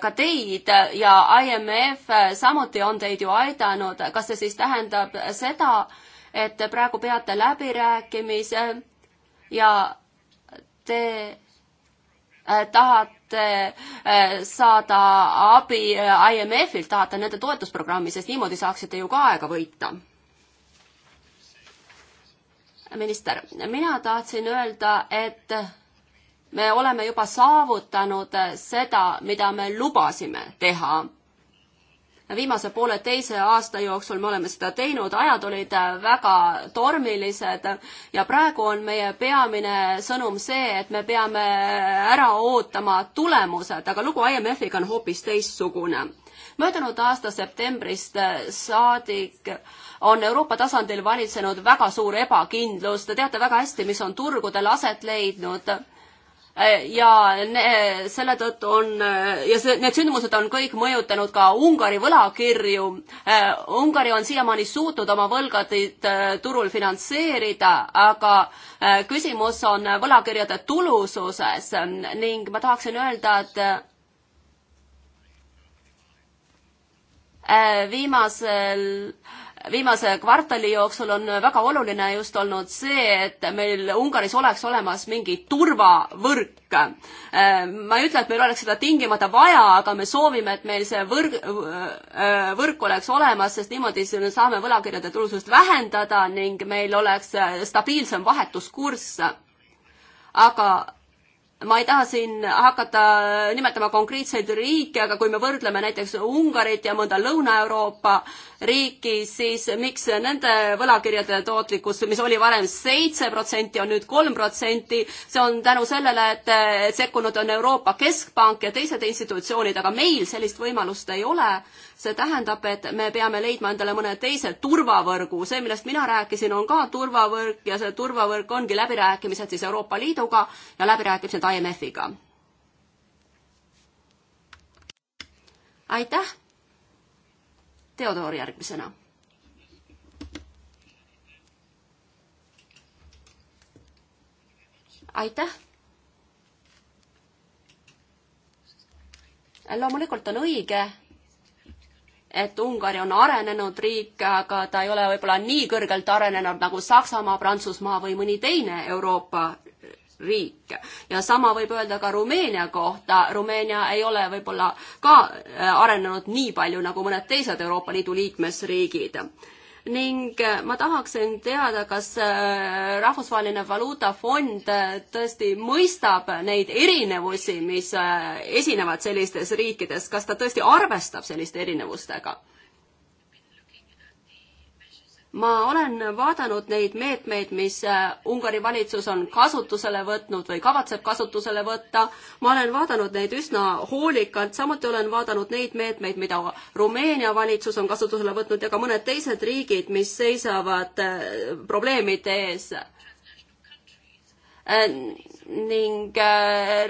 Speaker 2: ka teid ja IMF samuti on teid ju aidanud. kas see siis tähendab seda, et te praegu peate läbirääkimise ja te tahate Äh, saada abi äh, IMF-ilt, tahate nende toetusprogrammi, sest niimoodi saaksite ju ka aega võita minister, mina tahtsin öelda, et me oleme juba saavutanud äh, seda, mida me lubasime teha viimase pooleteise aasta jooksul me oleme seda teinud, ajad olid äh, väga tormilised ja praegu on meie peamine sõnum see, et me peame ära ootama tulemused, aga lugu IMF-iga on hoopis teistsugune. möödunud aasta septembrist äh, saadik on Euroopa tasandil valitsenud väga suur ebakindlus, te teate väga hästi, mis on turgudel aset leidnud Äh, ja ne, selle tõttu on äh, ja see, need sündmused on kõik mõjutanud ka Ungari võlakirju. Äh, Ungari on siiamaani suutnud oma võlgadeid turul finantseerida, aga küsimus on võlakirjade tulususes ning ma tahaksin öelda, et viimasel viimase kvartali jooksul on väga oluline just olnud see, et meil Ungaris oleks olemas mingi turvavõrk. Äh, ma ei ütle, et meil oleks seda tingimata vaja, aga me soovime, et meil see võrg, äh, võrk oleks olemas, sest niimoodi saame võlakirjade tulusust vähendada ning meil oleks stabiilsem vahetuskurss. aga ma ei taha siin hakata nimetama konkreetseid riike, aga kui me võrdleme näiteks Ungarit ja mõnda Lõuna-Euroopa riiki, siis miks nende võlakirjade tootlikkus, mis oli varem seitse protsenti, on nüüd kolm protsenti, see on tänu sellele, et sekkunud on Euroopa Keskpank ja teised institutsioonid, aga meil sellist võimalust ei ole see tähendab, et me peame leidma endale mõne teise turvavõrgu, see, millest mina rääkisin, on ka turvavõrk ja see turvavõrk ongi läbirääkimised siis Euroopa Liiduga ja läbirääkimised IMF-iga. aitäh. Theodor järgmisena. aitäh loomulikult on õige, et Ungari on arenenud riik, aga ta ei ole võib-olla nii kõrgelt arenenud nagu Saksamaa, Prantsusmaa või mõni teine Euroopa riik. ja sama võib öelda ka Rumeenia kohta. Rumeenia ei ole võib-olla ka äh, arenenud nii palju nagu mõned teised Euroopa Liidu liikmesriigid ning äh, ma tahaksin teada, kas äh, Rahvusvaheline Valuutafond äh, tõesti mõistab neid erinevusi, mis esinevad sellistes riikides, kas ta tõesti arvestab selliste erinevustega? ma olen vaadanud neid meetmeid, mis äh, Ungari valitsus on kasutusele võtnud või kavatseb kasutusele võtta. ma olen vaadanud neid üsna hoolikalt, samuti olen vaadanud neid meetmeid, mida Rumeenia valitsus on kasutusele võtnud ja ka mõned teised riigid, mis seisavad äh, probleemide ees. Äh, ning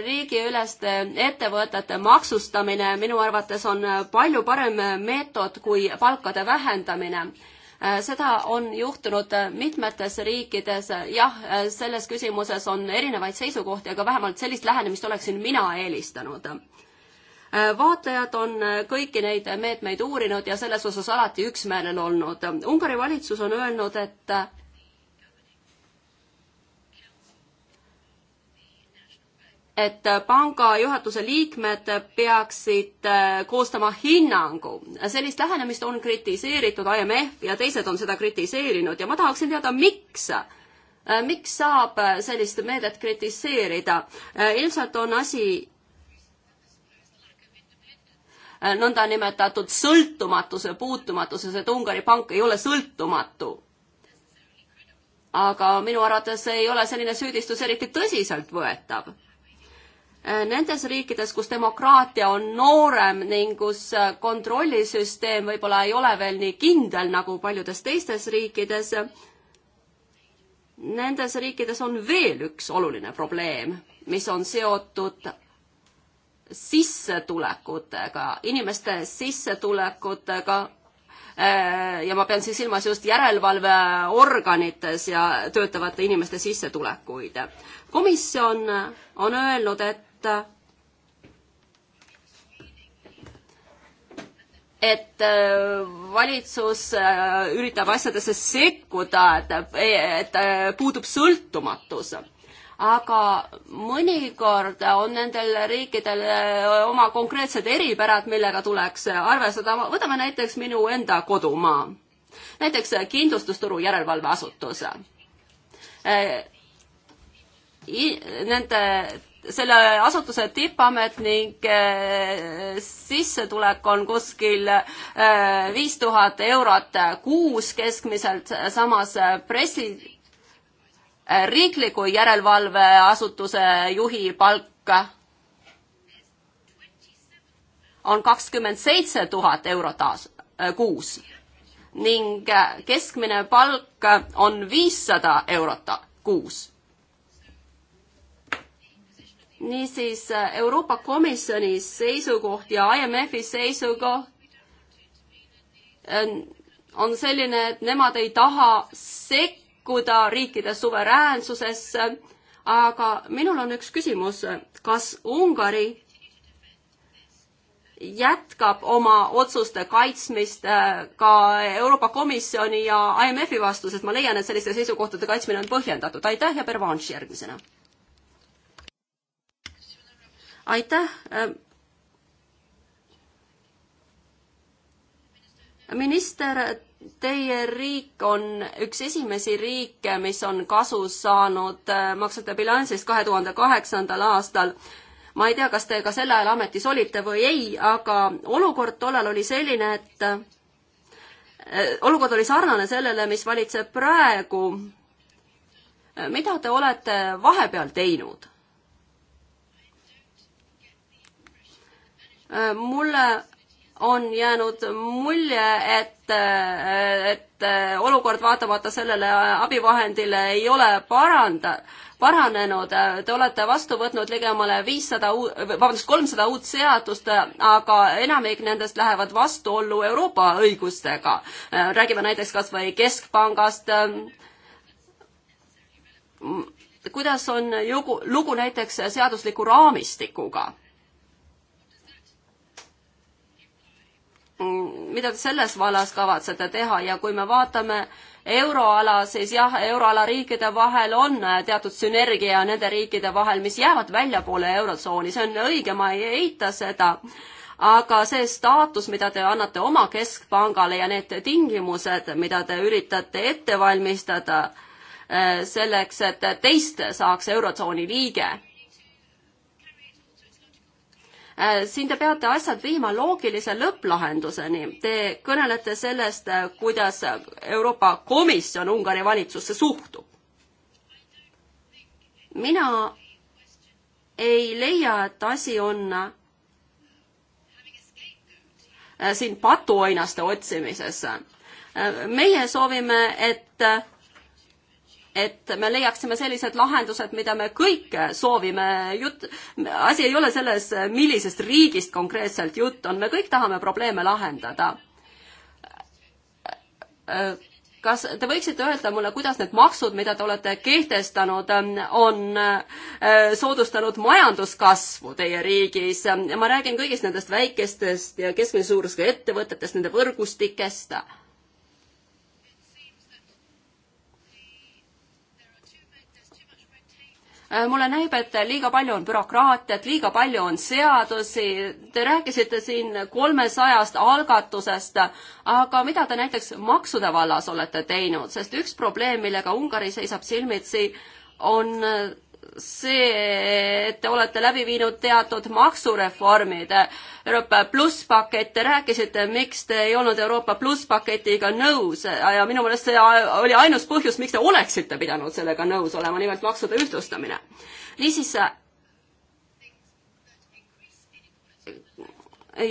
Speaker 2: riigiüleste ettevõtete maksustamine minu arvates on palju parem meetod kui palkade vähendamine Äh, seda on juhtunud äh, mitmetes riikides, jah, äh, selles küsimuses on erinevaid seisukohti, aga vähemalt sellist lähenemist oleksin mina eelistanud. vaatlejad on kõiki neid meetmeid uurinud ja selles osas alati üksmeelel olnud. Ungari valitsus on öelnud, et et panga juhatuse liikmed peaksid äh, koostama hinnangu. sellist lähenemist on kritiseeritud IMF ja teised on seda kritiseerinud ja ma tahaksin teada, miks äh, miks saab äh, sellist meedet kritiseerida? ilmselt on asi nõndanimetatud sõltumatuse puutumatuses, et Ungari pank ei ole sõltumatu. aga minu arvates ei ole selline süüdistus eriti tõsiseltvõetav Äh, nendes riikides, kus demokraatia on noorem ning kus äh, kontrollisüsteem võib-olla ei ole veel nii kindel nagu paljudes teistes riikides, nendes riikides on veel üks oluline probleem, mis on seotud sissetulekutega, inimeste sissetulekutega äh, ja ma pean siin silmas just järelevalveorganites ja töötavate inimeste sissetulekuid. komisjon on öelnud, et et et äh, valitsus äh, üritab asjadesse sekkuda, et, et äh, puudub sõltumatus. aga mõnikord on nendel riikidel oma konkreetsed eripärad, millega tuleks arvestada. võtame näiteks minu enda kodumaa, näiteks kindlustusturu järelevalveasutus. Nende selle asutuse tippametnike eh, sissetulek on kuskil eh, viis tuhat eurot kuus keskmiselt, samas pressi, eh, riikliku järelevalveasutuse juhi palk on kakskümmend seitse tuhat eurot aas-, kuus ning keskmine palk on viissada eurot kuus niisiis Euroopa Komisjoni seisukoht ja IMF-i seisukoht äh, on selline, et nemad ei taha sekkuda riikide suveräänsusesse, aga minul on üks küsimus, kas Ungari jätkab oma otsuste kaitsmist äh, ka Euroopa Komisjoni ja IMF-i vastu, sest ma leian, et selliste seisukohtade kaitsmine on põhjendatud. aitäh ja Pervanš järgmisena aitäh. Ähm, minister, teie riik on üks esimesi riike, mis on kasu saanud äh, maksete bilansist kahe tuhande kaheksandal aastal ma ei tea, kas te ka sel ajal ametis olite või ei, aga olukord tollal oli selline, et äh, olukord oli sarnane sellele, mis valitseb praegu. Äh, mida te olete vahepeal teinud? mulle on jäänud mulje, et, et olukord vaatamata sellele abivahendile ei ole paranda-, paranenud. Te olete vastu võtnud ligemale viissada, vabandust, kolmsada uut seadust, aga enamik nendest lähevad vastuollu Euroopa õigustega. räägime näiteks kas või Keskpangast. kuidas on jugu, lugu näiteks seadusliku raamistikuga? mida te selles vallas kavatsete teha ja kui me vaatame euroala, siis jah, euroala riikide vahel on äh, teatud sünergia nende riikide vahel, mis jäävad väljapoole eurotsooni, see on õige, ma ei eita seda, aga see staatus, mida te annate oma keskpangale ja need tingimused, mida te üritate ette valmistada äh, selleks, et teist saaks eurotsooni liige Äh, siin te peate asjad viima loogilise lõpplahenduseni. Te kõnelete sellest, äh, kuidas Euroopa Komisjon Ungari valitsusse suhtub. mina ei leia, et asi on äh, siin patuoinaste otsimises. meie soovime, et et me leiaksime sellised lahendused, mida me kõik soovime. jutt, asi ei ole selles, millisest riigist konkreetselt jutt on, me kõik tahame probleeme lahendada. kas te võiksite öelda mulle, kuidas need maksud, mida te olete kehtestanud, on äh, soodustanud majanduskasvu teie riigis? ma räägin kõigist nendest väikestest ja keskmise suurusega ettevõtetest, nende võrgustikest Äh, mulle näib, et liiga palju on bürokraatiat, liiga palju on seadusi, te rääkisite siin kolmesajast algatusest, aga mida te näiteks maksude vallas olete teinud, sest üks probleem, millega Ungari seisab silmitsi, on äh, see, et te olete läbi viinud teatud maksureformid. Euroopa pluss pakett, te rääkisite, miks te ei olnud Euroopa pluss paketiga nõus ja minu meelest see oli ainus põhjus, miks te oleksite pidanud sellega nõus olema, nimelt maksude ühtlustamine. niisiis,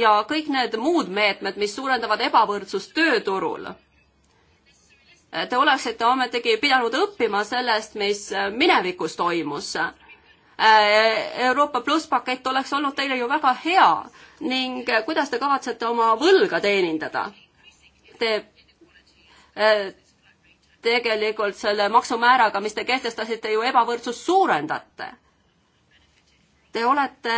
Speaker 2: ja kõik need muud meetmed, mis suurendavad ebavõrdsust tööturul Te oleksite ometigi pidanud õppima sellest, mis äh, minevikus toimus. Äh, Euroopa Pluss pakett oleks olnud teile ju väga hea ning äh, kuidas te kavatsete oma võlga teenindada? Te tegelikult selle maksumääraga, mis te kehtestasite, ju ebavõrdsust suurendate. Te olete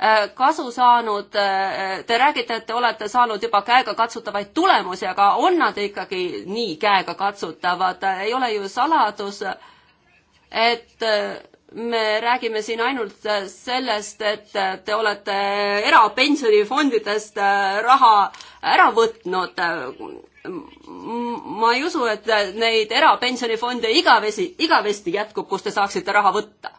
Speaker 2: Äh, kasu saanud, äh, te räägite, et te olete saanud juba käegakatsutavaid tulemusi, aga on nad ikkagi nii käegakatsutavad, ei ole ju saladus, et äh, me räägime siin ainult sellest, et te olete erapensionifondidest raha ära võtnud. ma ei usu, et neid erapensionifonde igavesi, igavesti jätkub, kust te saaksite raha võtta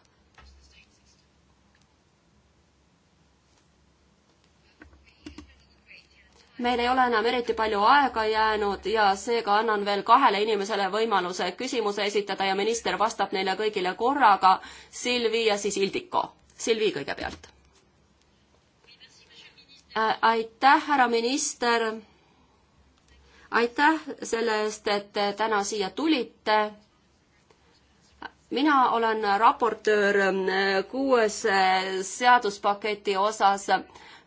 Speaker 2: meil ei ole enam eriti palju aega jäänud ja seega annan veel kahele inimesele võimaluse küsimuse esitada ja minister vastab neile kõigile korraga. Silvi ja siis Ildiko. Silvi kõigepealt. Äh, aitäh, härra minister. aitäh selle eest, et te täna siia tulite mina olen raportöör kuues seaduspaketi osas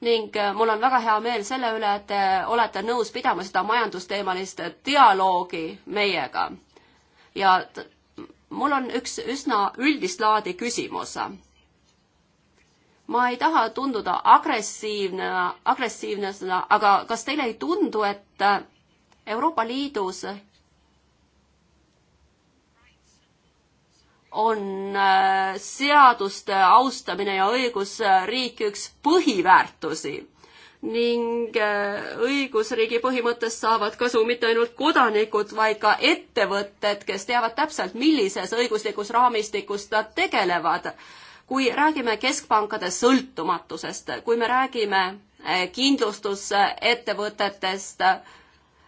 Speaker 2: ning äh, mul on väga hea meel selle üle, et te olete nõus pidama seda majandusteemalist dialoogi meiega. ja mul on üks üsna üldist laadi küsimus. ma ei taha tunduda agressiivne, agressiivne, aga kas teile ei tundu, et Euroopa Liidus on äh, seaduste austamine ja õigusriik üks põhiväärtusi ning äh, õigusriigi põhimõttest saavad kasu mitte ainult kodanikud, vaid ka ettevõtted, kes teavad täpselt, millises õiguslikus raamistikus nad tegelevad. kui räägime keskpankade sõltumatusest, kui me räägime äh, kindlustusettevõtetest,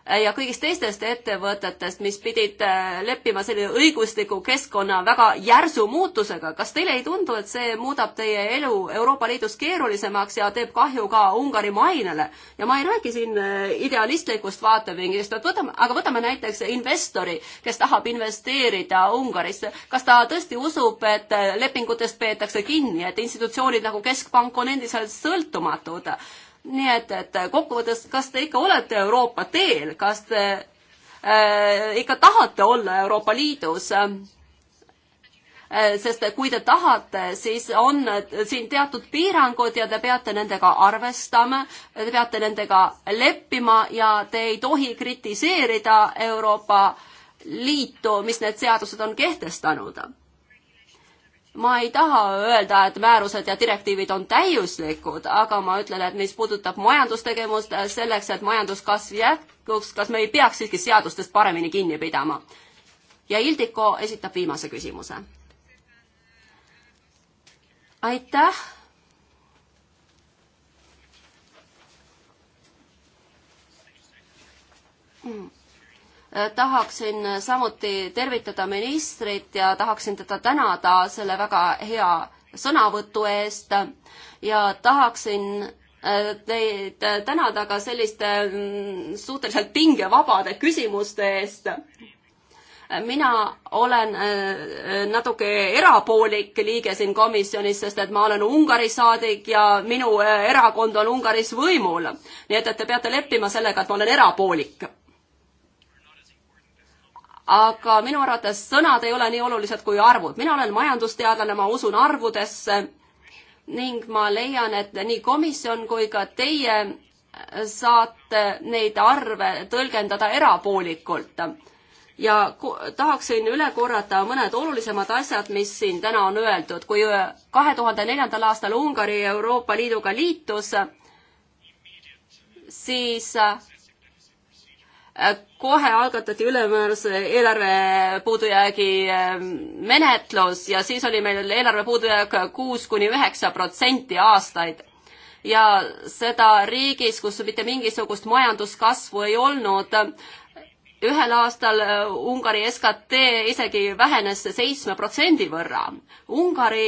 Speaker 2: ja kõigist teistest ettevõtetest, mis pidid äh, leppima selle õigusliku keskkonna väga järsu muutusega. kas teile ei tundu, et see muudab teie elu Euroopa Liidus keerulisemaks ja teeb kahju ka Ungari mainele? ja ma ei räägi siin äh, idealistlikust vaatepingist, vaid võtame, aga võtame näiteks investori, kes tahab investeerida Ungarisse. kas ta tõesti usub, et äh, lepingutest peetakse kinni, et institutsioonid nagu keskpank on endiselt sõltumatud? nii et, et kokkuvõttes, kas te ikka olete Euroopa teel, kas te äh, ikka tahate olla Euroopa Liidus äh,? sest kui te tahate, siis on siin teatud piirangud ja te peate nendega arvestama, te peate nendega leppima ja te ei tohi kritiseerida Euroopa Liitu, mis need seadused on kehtestanud ma ei taha öelda, et määrused ja direktiivid on täiuslikud, aga ma ütlen, et mis puudutab majandustegevust, selleks, et majanduskasv jätkuks, kas me ei peaks siiski seadustest paremini kinni pidama? ja Ildiko esitab viimase küsimuse. aitäh. Mm. Äh, tahaksin samuti tervitada ministrit ja tahaksin teda tänada selle väga hea sõnavõtu eest ja tahaksin äh, teid tänada ka selliste mm, suhteliselt pingevabade küsimuste eest. mina olen äh, natuke erapoolik liige siin komisjonis, sest et ma olen Ungari saadik ja minu erakond on Ungaris võimul. nii et, et te peate leppima sellega, et ma olen erapoolik aga minu arvates sõnad ei ole nii olulised kui arvud. mina olen majandusteadlane, ma usun arvudesse ning ma leian, et nii komisjon kui ka teie saate neid arve tõlgendada erapoolikult. ja tahaksin üle korrata mõned olulisemad asjad, mis siin täna on öeldud. kui kahe tuhande neljandal aastal Ungari Euroopa Liiduga liitus, siis Äh, kohe algatati ülemääruse eelarve puudujäägi ähm, menetlus ja siis oli meil eelarve puudujääk kuus kuni üheksa protsenti aastaid. ja seda riigis, kus mitte mingisugust majanduskasvu ei olnud, ühel aastal äh, Ungari SKT isegi vähenes seitsme protsendi võrra. Ungari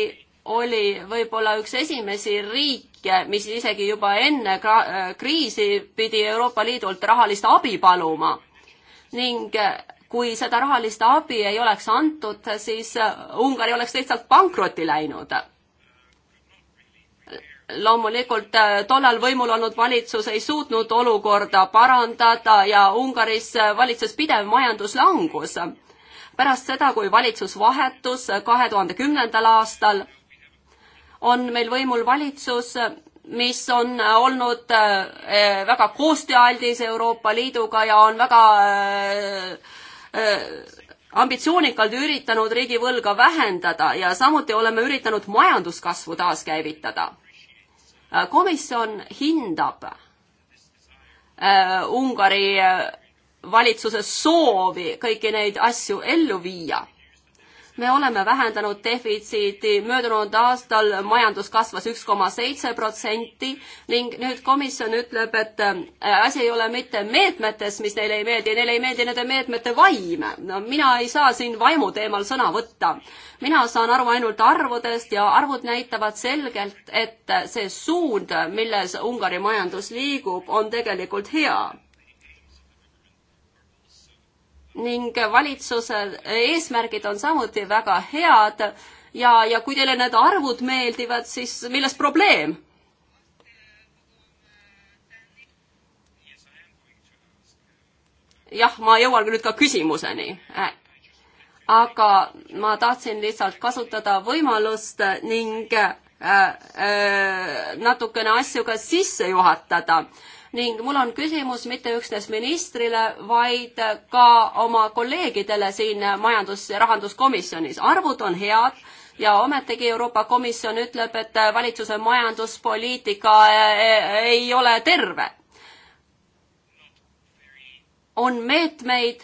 Speaker 2: oli võib-olla üks esimesi riike, mis isegi juba enne äh, kriisi pidi Euroopa Liidult rahalist abi paluma ning äh, kui seda rahalist abi ei oleks antud, siis äh, Ungari oleks lihtsalt pankrotti läinud. loomulikult tollal võimul olnud valitsus ei suutnud olukorda parandada ja Ungaris valitses pidev majanduslangus. pärast seda, kui valitsus vahetus kahe tuhande kümnendal aastal on meil võimul valitsus, mis on olnud eh, väga koostööaldis Euroopa Liiduga ja on väga eh, eh, ambitsioonikalt üritanud riigivõlga vähendada ja samuti oleme üritanud majanduskasvu taaskäivitada. komisjon hindab Ungari valitsuse soovi kõiki neid asju ellu viia me oleme vähendanud defitsiiti, möödunud aastal majandus kasvas üks koma seitse protsenti ning nüüd komisjon ütleb, et äh, asi ei ole mitte meetmetes, mis neile ei meeldi, neile ei meeldi nende meetmete vaim. no mina ei saa siin vaimu teemal sõna võtta. mina saan aru ainult arvudest ja arvud näitavad selgelt, et see suund, milles Ungari majandus liigub, on tegelikult hea ning valitsuse eesmärgid on samuti väga head ja, ja kui teile need arvud meeldivad, siis milles probleem? jah, ma jõuan nüüd ka küsimuseni aga ma tahtsin lihtsalt kasutada võimalust ning äh, äh, natukene asju ka sisse juhatada ning mul on küsimus mitte üksnes ministrile, vaid ka oma kolleegidele siin majandus- ja rahanduskomisjonis. arvud on head ja ometigi Euroopa Komisjon ütleb, et valitsuse majanduspoliitika eh, eh, ei ole terve. on meetmeid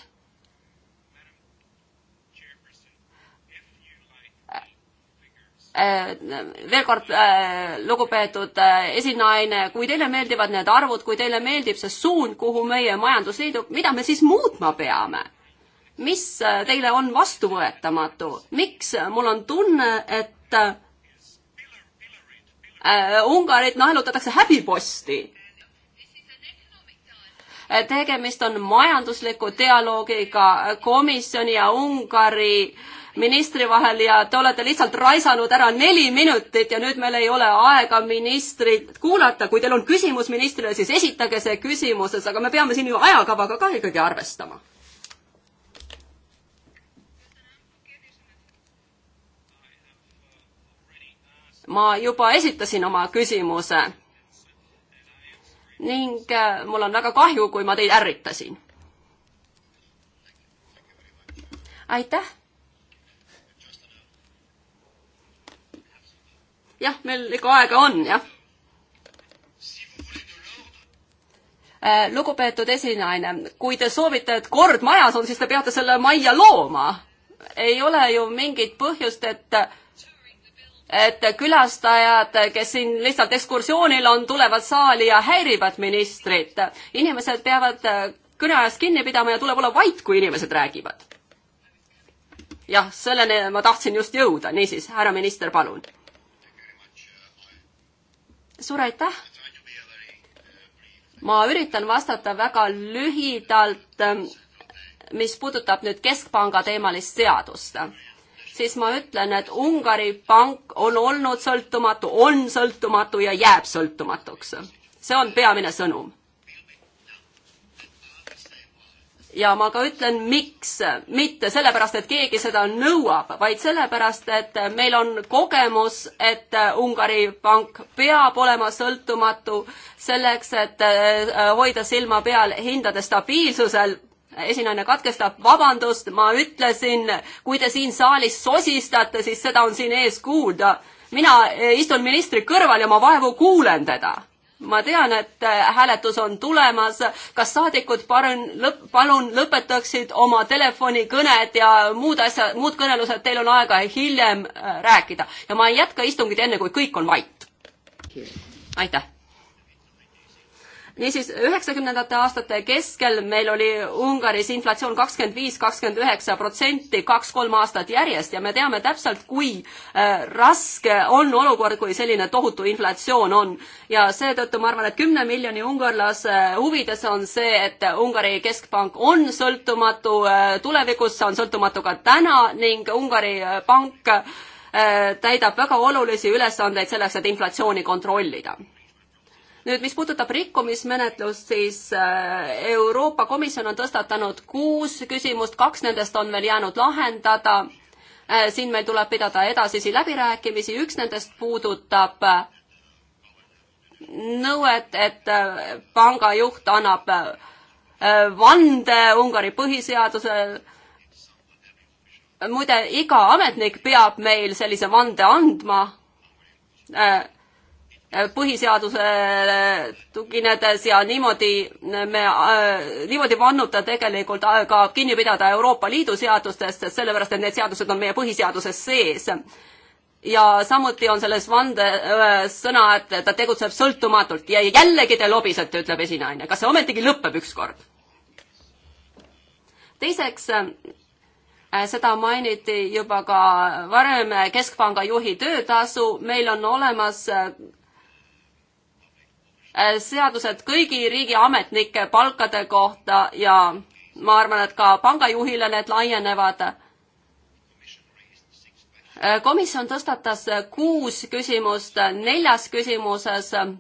Speaker 2: Äh, veel kord, äh, lugupeetud äh, esinaine, kui teile meeldivad need arvud, kui teile meeldib see suund, kuhu meie majandus liidub, mida me siis muutma peame? mis teile on vastuvõetamatu, miks mul on tunne, et Ungarit naelutatakse häbiposti? tegemist on majandusliku dialoogiga komisjoni ja Ungari äh, ministri vahel ja te olete lihtsalt raisanud ära neli minutit ja nüüd meil ei ole aega ministrit kuulata. kui teil on küsimus ministrile, siis esitage see küsimuses, aga me peame siin ju ajakavaga ka ikkagi arvestama. ma juba esitasin oma küsimuse ning äh, mul on väga kahju, kui ma teid ärritasin. aitäh jah, meil ikka aega on, jah. Äh, lugupeetud esinaine, kui te soovite, et kord majas on, siis te peate selle majja looma. ei ole ju mingit põhjust, et et külastajad, kes siin lihtsalt ekskursioonil on, tulevad saali ja häirivad ministrit. inimesed peavad äh, kõneajast kinni pidama ja tuleb olla vait, kui inimesed räägivad. jah, selleni ma tahtsin just jõuda, niisiis, härra minister, palun suur aitäh! ma üritan vastata väga lühidalt, ähm, mis puudutab nüüd keskpanga teemalist seadust siis ma ütlen, et Ungari pank on olnud sõltumatu, on sõltumatu ja jääb sõltumatuks. see on peamine sõnum. ja ma ka ütlen, miks, mitte sellepärast, et keegi seda nõuab, vaid sellepärast, et meil on kogemus, et Ungari pank peab olema sõltumatu selleks, et äh, hoida silma peal hindade stabiilsusel. esinaine katkestab, vabandust, ma ütlesin, kui te siin saalis sosistate, siis seda on siin ees kuulda. mina äh, istun ministri kõrval ja ma vaevu kuulen teda ma tean, et äh, hääletus on tulemas. kas saadikud palun, lõp, palun lõpetaksid oma telefonikõned ja muud asjad, muud kõnelused, teil on aega hiljem äh, rääkida ja ma ei jätka istungit enne, kui kõik on vait. aitäh niisiis, üheksakümnendate aastate keskel meil oli Ungaris inflatsioon kakskümmend viis, kakskümmend üheksa protsenti kaks-kolm aastat järjest ja me teame täpselt, kui äh, raske on olukord, kui selline tohutu inflatsioon on. ja seetõttu ma arvan, et kümne miljoni ungarlase huvides on see, et Ungari keskpank on sõltumatu äh, tulevikus, see on sõltumatu ka täna ning Ungari äh, pank täidab väga olulisi ülesandeid selleks, et inflatsiooni kontrollida nüüd, mis puudutab rikkumismenetlust, siis äh, Euroopa Komisjon on tõstatanud kuus küsimust, kaks nendest on veel jäänud lahendada. Äh, siin meil tuleb pidada edasisi läbirääkimisi, üks nendest puudutab äh, nõuet, et pangajuht annab vande Ungari põhiseadusel muide, iga ametnik peab meil sellise vande andma põhiseadusele tuginedes ja niimoodi me, äh, niimoodi vannub ta tegelikult äh, ka kinni pidada Euroopa Liidu seadustest, sellepärast et need seadused on meie põhiseaduses sees. ja samuti on selles vande äh, sõna, et ta tegutseb sõltumatult ja jällegi te lobisete, ütleb esinaine. kas see ometigi lõpeb ükskord? teiseks, seda mainiti juba ka varem, keskpanga juhi töötasu, meil on olemas Äh, seadused kõigi riigiametnike palkade kohta ja ma arvan, et ka pangajuhile need laienevad. Äh, komisjon tõstatas kuus küsimust, neljas küsimuses äh,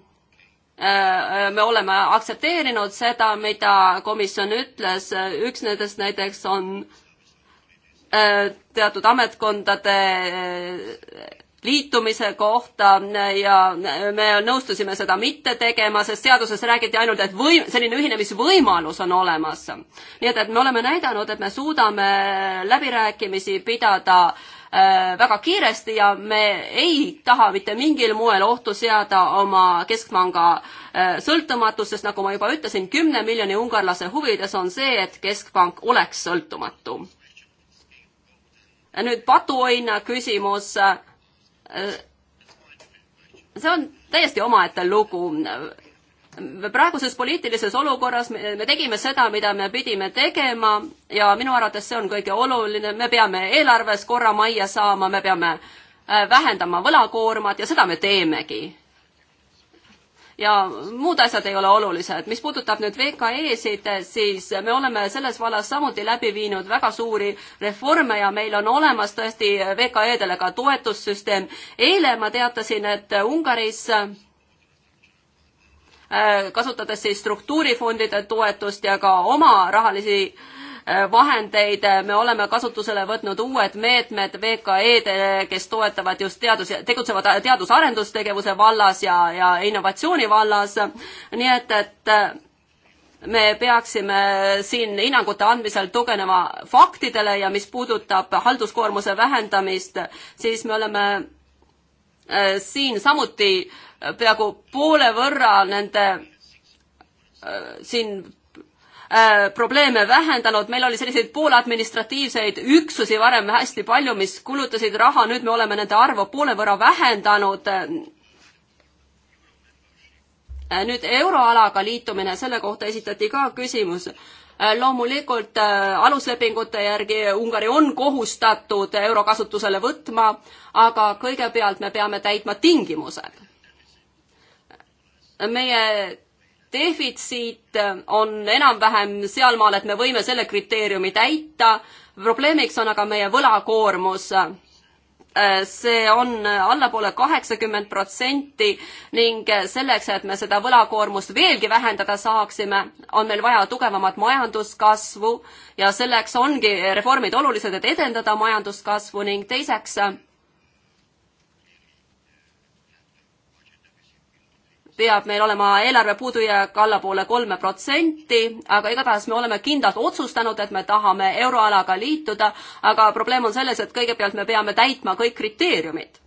Speaker 2: me oleme aktsepteerinud seda, mida komisjon ütles, üks nendest näiteks on teatud ametkondade liitumise kohta ja me nõustusime seda mitte tegema, sest seaduses räägiti ainult, et või selline ühinemisvõimalus on olemas. nii et, et me oleme näidanud, et me suudame läbirääkimisi pidada äh, väga kiiresti ja me ei taha mitte mingil moel ohtu seada oma keskpanga äh, sõltumatust, sest nagu ma juba ütlesin, kümne miljoni ungarlase huvides on see, et keskpank oleks sõltumatu. nüüd patuoina küsimus Äh, see on täiesti omaette lugu. praeguses poliitilises olukorras me, me tegime seda, mida me pidime tegema ja minu arvates see on kõige oluline, me peame eelarves korra majja saama, me peame äh, vähendama võlakoormat ja seda me teemegi ja muud asjad ei ole olulised. mis puudutab nüüd VKE-sid, siis me oleme selles vallas samuti läbi viinud väga suuri reforme ja meil on olemas tõesti VKE-dele ka toetussüsteem. eile ma teatasin, et Ungaris äh, kasutades siis struktuurifondide toetust ja ka oma rahalisi äh, vahendeid, me oleme kasutusele võtnud uued meetmed VKE-dele, kes toetavad just teadus, tegutsevad teadus-arendustegevuse vallas ja, ja innovatsiooni vallas. nii et, et me peaksime siin hinnangute andmisel tuginema faktidele ja mis puudutab halduskoormuse vähendamist, siis me oleme äh, siin samuti peaaegu poole võrra nende äh, siin Äh, probleeme vähendanud, meil oli selliseid pooladministratiivseid üksusi varem hästi palju, mis kulutasid raha, nüüd me oleme nende arvu poole võrra vähendanud. Äh, nüüd euroalaga liitumine, selle kohta esitati ka küsimus äh, loomulikult aluslepingute järgi Ungari on kohustatud euro kasutusele võtma, aga kõigepealt me peame täitma tingimused. meie defitsiit on enam-vähem sealmaal, et me võime selle kriteeriumi täita, probleemiks on aga meie võlakoormus see on allapoole kaheksakümmend protsenti ning selleks, et me seda võlakoormust veelgi vähendada saaksime, on meil vaja tugevamat majanduskasvu ja selleks ongi reformid olulised, et edendada majanduskasvu ning teiseks peab meil olema eelarve puudujääk allapoole kolme protsenti, aga igatahes me oleme kindlalt otsustanud, et me tahame euroalaga liituda, aga probleem on selles, et kõigepealt me peame täitma kõik kriteeriumid.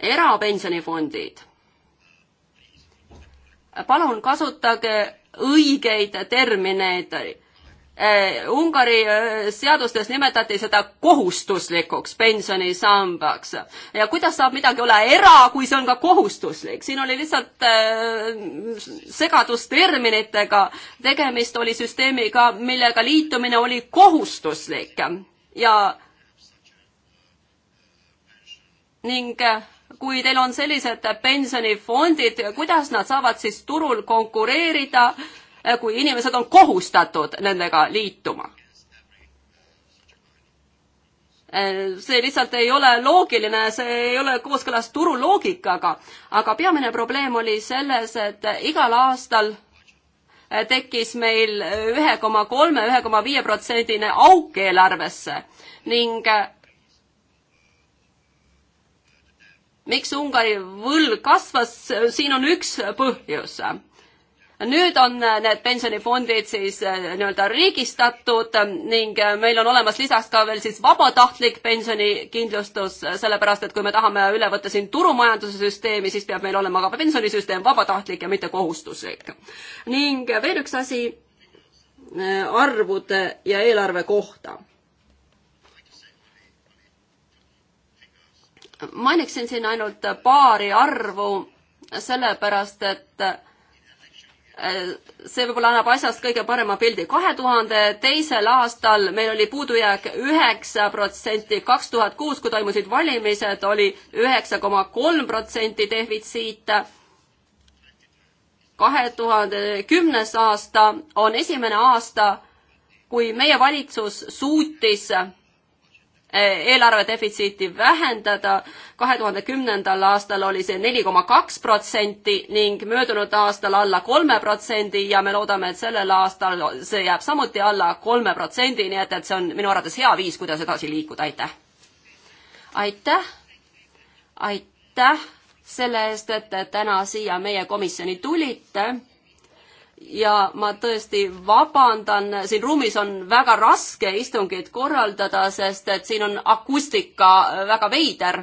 Speaker 2: erapensionifondid. palun kasutage õigeid termineid Eh, Ungari eh, seadustes nimetati seda kohustuslikuks pensionisambaks ja kuidas saab midagi olla era, kui see on ka kohustuslik, siin oli lihtsalt eh, segadus terminitega, tegemist oli süsteemiga, millega liitumine oli kohustuslik ja ning kui teil on sellised pensionifondid, kuidas nad saavad siis turul konkureerida äh, Äh, kui inimesed on kohustatud nendega liituma. Äh, see lihtsalt ei ole loogiline, see ei ole kooskõlas turu loogikaga, aga peamine probleem oli selles, et igal aastal äh, tekkis meil ühe koma kolme, ühe koma viie protsendine auk eelarvesse ning miks Ungari võlg kasvas, siin on üks põhjus nüüd on äh, need pensionifondid siis äh, nii-öelda riigistatud äh, ning meil on olemas lisaks ka veel siis vabatahtlik pensionikindlustus, sellepärast et kui me tahame üle võtta siin turumajanduse süsteemi, siis peab meil olema ka pensionisüsteem vabatahtlik ja mitte kohustuslik. ning veel üks asi arvude ja eelarve kohta. mainiksin siin ainult paari arvu, sellepärast et Äh, see võib-olla annab asjast kõige parema pildi. kahe tuhande teisel aastal meil oli puudujääk üheksa protsenti, kaks tuhat kuus, kui toimusid valimised, oli üheksa koma kolm protsenti defitsiit. kahe tuhande kümnes aasta on esimene aasta, kui meie valitsus suutis Eh, eelarve defitsiiti vähendada. kahe tuhande kümnendal aastal oli see neli koma kaks protsenti ning möödunud aastal alla kolme protsendi ja me loodame, et sellel aastal see jääb samuti alla kolme protsendi, nii et, et see on minu arvates hea viis, kuidas edasi liikuda, aitäh. aitäh, aitäh selle eest, et täna siia meie komisjoni tulite ja ma tõesti vabandan, siin ruumis on väga raske istungeid korraldada, sest et siin on akustika väga veider.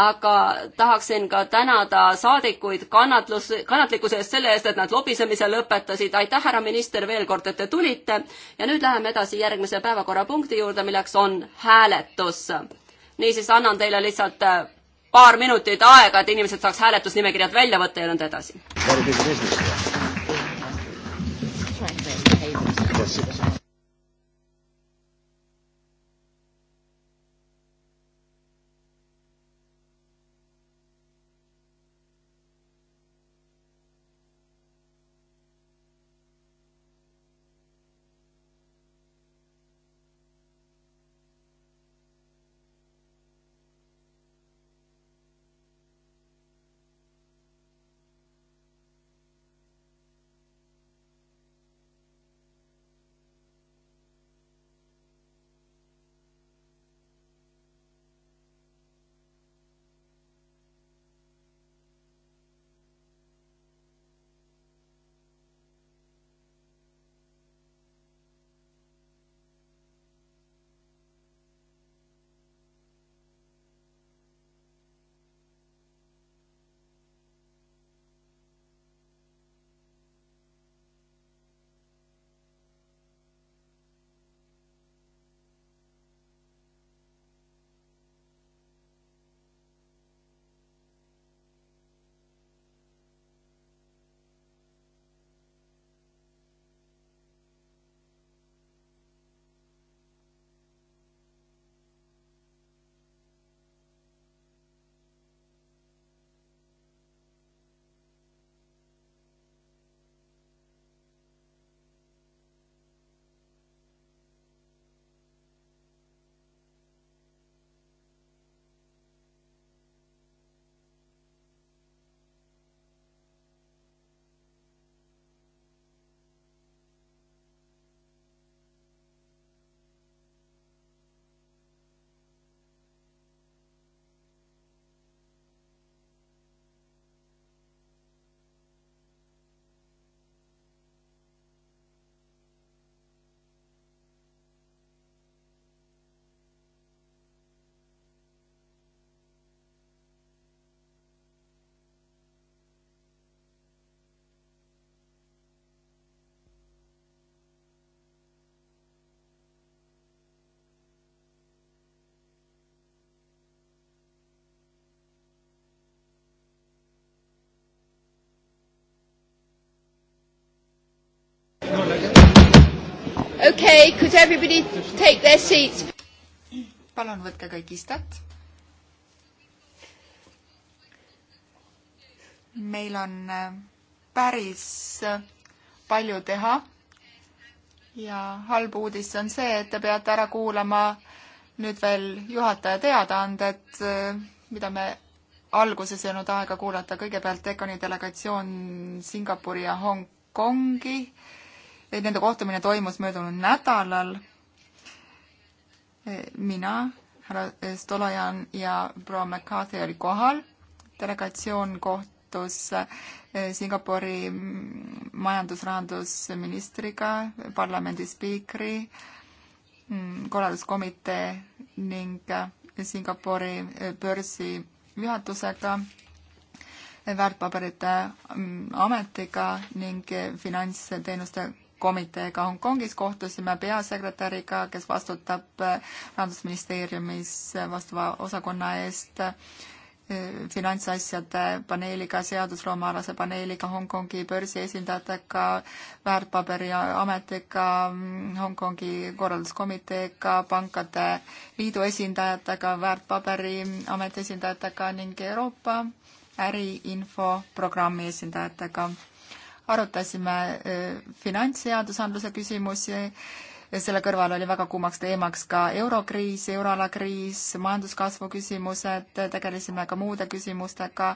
Speaker 2: aga tahaksin ka tänada saadikuid kannatlus, kannatlikkuse eest selle eest, et nad lobisemise lõpetasid. aitäh, härra minister, veel kord, et te tulite. ja nüüd läheme edasi järgmise päevakorrapunkti juurde, milleks on hääletus. niisiis annan teile lihtsalt äh, paar minutit aega, et inimesed saaks hääletusnimekirjad välja võtta ja nõnda edasi.
Speaker 1: Okay, could everybody take their seats? palun võtke kõik istet. meil on äh, päris äh, palju teha ja halb uudis on see, et te peate ära kuulama nüüd veel juhataja teadaanded, äh, mida me alguses ei olnud aega kuulata. kõigepealt EKONi delegatsioon Singapuri ja Hongkongi Nende kohtumine toimus möödunud nädalal. Eh, mina, härra eh, Stolojan ja proua McCarthy oli kohal. delegatsioon kohtus eh, Singapuri mm, majandus-rahandusministriga, parlamendi spiikri, mm, korralduskomitee ning Singapuri börsi juhatusega, väärtpaberite mm, ametiga ning finantsteenuste komiteega Hongkongis, kohtusime peasekretäriga, kes vastutab äh, rahandusministeeriumis äh, vastava osakonna eest, äh, finantsasjade paneeliga, seadusloomealase paneeliga, Hongkongi börsi esindajatega, väärtpaberiametiga, mm, Hongkongi korralduskomiteega, pankade liidu esindajatega, väärtpaberiameti esindajatega ning Euroopa äriinfoprogrammi esindajatega arutasime äh, finantsseadusandluse küsimusi, selle kõrval oli väga kuumaks teemaks ka eurokriis, euroala kriis, majanduskasvu küsimused, tegelesime ka muude küsimustega,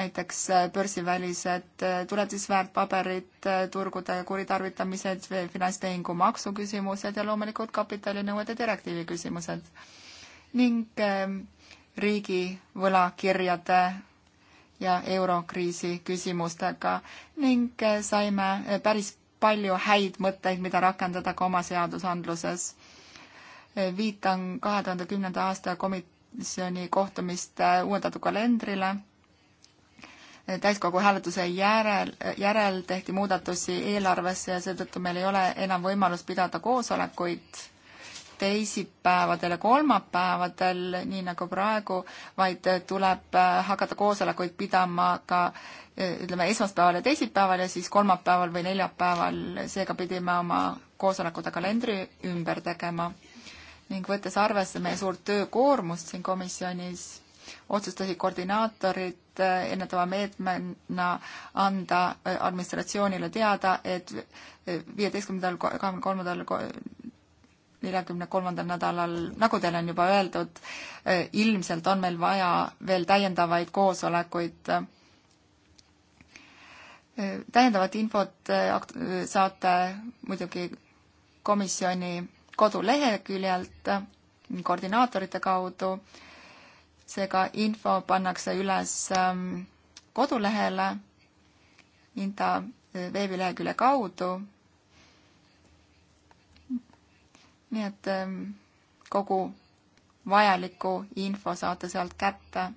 Speaker 1: näiteks äh, börsivälised äh, tuletisväärtpaberid, turgude kuritarvitamised, finantstehingu maksu küsimused ja loomulikult kapitalinõuete direktiivi küsimused. ning ähm, riigi võlakirjade ja eurokriisi küsimustega ning eh, saime eh, päris palju häid mõtteid, mida rakendada ka oma seadusandluses. Eh, viitan kahe tuhande kümnenda aasta komisjoni kohtumiste uuendatud kalendrile. täiskogu hääletuse järel, järel tehti muudatusi eelarvesse ja seetõttu meil ei ole enam võimalust pidada koosolekuid teisipäevadel ja kolmapäevadel, nii nagu praegu, vaid tuleb äh, hakata koosolekuid pidama ka äh, ütleme, esmaspäeval ja teisipäeval ja siis kolmapäeval või neljapäeval, seega pidime oma koosolekute kalendri ümber tegema. ning võttes arvesse meie suurt töökoormust siin komisjonis, otsustasid koordinaatorid äh, ennetava meetmena anda administratsioonile teada, et viieteistkümnendal, kahekümne kolmandal neljakümne kolmandal nädalal, nagu teile on juba öeldud, eh, ilmselt on meil vaja veel täiendavaid koosolekuid. Eh, täiendavat infot eh, saate muidugi komisjoni koduleheküljelt, koordinaatorite kaudu, seega info pannakse üles ehm, kodulehele, INTA veebilehekülje kaudu nii et ähm, kogu vajaliku info saate sealt kätte.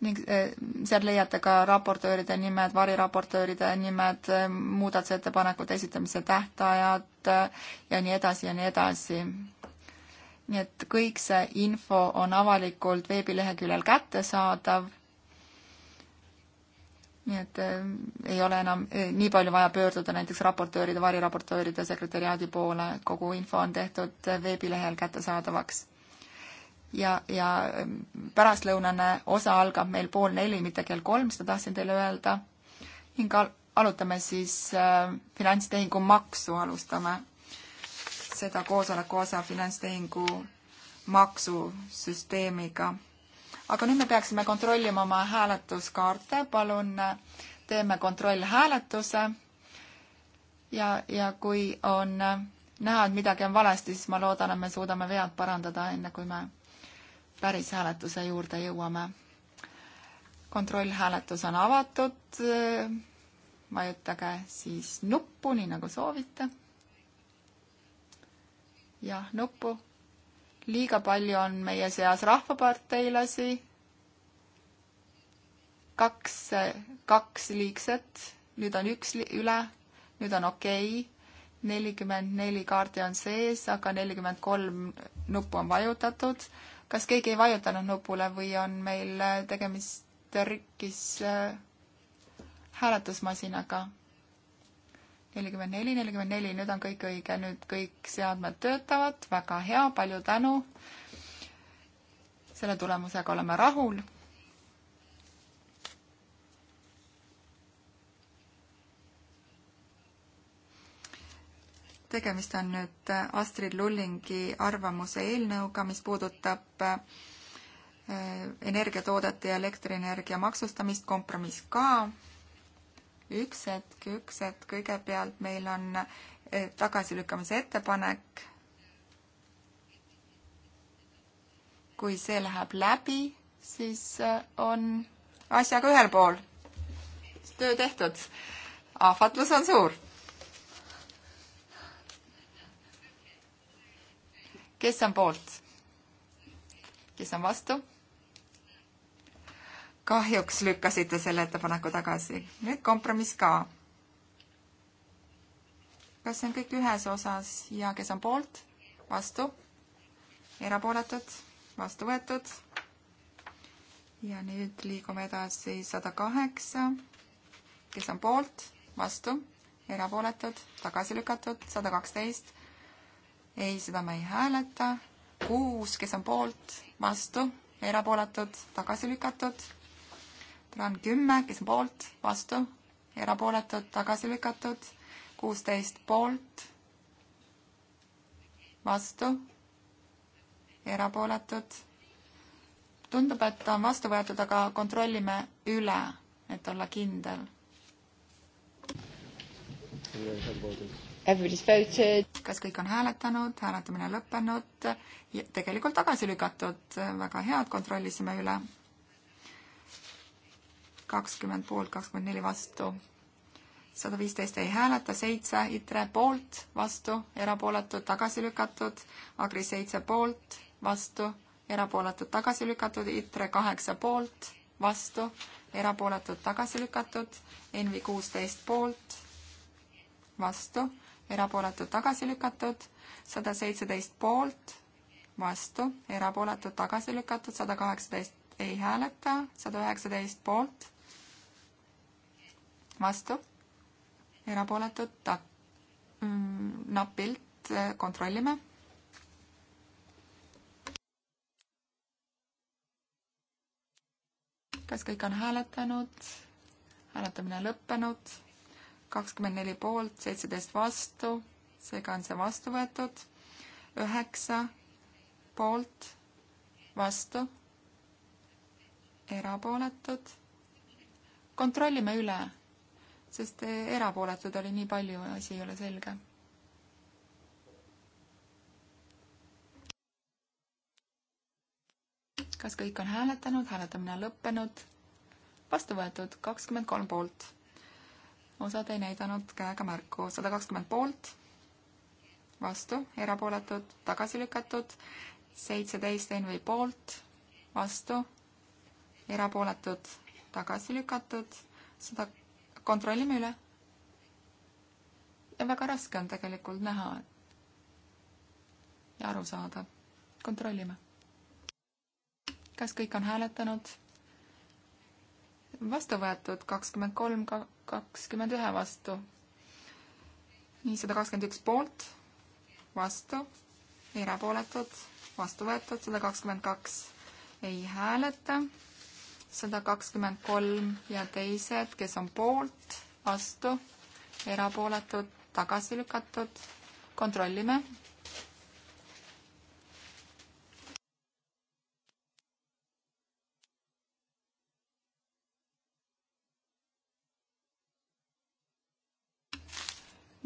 Speaker 1: ning äh, seal leiate ka raportööride nimed, variraportööride nimed, ähm, muudatusettepanekute esitamise tähtajad äh, ja nii edasi ja nii edasi nii et kõik see info on avalikult veebileheküljel kättesaadav nii et äh, ei ole enam äh, nii palju vaja pöörduda näiteks raportööride, variraportööride, sekretäriaadi poole, kogu info on tehtud eh, veebilehel kättesaadavaks. ja, ja mm, pärastlõunane osa algab meil pool neli, mitte kell kolm, seda tahtsin teile öelda, ning al-, alutame siis äh, finantstehingu maksu, alustame seda koosoleku osa finantstehingu maksusüsteemiga aga nüüd me peaksime kontrollima oma hääletuskaarte, palun äh, teeme kontrollhääletuse ja, ja kui on äh, näha, et midagi on valesti, siis ma loodan, et me suudame vead parandada, enne kui me päris hääletuse juurde jõuame. kontrollhääletus on avatud, vajutage siis nuppu, nii nagu soovite. jah, nuppu liiga palju on meie seas rahvaparteilasi, kaks, kaks liigset, nüüd on üks üle, nüüd on okei okay nelikümmend neli kaarti on sees, aga nelikümmend kolm nuppu on vajutatud. kas keegi ei vajutanud nupule või on meil tegemist rikkis äh, hääletusmasinaga? nelikümmend neli, nelikümmend neli, nüüd on kõik õige, nüüd kõik seadmed töötavad, väga hea, palju tänu. selle tulemusega oleme rahul. tegemist on nüüd Astrid Lullingi arvamuse eelnõuga, mis puudutab eh, energiatoodete ja elektrienergia maksustamist, kompromiss ka üks hetk, üks hetk, kõigepealt meil on eh, tagasilükkamise ettepanek. kui see läheb läbi, siis eh, on asjaga ühel pool. töö tehtud. ahvatlus on suur. kes on poolt? kes on vastu? kahjuks lükkasite selle ettepaneku tagasi. nüüd kompromiss ka. kas see on kõik ühes osas ja kes on poolt, vastu, erapooletud, vastu võetud? ja nüüd liigume edasi sada kaheksa, kes on poolt, vastu, erapooletud, tagasi lükatud, sada kaksteist. ei, seda me ei hääleta. kuus, kes on poolt, vastu, erapooletud, tagasi lükatud tran kümme, kes on poolt, vastu, erapooletud, tagasi lükatud, kuusteist poolt, vastu, erapooletud. tundub, et ta on vastu võetud, aga kontrollime üle, et olla kindel. kas kõik on hääletanud, hääletamine lõppenud, tegelikult tagasi lükatud, väga hea, et kontrollisime üle kakskümmend poolt, kakskümmend neli vastu. sada viisteist ei hääleta, seitse ITRE poolt, vastu, erapooletud, tagasi lükatud, Agri seitse poolt, vastu, erapooletud, tagasi lükatud, ITRE kaheksa poolt, vastu, erapooletud, tagasi lükatud, ENVI kuusteist poolt, vastu, erapooletud, tagasi lükatud, sada seitseteist poolt, vastu, erapooletud, tagasi lükatud, sada kaheksateist ei hääleta, sada üheksateist poolt, vastu, erapooletud ta-, mm, napilt eh, kontrollime. kas kõik on hääletanud? hääletamine lõppenud, kakskümmend neli poolt, seitseteist vastu, seega on see vastu võetud, üheksa poolt, vastu, erapooletud. kontrollime üle sest erapooletud oli nii palju ja asi ei ole selge. kas kõik on hääletanud, hääletamine on lõppenud? vastu võetud kakskümmend kolm poolt. osad ei näidanud käega märku, sada kakskümmend poolt, vastu, erapooletud, tagasi lükatud, seitseteist NV poolt, vastu, erapooletud, tagasi lükatud, sada 100 kontrollime üle. ja väga raske on tegelikult näha ja aru saada. kontrollime. kas kõik on hääletanud? vastu võetud kakskümmend kolm, kakskümmend ühe vastu. nii, sada kakskümmend üks poolt, vastu, erapooletud, vastu võetud, sada kakskümmend kaks ei hääleta sada kakskümmend kolm ja teised, kes on poolt, vastu, erapooletud, tagasi lükatud. kontrollime.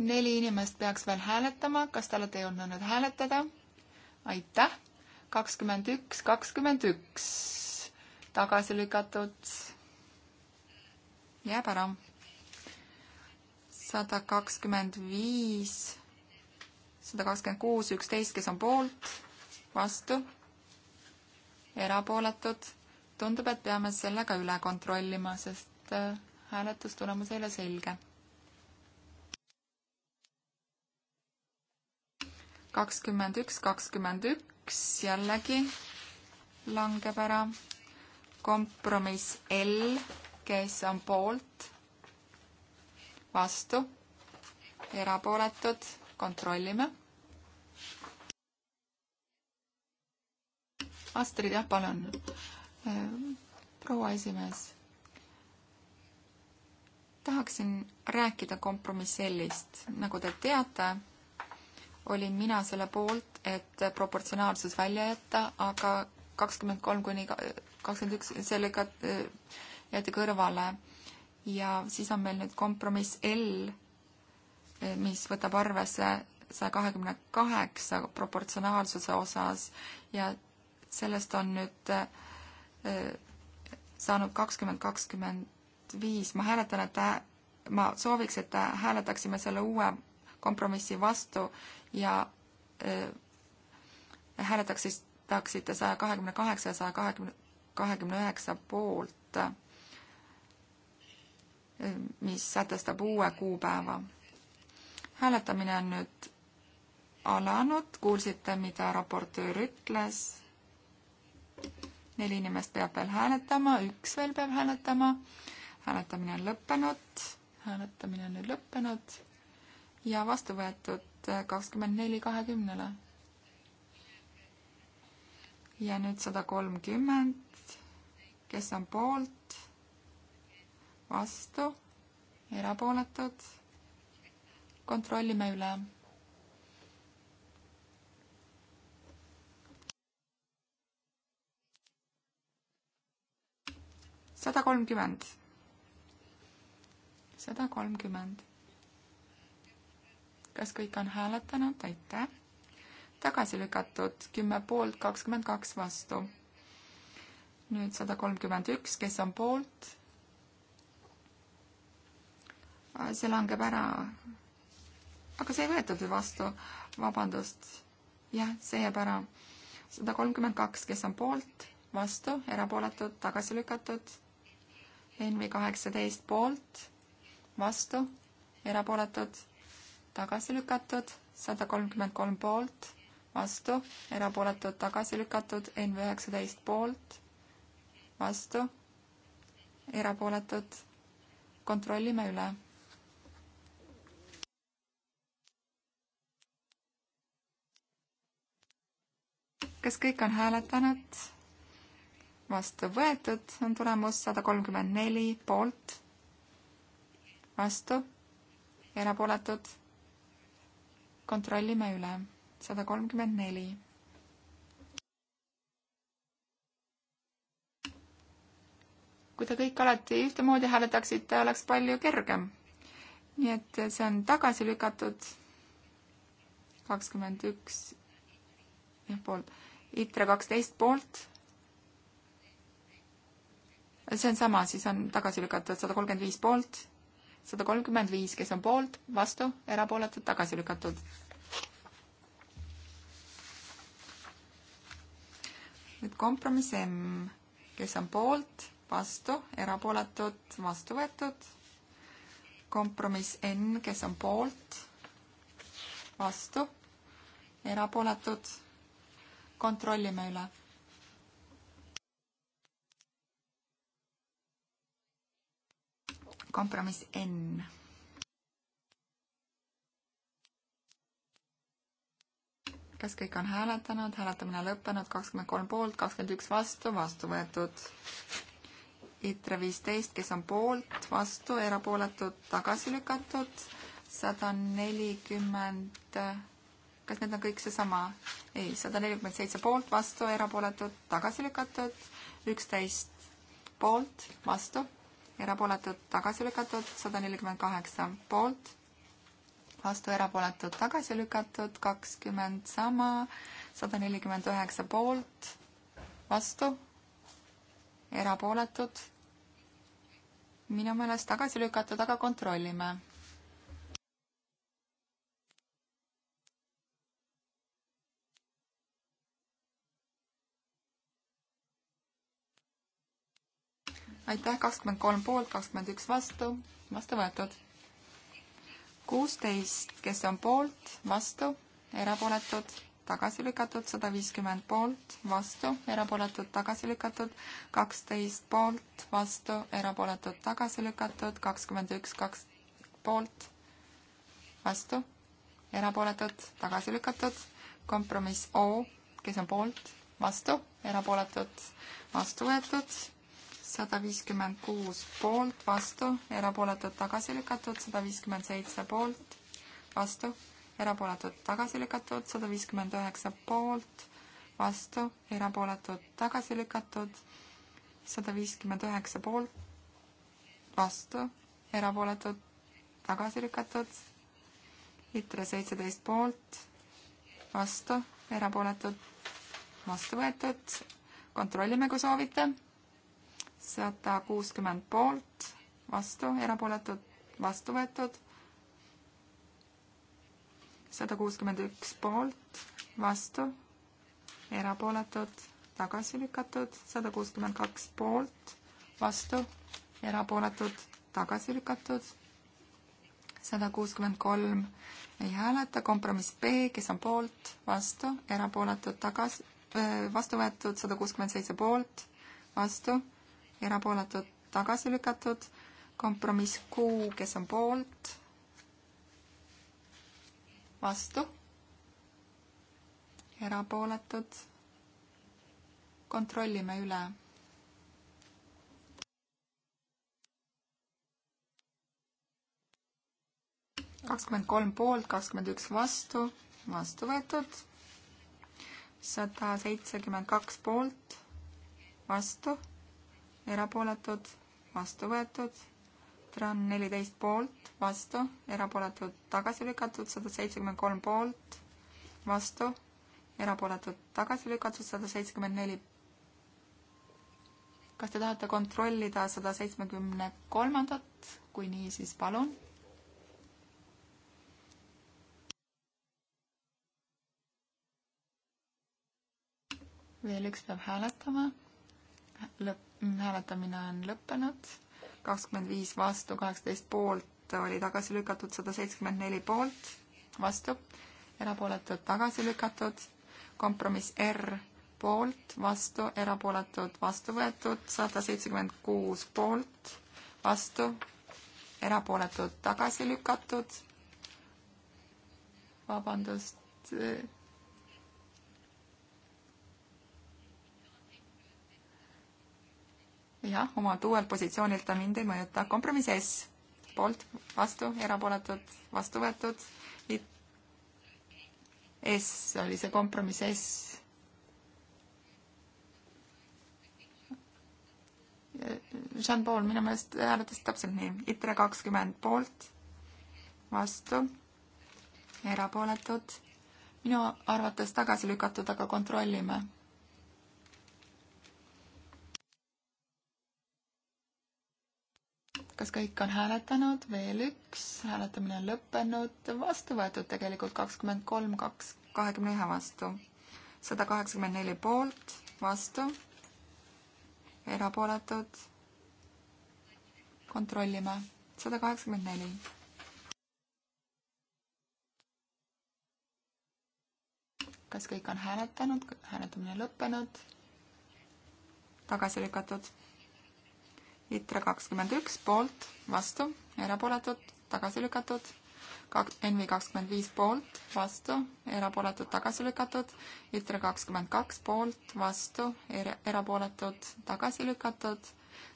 Speaker 1: neli inimest peaks veel hääletama, kas te olete jõudnud hääletada? aitäh, kakskümmend üks, kakskümmend üks tagasi lükatud, jääb ära. sada kakskümmend viis, sada kakskümmend kuus, üksteist, kes on poolt, vastu, erapooletud. tundub, et peame selle ka üle kontrollima, sest äh, hääletustulemus ei ole selge kakskümmend üks, kakskümmend üks jällegi langeb ära kompromiss L, kes on poolt, vastu, erapooletud, kontrollime. Astrid, jah, palun. proua esimees. tahaksin rääkida kompromiss L-ist. nagu te teate, olin mina selle poolt, et proportsionaalsus välja jätta, aga kakskümmend kolm kuni kakskümmend üks, sellega äh, jäeti kõrvale. ja siis on meil nüüd kompromiss L, äh, mis võtab arvesse saja kahekümne kaheksa proportsionaalsuse osas ja sellest on nüüd äh, saanud kakskümmend kakskümmend viis. ma hääletan, et ma sooviks, et hääletaksime selle uue kompromissi vastu ja hääletaksite saja kahekümne kaheksa ja saja kahekümne kahekümne üheksa poolt, mis sätestab uue kuupäeva. hääletamine on nüüd alanud, kuulsite, mida raportöör ütles. neli inimest peab veel hääletama, üks veel peab hääletama. hääletamine on lõppenud, hääletamine on nüüd lõppenud ja vastu võetud kakskümmend neli kahekümnele. ja nüüd sada kolmkümmend kes on poolt, vastu, erapooletud, kontrollime üle. sada kolmkümmend, sada kolmkümmend. kas kõik on hääletanud, aitäh. tagasi lükatud kümme poolt, kakskümmend kaks vastu nüüd sada kolmkümmend üks, kes on poolt? see langeb ära. aga see ei võetud ju vastu, vabandust. jah, see jääb ära. sada kolmkümmend kaks, kes on poolt, vastu, erapooletud, tagasi lükatud. Envi kaheksateist poolt, vastu, erapooletud, tagasi lükatud, sada kolmkümmend kolm poolt, vastu, erapooletud, tagasi lükatud, Envi üheksateist poolt vastu, erapooletud, kontrollime üle. kas kõik on hääletanud? vastu võetud on tulemus sada kolmkümmend neli poolt, vastu, erapooletud, kontrollime üle, sada kolmkümmend neli. kui te kõik alati ühtemoodi hääletaksite, oleks palju kergem. nii et see on tagasi lükatud kakskümmend üks poolt, ITRE kaksteist poolt. see on sama, siis on tagasi lükatud sada kolmkümmend viis poolt, sada kolmkümmend viis, kes on poolt, vastu, erapooletud, tagasi lükatud. nüüd kompromiss M, kes on poolt vastu, erapooletud, vastu võetud. kompromiss N, kes on poolt, vastu, erapooletud. kontrollime üle. kompromiss N. kas kõik on hääletanud, hääletamine lõppenud, kakskümmend kolm poolt, kakskümmend üks vastu, vastu võetud ITRE viisteist, kes on poolt, vastu, erapooletud, tagasi lükatud, sada nelikümmend, kas need on kõik seesama? ei, sada nelikümmend seitse poolt, vastu, erapooletud, tagasi lükatud, üksteist poolt, vastu, erapooletud, tagasi lükatud, sada nelikümmend kaheksa poolt, vastu, erapooletud, tagasi lükatud, kakskümmend sama, sada nelikümmend üheksa poolt, vastu erapooletud, minu meelest tagasi lükatud, aga kontrollime. aitäh, kakskümmend kolm poolt, kakskümmend üks vastu, vastu võetud. kuusteist, kes on poolt, vastu, erapooletud tagasi lükatud, sada viiskümmend poolt, vastu, erapooletud, tagasi lükatud, kaksteist poolt, vastu, erapooletud, tagasi lükatud, kakskümmend üks, kaks poolt, vastu, erapooletud, tagasi lükatud, kompromiss O, kes on poolt, vastu, erapooletud, vastu võetud, sada viiskümmend kuus poolt, vastu, erapooletud, tagasi lükatud, sada viiskümmend seitse poolt, vastu erapooletud tagasi lükatud, sada viiskümmend üheksa poolt, vastu, erapooletud tagasi lükatud, sada viiskümmend üheksa poolt, vastu, erapooletud tagasi lükatud, ITRE seitseteist poolt, vastu, erapooletud, vastu võetud, kontrollime, kui soovite, sada kuuskümmend poolt, vastu, erapooletud, vastu võetud sada kuuskümmend üks poolt, vastu, erapooletud, tagasi lükatud, sada kuuskümmend kaks poolt, vastu, erapooletud, tagasi lükatud, sada kuuskümmend kolm ei hääleta, kompromiss B, kes on poolt, vastu, erapooletud, tagasi, äh, vastu võetud, sada kuuskümmend seitse poolt, vastu, erapooletud, tagasi lükatud, kompromiss Q, kes on poolt, vastu, erapooletud, kontrollime üle. kakskümmend kolm poolt, kakskümmend üks vastu, vastu võetud, sada seitsekümmend kaks poolt, vastu, erapooletud, vastu võetud Tran neliteist poolt, vastu, erapooletud, tagasi lükatud, sada seitsekümmend kolm poolt, vastu, erapooletud, tagasi lükatud, sada seitsekümmend neli. kas te tahate kontrollida sada seitsmekümne kolmandat, kui nii, siis palun. veel üks peab hääletama. lõpp, hääletamine on lõppenud kakskümmend viis vastu, kaheksateist poolt oli tagasi lükatud, sada seitsekümmend neli poolt vastu, erapooletud tagasi lükatud, kompromiss R poolt vastu, erapooletud vastu võetud, sada seitsekümmend kuus poolt vastu, erapooletud tagasi lükatud, vabandust, jah, oma uuelt positsioonilt ta mind ei mõjuta. kompromiss S, poolt, vastu, erapooletud, vastu võetud. S oli see kompromiss S. Jean-Paul minu meelest hääletas täpselt nii. ITRE kakskümmend poolt, vastu, erapooletud. minu arvates tagasi lükatud, aga kontrollime kas kõik on hääletanud, veel üks, hääletamine on lõppenud, vastu võetud tegelikult kakskümmend kolm, kaks, kahekümne ühe vastu. sada kaheksakümmend neli poolt, vastu, erapooletud, kontrollime, sada kaheksakümmend neli. kas kõik on hääletanud, hääletamine lõppenud, tagasi lükatud ITRE kakskümmend üks poolt, vastu, erapooletud, tagasi lükatud. NV kakskümmend viis poolt, vastu, erapooletud, tagasi lükatud. ITRE kakskümmend kaks poolt, vastu, erapooletud, tagasi lükatud.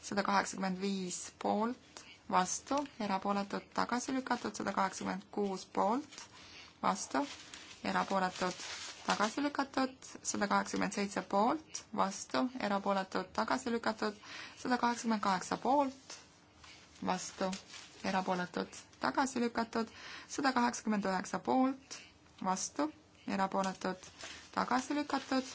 Speaker 1: sada kaheksakümmend viis poolt, vastu, erapooletud, tagasi lükatud. sada kaheksakümmend kuus poolt, vastu, erapooletud tagasi lükatud, sada kaheksakümmend seitse poolt, vastu, erapooletud, tagasi lükatud, sada kaheksakümmend kaheksa poolt, vastu, erapooletud, tagasi lükatud, sada kaheksakümmend üheksa poolt, vastu, erapooletud, tagasi lükatud,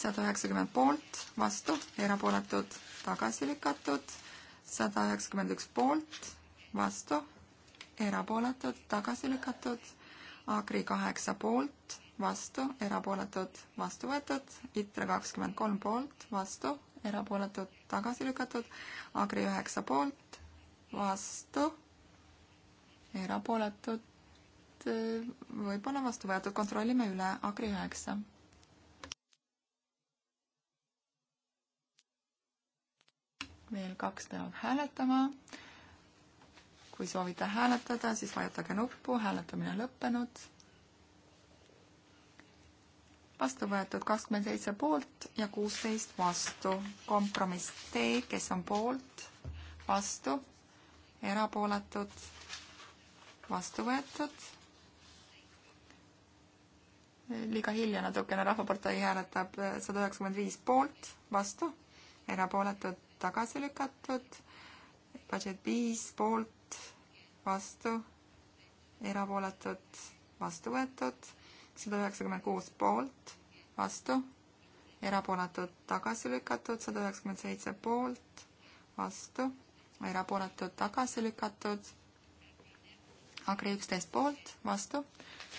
Speaker 1: sada üheksakümmend poolt, vastu, erapooletud, tagasi lükatud, sada üheksakümmend üks poolt, vastu, erapooletud, tagasi lükatud Agri kaheksa poolt, vastu, erapooletud, vastu võetud, ITRE kakskümmend kolm poolt, vastu, erapooletud, tagasi lükatud, Agri üheksa poolt, vastu, erapooletud, võib-olla vastu võetud, kontrollime üle, Agri üheksa. veel kaks peavad hääletama kui soovite hääletada, siis vajutage nuppu, hääletamine on lõppenud. vastu võetud kakskümmend seitse poolt ja kuusteist vastu. kompromiss D, kes on poolt, vastu, erapooletud, vastu võetud. liiga hilja natukene, Rahvapartei hääletab sada üheksakümmend viis poolt, vastu, erapooletud, tagasi lükatud budget viis poolt vastu, erapooletud, vastu võetud, sada üheksakümmend kuus poolt, vastu, erapooletud, tagasi lükatud, sada üheksakümmend seitse poolt, vastu, erapooletud, tagasi lükatud, Agri üksteist poolt, vastu,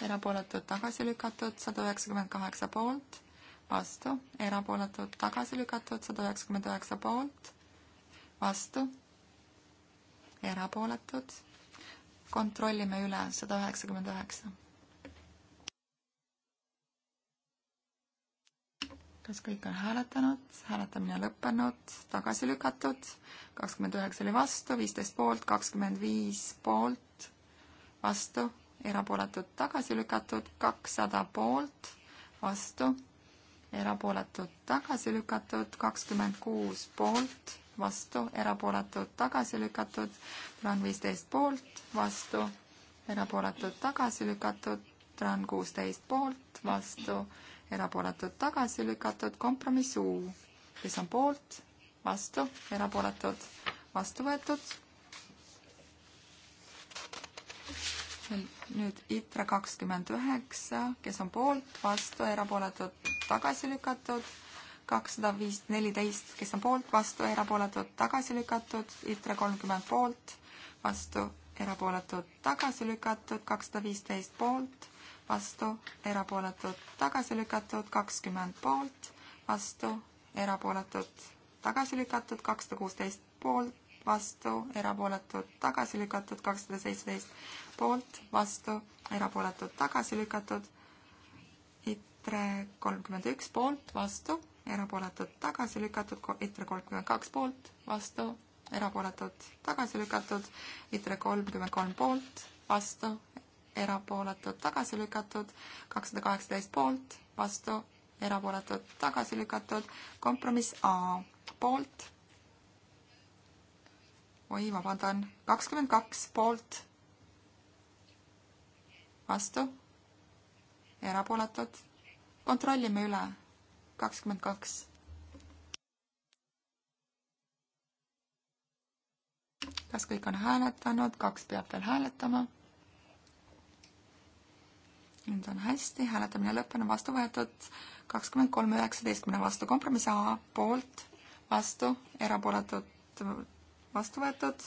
Speaker 1: erapooletud, tagasi lükatud, sada üheksakümmend kaheksa poolt, vastu, erapooletud, tagasi lükatud, sada üheksakümmend üheksa poolt, vastu, erapooletud kontrollime üle sada üheksakümmend üheksa. kas kõik on hääletanud, hääletamine lõppenud, tagasi lükatud, kakskümmend üheksa oli vastu, viisteist poolt, kakskümmend viis poolt, vastu, erapooletud tagasi lükatud, kakssada poolt, vastu, erapooletud tagasi lükatud, kakskümmend kuus poolt vastu, erapooletud, tagasi lükatud, tran viisteist poolt, vastu, erapooletud, tagasi lükatud, tran kuusteist poolt, vastu, erapooletud, tagasi lükatud, kompromiss U, kes on poolt, vastu, erapooletud, vastu võetud. nüüd ITRA kakskümmend üheksa, kes on poolt, vastu, erapooletud, tagasi lükatud kakssada viis, neliteist, kes on poolt, vastu, erapooletud, tagasi lükatud, ITRE kolmkümmend poolt, vastu, erapooletud, tagasi lükatud, kakssada viisteist poolt, vastu, erapooletud, tagasi lükatud, kakskümmend poolt, vastu, erapooletud, tagasi lükatud, kakssada kuusteist poolt, vastu, erapooletud, tagasi lükatud, kakssada seitseteist poolt, vastu, erapooletud, tagasi lükatud, ITRE kolmkümmend üks poolt, vastu, erapooletud, tagasi lükatud, ITRE kolmkümmend kaks poolt, vastu, erapooletud, tagasi lükatud, ITRE kolmkümmend kolm poolt, vastu, erapooletud, tagasi lükatud, kakssada kaheksateist poolt, vastu, erapooletud, tagasi lükatud, kompromiss A poolt, oi, vabandan, kakskümmend kaks poolt, vastu, erapooletud, kontrollime üle kakskümmend kaks. kas kõik on hääletanud, kaks peab veel hääletama. nüüd on hästi, hääletamine lõppenud, vastu võetud kakskümmend kolm üheksateistkümne vastu, kompromiss A poolt, vastu, erapooletud, vastu võetud.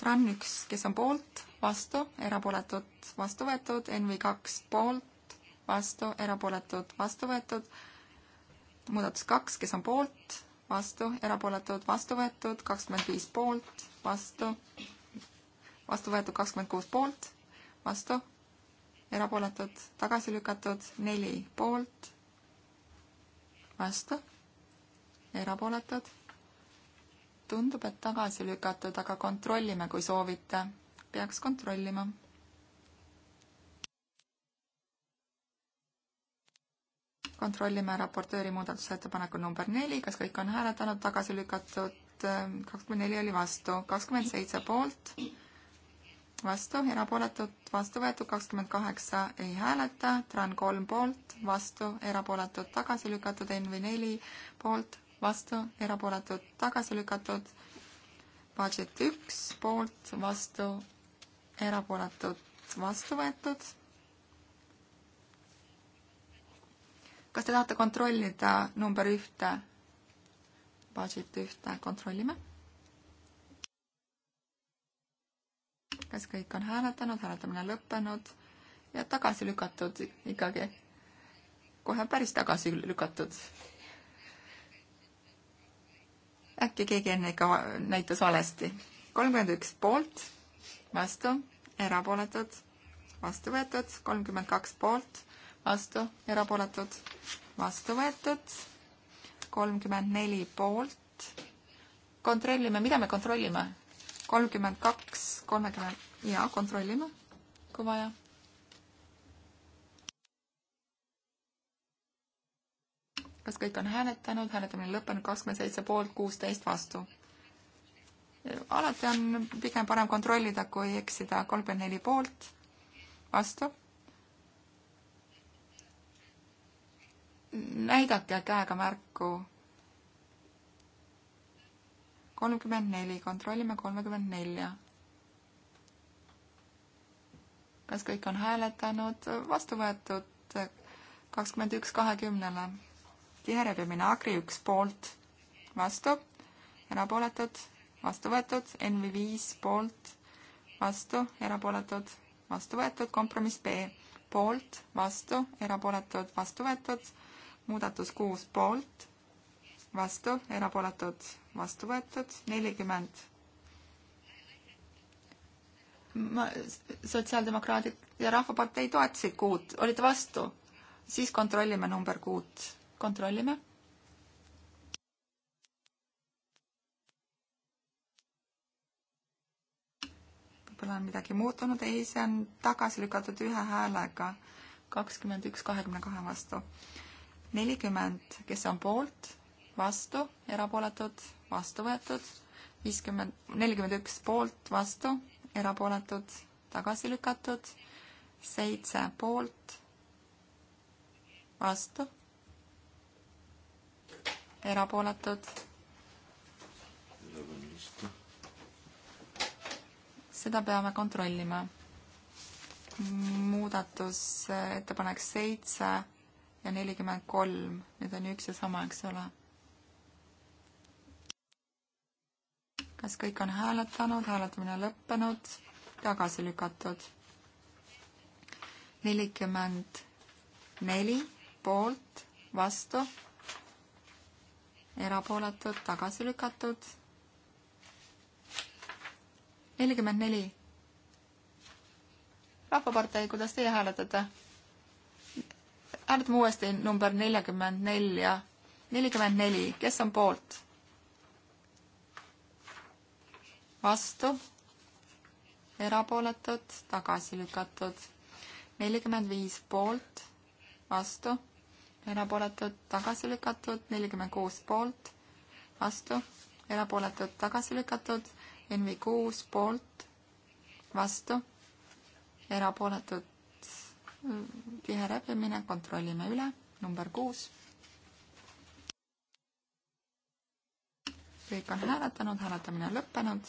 Speaker 1: Tran üks, kes on poolt, vastu, erapooletud, vastu võetud, NV kaks poolt, vastu, erapooletud, vastu võetud muudatus kaks, kes on poolt, vastu, erapooletud, vastu võetud, kakskümmend viis poolt, vastu, vastu võetud kakskümmend kuus poolt, vastu, erapooletud, tagasi lükatud, neli poolt, vastu, erapooletud. tundub, et tagasi lükatud, aga kontrollime, kui soovite. peaks kontrollima kontrollime raportööri muudatusettepaneku number neli, kas kõik on hääletanud, tagasi lükatud, ähm, kakskümmend neli oli vastu, kakskümmend seitse poolt, vastu, erapooletud, vastu võetud, kakskümmend kaheksa ei hääleta, Tran kolm poolt, vastu, erapooletud, tagasi lükatud, NV neli poolt, vastu, erapooletud, tagasi lükatud, budget üks poolt, vastu, erapooletud, vastu võetud kas te tahate kontrollida number ühte, budget ühte, kontrollime. kas kõik on hääletanud, hääletamine lõppenud ja tagasi lükatud ikkagi? kohe päris tagasi lükatud. äkki keegi enne ikka näitas valesti. kolmkümmend üks poolt, vastu, erapooletud, vastu võetud, kolmkümmend kaks poolt vastu, erapooletud, vastu võetud, kolmkümmend neli poolt. kontrollime, mida me kontrollime? kolmkümmend kaks, kolmekümmend, jaa, kontrollime, kui vaja. kas kõik on hääletanud, hääletamine lõppenud, kakskümmend seitse poolt, kuusteist vastu alati on pigem parem kontrollida, kui eksida kolmkümmend neli poolt, vastu, näidake käega märku. kolmkümmend neli, kontrollime kolmekümmend nelja. kas kõik on hääletanud, vastu võetud kakskümmend üks kahekümnele. tihe rebimine, Agri üks poolt, vastu, erapooletud, vastu võetud, NV viis poolt, vastu, erapooletud, vastu võetud, kompromiss B poolt, vastu, erapooletud, vastu võetud muudatus kuus poolt, vastu, erapooletud, vastu võetud, nelikümmend. ma, sotsiaaldemokraadid ja Rahvapartei toetasid kuut, olite vastu? siis kontrollime number kuut, kontrollime. võib-olla on midagi muutunud, ei, see on tagasi lükatud ühe häälega, kakskümmend üks kahekümne kahe vastu nelikümmend, kes on poolt, vastu, erapooletud, vastu võetud, viiskümmend, nelikümmend üks poolt, vastu, erapooletud, tagasi lükatud, seitse poolt, vastu, erapooletud. seda peame kontrollima muudatusettepanek seitse ja nelikümmend kolm, need on ju üks ja sama, eks ole. kas kõik on hääletanud, hääletamine lõppenud, tagasi lükatud? nelikümmend neli poolt, vastu, erapooletud, tagasi lükatud. nelikümmend neli. rahvapartei, kuidas teie hääletate? hääletame uuesti number nelikümmend nelja, nelikümmend neli, kes on poolt? vastu, erapooletud, tagasi lükatud. nelikümmend viis poolt, vastu, erapooletud, tagasi lükatud, nelikümmend kuus poolt, vastu, erapooletud, tagasi lükatud, NV kuus poolt, vastu, erapooletud, tihe rebimine, kontrollime üle, number kuus. kõik on hääletanud, hääletamine on lõppenud,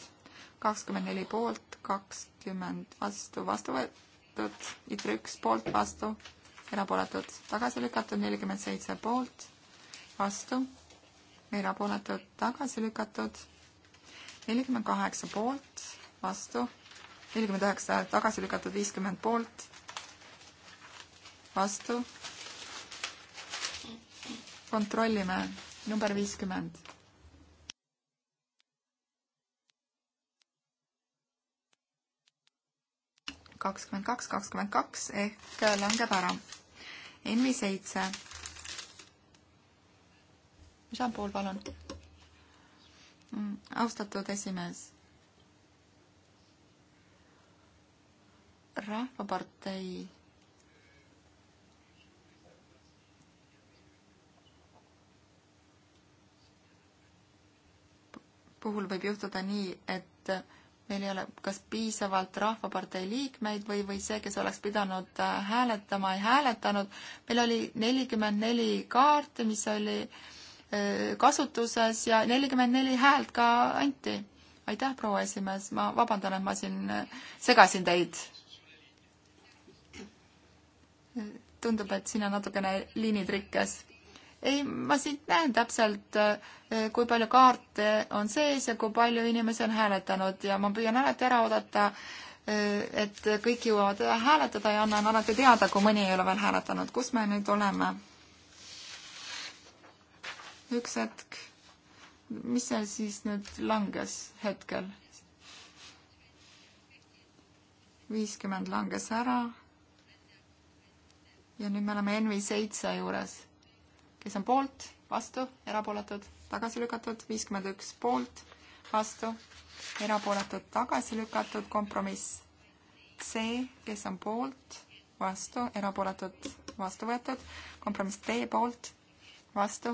Speaker 1: kakskümmend neli poolt, kakskümmend vastu, vastu võetud, ITRE üks poolt, vastu, erapooletud, tagasi lükatud, nelikümmend seitse poolt, vastu, erapooletud, tagasi lükatud, nelikümmend kaheksa poolt, vastu, nelikümmend üheksa tagasi lükatud, viiskümmend poolt vastu. kontrollime number viiskümmend. kakskümmend kaks, kakskümmend kaks ehk langeb ära. Envi seitse. Jean-Paul, palun. Mm, austatud esimees Rahvapartei puhul võib juhtuda nii, et meil ei ole kas piisavalt Rahvapartei liikmeid või, või see, kes oleks pidanud äh, hääletama, ei hääletanud. meil oli nelikümmend neli kaarti, mis oli äh, kasutuses ja nelikümmend neli häält ka anti. aitäh, proua esimees, ma vabandan, et ma siin äh, segasin teid. tundub, et siin on natukene liinitrikkes ei, ma siit näen täpselt, eh, kui palju kaarte on sees ja kui palju inimesi on hääletanud ja ma püüan alati ära oodata, eh, et kõik jõuavad hääletada ja annan alati teada, kui mõni ei ole veel hääletanud. kus me nüüd oleme? üks hetk. mis seal siis nüüd langes hetkel? viiskümmend langes ära. ja nüüd me oleme NV seitse juures kes on poolt, vastu, erapooletud, tagasi lükatud, viiskümmend üks poolt, vastu, erapooletud, tagasi lükatud, kompromiss C, kes on poolt, vastu, erapooletud, vastu võetud, kompromiss D poolt, vastu,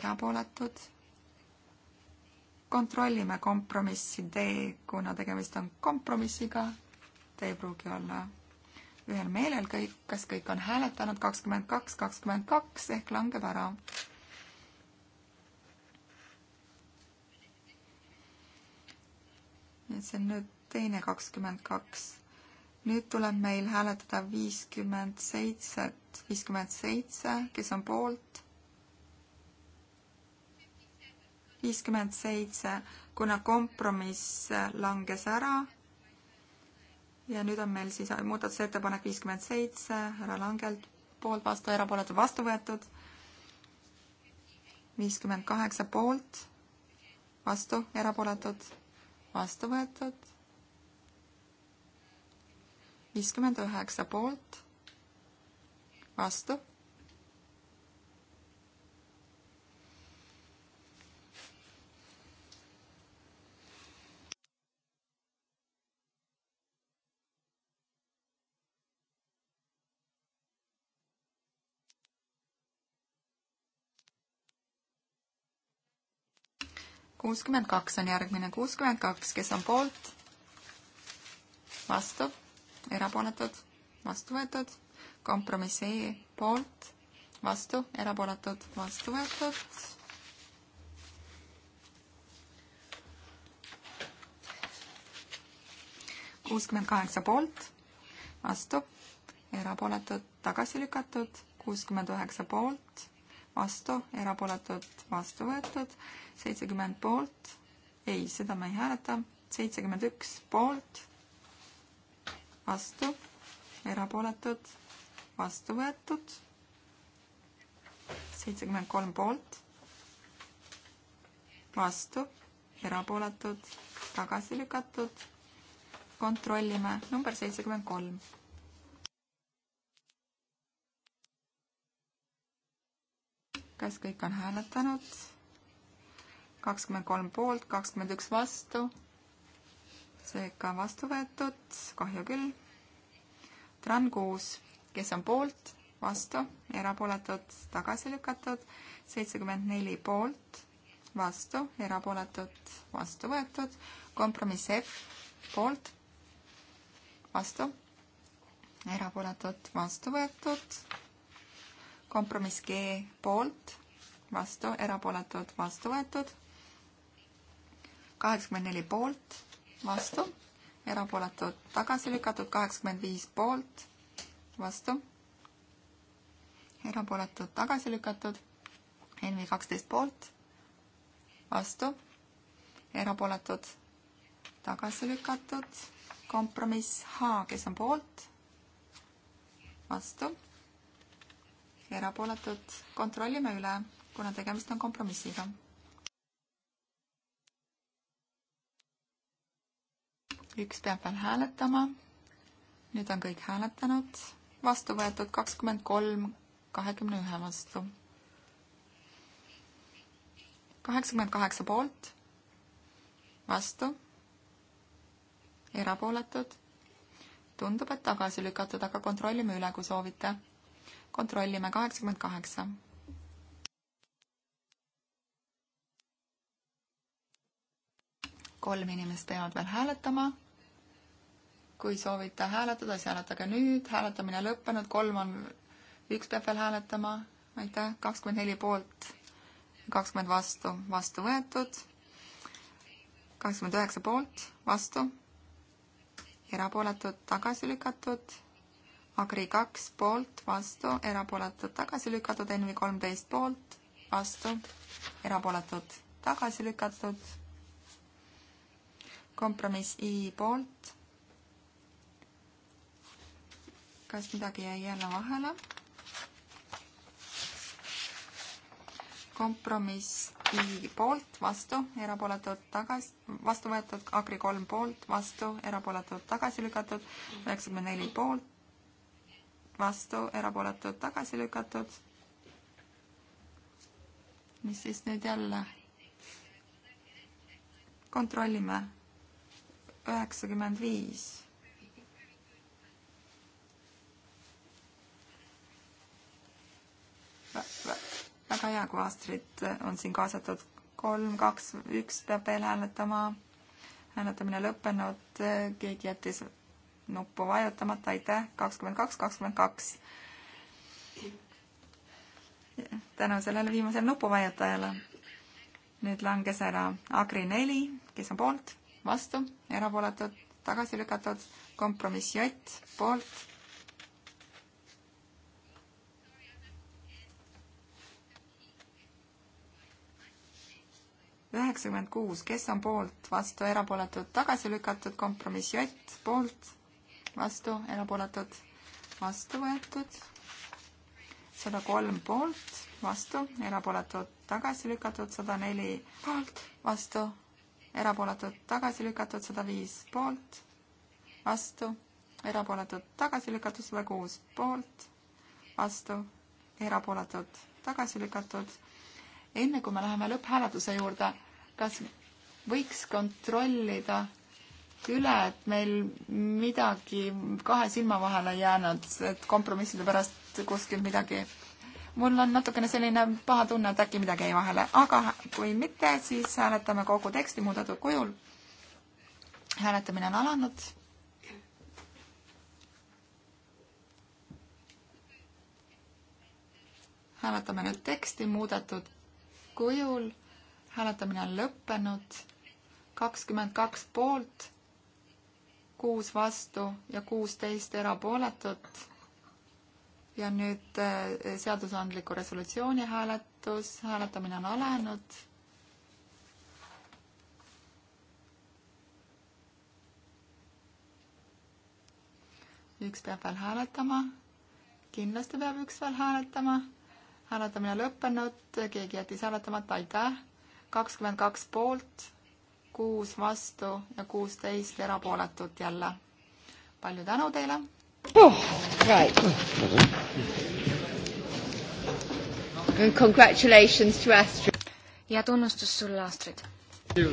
Speaker 1: erapooletud kontrollime kompromissi D, kuna tegemist on kompromissiga, ta ei pruugi olla ühel meelel kõik, kas kõik on hääletanud, kakskümmend kaks, kakskümmend kaks ehk langeb ära. nii et see on nüüd teine kakskümmend kaks. nüüd tuleb meil hääletada viiskümmend seitset, viiskümmend seitse, kes on poolt? viiskümmend seitse, kuna kompromiss langes ära ja nüüd on meil siis muudatusettepanek viiskümmend seitse, härra Langelt poolt, vastu, erapooletud, vastu võetud. viiskümmend kaheksa poolt, vastu, erapooletud, vastu võetud. viiskümmend üheksa poolt, vastu kuuskümmend kaks on järgmine, kuuskümmend kaks, kes on poolt, vastu, erapooletud, vastu võetud, kompromiss E poolt, vastu, erapooletud, vastu võetud. kuuskümmend kaheksa poolt, vastu, erapooletud, tagasi lükatud, kuuskümmend üheksa poolt vastu, erapooletud, vastu võetud, seitsekümmend poolt, ei, seda me ei hääleta, seitsekümmend üks poolt, vastu, erapooletud, vastu võetud, seitsekümmend kolm poolt, vastu, erapooletud, tagasi lükatud, kontrollime, number seitsekümmend kolm kas kõik on hääletanud? kakskümmend kolm poolt, kakskümmend üks vastu. seega vastu võetud, kahju küll. Tran kuus, kes on poolt, vastu, erapooletud, tagasi lükatud, seitsekümmend neli poolt, vastu, erapooletud, vastu võetud, kompromiss F poolt, vastu, erapooletud, vastu võetud kompromiss G poolt, vastu, erapooletud, vastu võetud. kaheksakümmend neli poolt, vastu, erapooletud, tagasi lükatud, kaheksakümmend viis poolt, vastu, erapooletud, tagasi lükatud, NV kaksteist poolt, vastu, erapooletud, tagasi lükatud, kompromiss H, kes on poolt, vastu erapooletud, kontrollime üle, kuna tegemist on kompromissiga. üks peab veel hääletama. nüüd on kõik hääletanud, vastu võetud kakskümmend kolm kahekümne ühe vastu. kaheksakümmend kaheksa poolt, vastu, erapooletud. tundub, et tagasi lükatud, aga kontrollime üle, kui soovite kontrollime kaheksakümmend kaheksa. kolm inimest peavad veel hääletama. kui soovite hääletada, siis hääletage nüüd, hääletamine lõppenud, kolm on, üks peab veel hääletama, aitäh, kakskümmend neli poolt, kakskümmend vastu, vastu võetud, kakskümmend üheksa poolt, vastu, erapooletud, tagasi lükatud Agri kaks poolt, vastu, erapooletud, tagasi lükatud, NV kolmteist poolt, vastu, erapooletud, tagasi lükatud. kompromiss I poolt. kas midagi jäi jälle vahele? kompromiss I poolt, vastu, erapooletud, tagasi, vastu võetud, Agri kolm poolt, vastu, erapooletud, tagasi lükatud, üheksakümmend neli poolt, vastu, erapooletud, tagasi lükatud. mis siis nüüd jälle? kontrollime. üheksakümmend viis. väga hea, kui Astrid on siin kaasatud. kolm, kaks, üks peab veel hääletama. hääletamine lõppenud, keegi jättis nuppu vajutamata, aitäh, kakskümmend kaks, kakskümmend kaks. tänu sellele viimasele nupuvajutajale. nüüd langes ära Agri neli, kes on poolt, vastu, erapooletud, tagasi lükatud, kompromiss J, poolt. üheksakümmend kuus, kes on poolt, vastu, erapooletud, tagasi lükatud, kompromiss J, poolt vastu, erapooletud, vastu võetud. sada kolm poolt, vastu, erapooletud, tagasi lükatud, sada neli poolt, vastu, erapooletud, tagasi lükatud, sada viis poolt, vastu, erapooletud, tagasi lükatud, sada kuus poolt, vastu, erapooletud, tagasi lükatud. enne kui me läheme lõpphääletuse juurde, kas võiks kontrollida üle, et meil midagi kahe silma vahele jäänud, et kompromisside pärast kuskil midagi. mul on natukene selline paha tunne, et äkki midagi jäi vahele, aga kui mitte, siis hääletame kogu teksti muudetud kujul. hääletamine on alanud. hääletame nüüd teksti muudetud kujul. hääletamine on lõppenud. kakskümmend kaks poolt kuus vastu ja kuusteist erapooletut. ja nüüd äh, seadusandliku resolutsiooni hääletus, hääletamine on alanud. üks peab veel hääletama, kindlasti peab üks veel hääletama. hääletamine lõppenud, keegi jättis hääletamata, aitäh. kakskümmend kaks poolt kuus vastu ja kuusteist erapooletut jälle. palju tänu teile oh,! Right. And congratulations to Astrid. ja tunnustus
Speaker 3: sulle, Astrid.
Speaker 2: And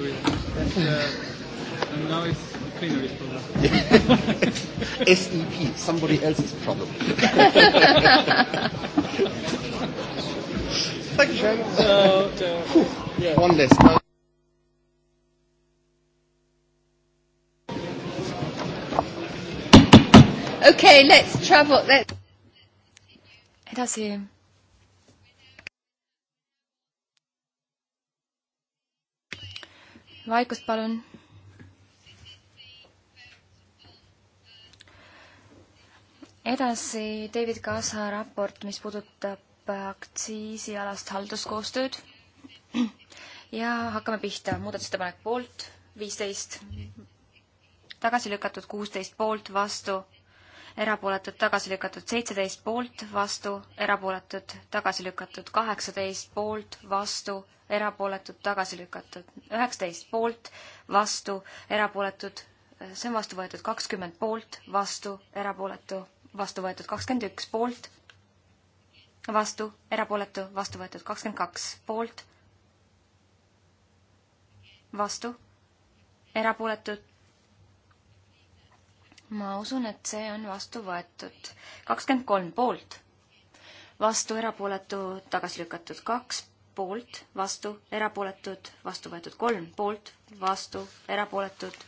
Speaker 1: now it's cleanery's problem. SEP, somebody else's problem.
Speaker 3: Thank you. Uh, uh, yeah. One less.
Speaker 1: okay, let's travel.
Speaker 3: Let's... edasi. vaikust palun. edasi David Kaasa raport, mis puudutab aktsiisialast halduskoostööd. ja hakkame pihta, muudatusettepanek poolt viisteist tagasi lükatud kuusteist poolt, vastu erapooletud, tagasi lükatud seitseteist poolt, vastu, erapooletud, tagasi lükatud kaheksateist poolt, vastu, erapooletud, tagasi lükatud üheksateist poolt, vastu, erapooletud, see on vastu võetud kakskümmend poolt, vastu, erapooletu, vastu võetud kakskümmend üks poolt, vastu, erapooletu, vastu võetud kakskümmend kaks poolt, vastu, erapooletud, ma usun, et see on vastu võetud. kakskümmend kolm poolt, vastu erapooletu, tagasi lükatud kaks poolt, vastu erapooletud, vastu võetud kolm poolt, vastu erapooletud,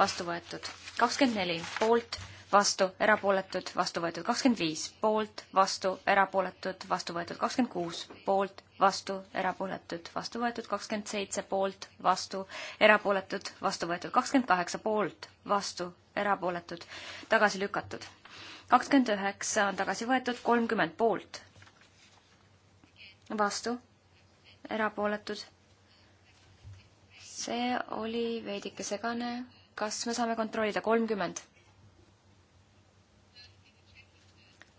Speaker 3: vastu võetud kakskümmend neli poolt, vastu erapooletud, vastu võetud kakskümmend viis poolt, vastu erapooletud, vastu võetud kakskümmend kuus poolt, vastu erapooletud, vastu võetud kakskümmend seitse poolt, vastu erapooletud, vastu võetud kakskümmend kaheksa poolt, vastu erapooletud, tagasi lükatud. kakskümmend üheksa on tagasi võetud, kolmkümmend poolt. vastu, erapooletud. see oli veidike segane. kas me saame kontrollida kolmkümmend?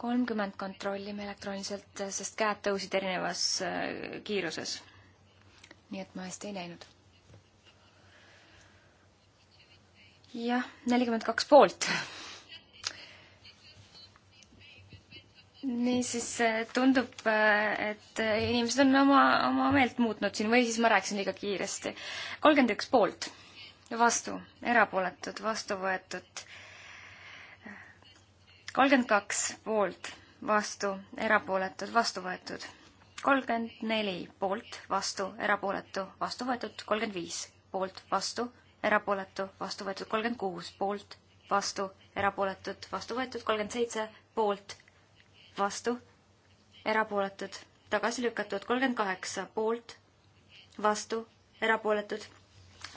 Speaker 3: kolmkümmend kontrollime elektrooniliselt, sest käed tõusid erinevas äh, kiiruses. nii et ma hästi ei näinud jah, nelikümmend kaks poolt. niisiis eh, tundub, eh, et eh, inimesed on oma, oma meelt muutnud siin või siis ma rääkisin liiga kiiresti. kolmkümmend üks poolt, vastu, erapooletud, vastu võetud. kolmkümmend kaks poolt, vastu, erapooletud, vastu võetud. kolmkümmend neli poolt, vastu, erapooletu, vastu võetud. kolmkümmend viis poolt, vastu, erapooletu, vastu võetud kolmkümmend kuus, poolt, vastu, erapooletud, vastu võetud kolmkümmend seitse, poolt, vastu, erapooletud, tagasi lükatud kolmkümmend kaheksa, poolt, vastu, erapooletud,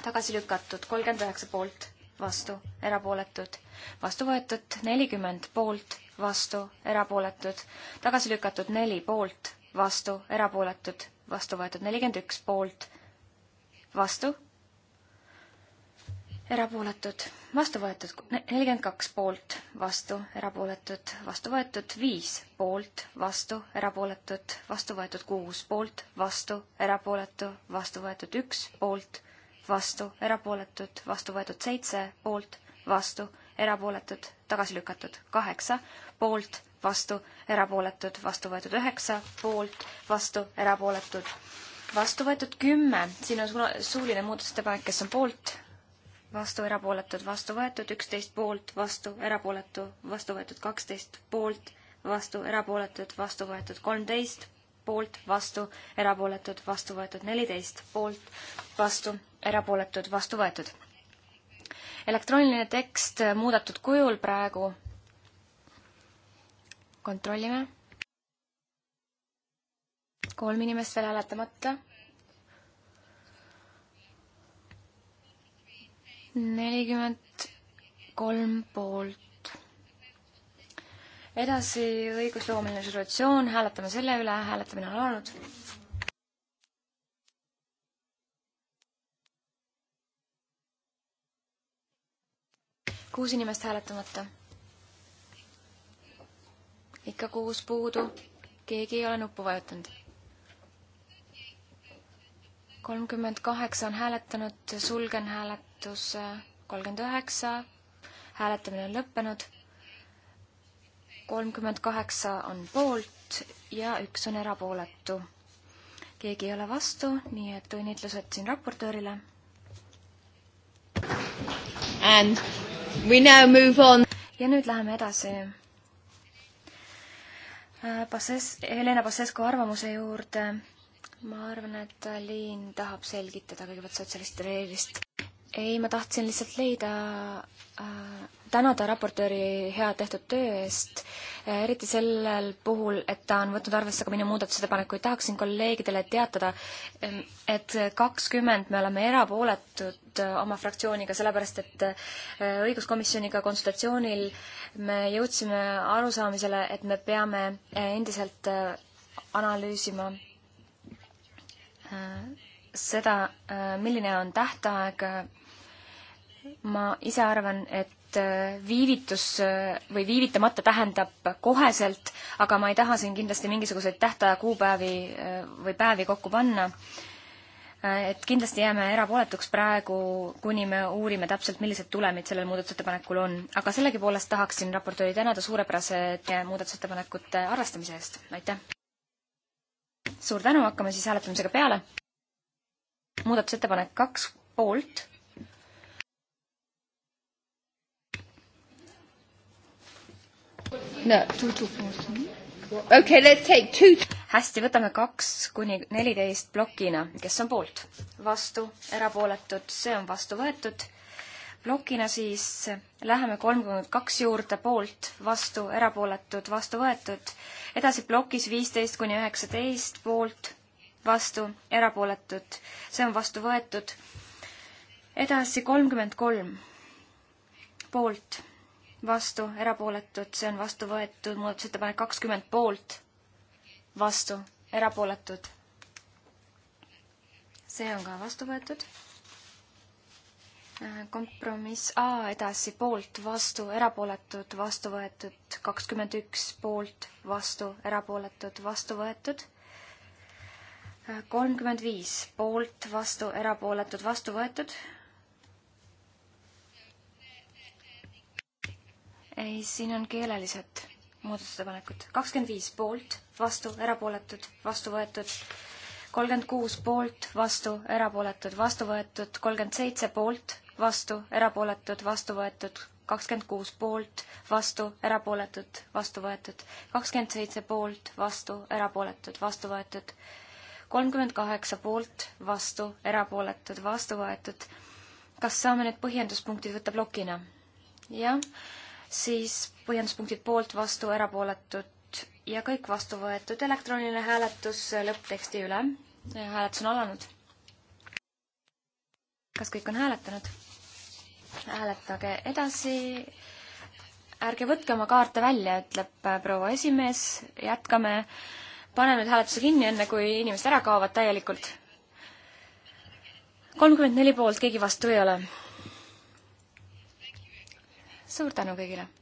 Speaker 3: tagasi lükatud kolmkümmend üheksa, poolt, vastu, erapooletud, vastu võetud nelikümmend, poolt, vastu, erapooletud, tagasi lükatud neli, poolt, vastu, erapooletud, vastu võetud nelikümmend üks, poolt, vastu erapooletud, vastu võetud nelikümmend kaks poolt, vastu, erapooletud, vastu võetud viis poolt, vastu, erapooletud, vastu võetud kuus poolt, vastu, erapooletu, vastu võetud üks poolt, vastu, erapooletud, vastu võetud seitse poolt, vastu, erapooletud, tagasi lükatud kaheksa poolt, vastu, erapooletud, vastu võetud üheksa poolt, vastu, erapooletud, vastu võetud kümme, siin on suuline muudatusettepanek, kes on poolt, vastu, erapooletud, vastu võetud, üksteist poolt, vastu, erapooletu, vastu võetud, kaksteist poolt, vastu, erapooletud, vastu võetud, kolmteist poolt, vastu, erapooletud, vastu võetud, neliteist poolt, vastu, erapooletud, vastu võetud. elektrooniline tekst muudetud kujul praegu. kontrollime. kolm inimest veel hääletamata nelikümmend kolm poolt. edasi õigusloomeline resolutsioon, hääletame selle üle, hääletamine on alanud. kuus inimest hääletamata. ikka kuus puudu, keegi ei ole nuppu vajutanud kolmkümmend kaheksa on hääletanud, sulgen hääletuse muudatus kolmkümmend üheksa, hääletamine on lõppenud, kolmkümmend kaheksa on poolt ja üks on erapooletu. keegi ei ole vastu, nii et õnnitlused siin raportöörile. And we now move on. ja nüüd läheme edasi Passes-, äh, Helena Passesko arvamuse juurde. ma arvan, et Liin tahab selgitada kõigepealt sotsialistide reeglist ei, ma tahtsin lihtsalt leida äh,, tänada raportööri hea tehtud töö eest, äh, eriti sellel puhul, et ta on võtnud arvesse ka minu muudatusettepanekuid, tahaksin kolleegidele teatada, et kakskümmend me oleme erapooletud äh, oma fraktsiooniga, sellepärast et äh, õiguskomisjoniga konsultatsioonil me jõudsime arusaamisele, et me peame endiselt analüüsima seda, milline on tähtaeg ma ise arvan, et äh, viivitus äh, või viivitamata tähendab koheselt, aga ma ei taha siin kindlasti mingisuguseid tähtaja kuupäevi äh, või päevi kokku panna. et kindlasti jääme erapooletuks praegu, kuni me uurime täpselt, millised tulemid sellel muudatusettepanekul on. aga sellegipoolest tahaksin raportööri tänada suurepärase muudatusettepanekute arvestamise eest, aitäh! suur tänu, hakkame siis hääletamisega peale. muudatusettepanek kaks, poolt
Speaker 1: no,. Okay,
Speaker 3: let's take two. hästi, võtame kaks kuni neliteist plokina, kes on poolt, vastu, erapooletud, see on vastu võetud. plokina siis läheme kolmkümmend kaks juurde, poolt, vastu, erapooletud, vastu võetud. edasi plokis viisteist kuni üheksateist, poolt, vastu, erapooletud, see on vastu võetud. edasi kolmkümmend kolm, poolt vastu, erapooletud, see on vastu võetud, muudatusettepanek kakskümmend poolt, vastu, erapooletud. see on ka vastu võetud. Äh, kompromiss A edasi, poolt, vastu, erapooletud, vastu võetud, kakskümmend üks poolt, vastu, erapooletud, vastu võetud äh, kolmkümmend viis poolt, vastu, erapooletud, vastu võetud ei, siin on keelelised muudatusettepanekud. kakskümmend viis poolt, vastu, erapooletud, vastu võetud. kolmkümmend kuus poolt, vastu, erapooletud, vastu võetud. kolmkümmend seitse poolt, vastu, erapooletud, vastu võetud. kakskümmend kuus poolt, vastu, erapooletud, vastu võetud. kakskümmend seitse poolt, vastu, erapooletud, vastu võetud. kolmkümmend kaheksa poolt, vastu, erapooletud, vastu võetud. kas saame need põhjenduspunktid võtta plokina? jah siis põhjenduspunktid poolt, vastu, erapooletud ja kõik vastu võetud. elektrooniline hääletus lõppteksti üle. hääletus on alanud. kas kõik on hääletanud? hääletage edasi. ärge võtke oma kaarte välja, ütleb proua esimees. jätkame. pane nüüd hääletuse kinni, enne kui inimesed ära kaovad täielikult. kolmkümmend neli poolt, keegi vastu ei ole suur tänu kõigile!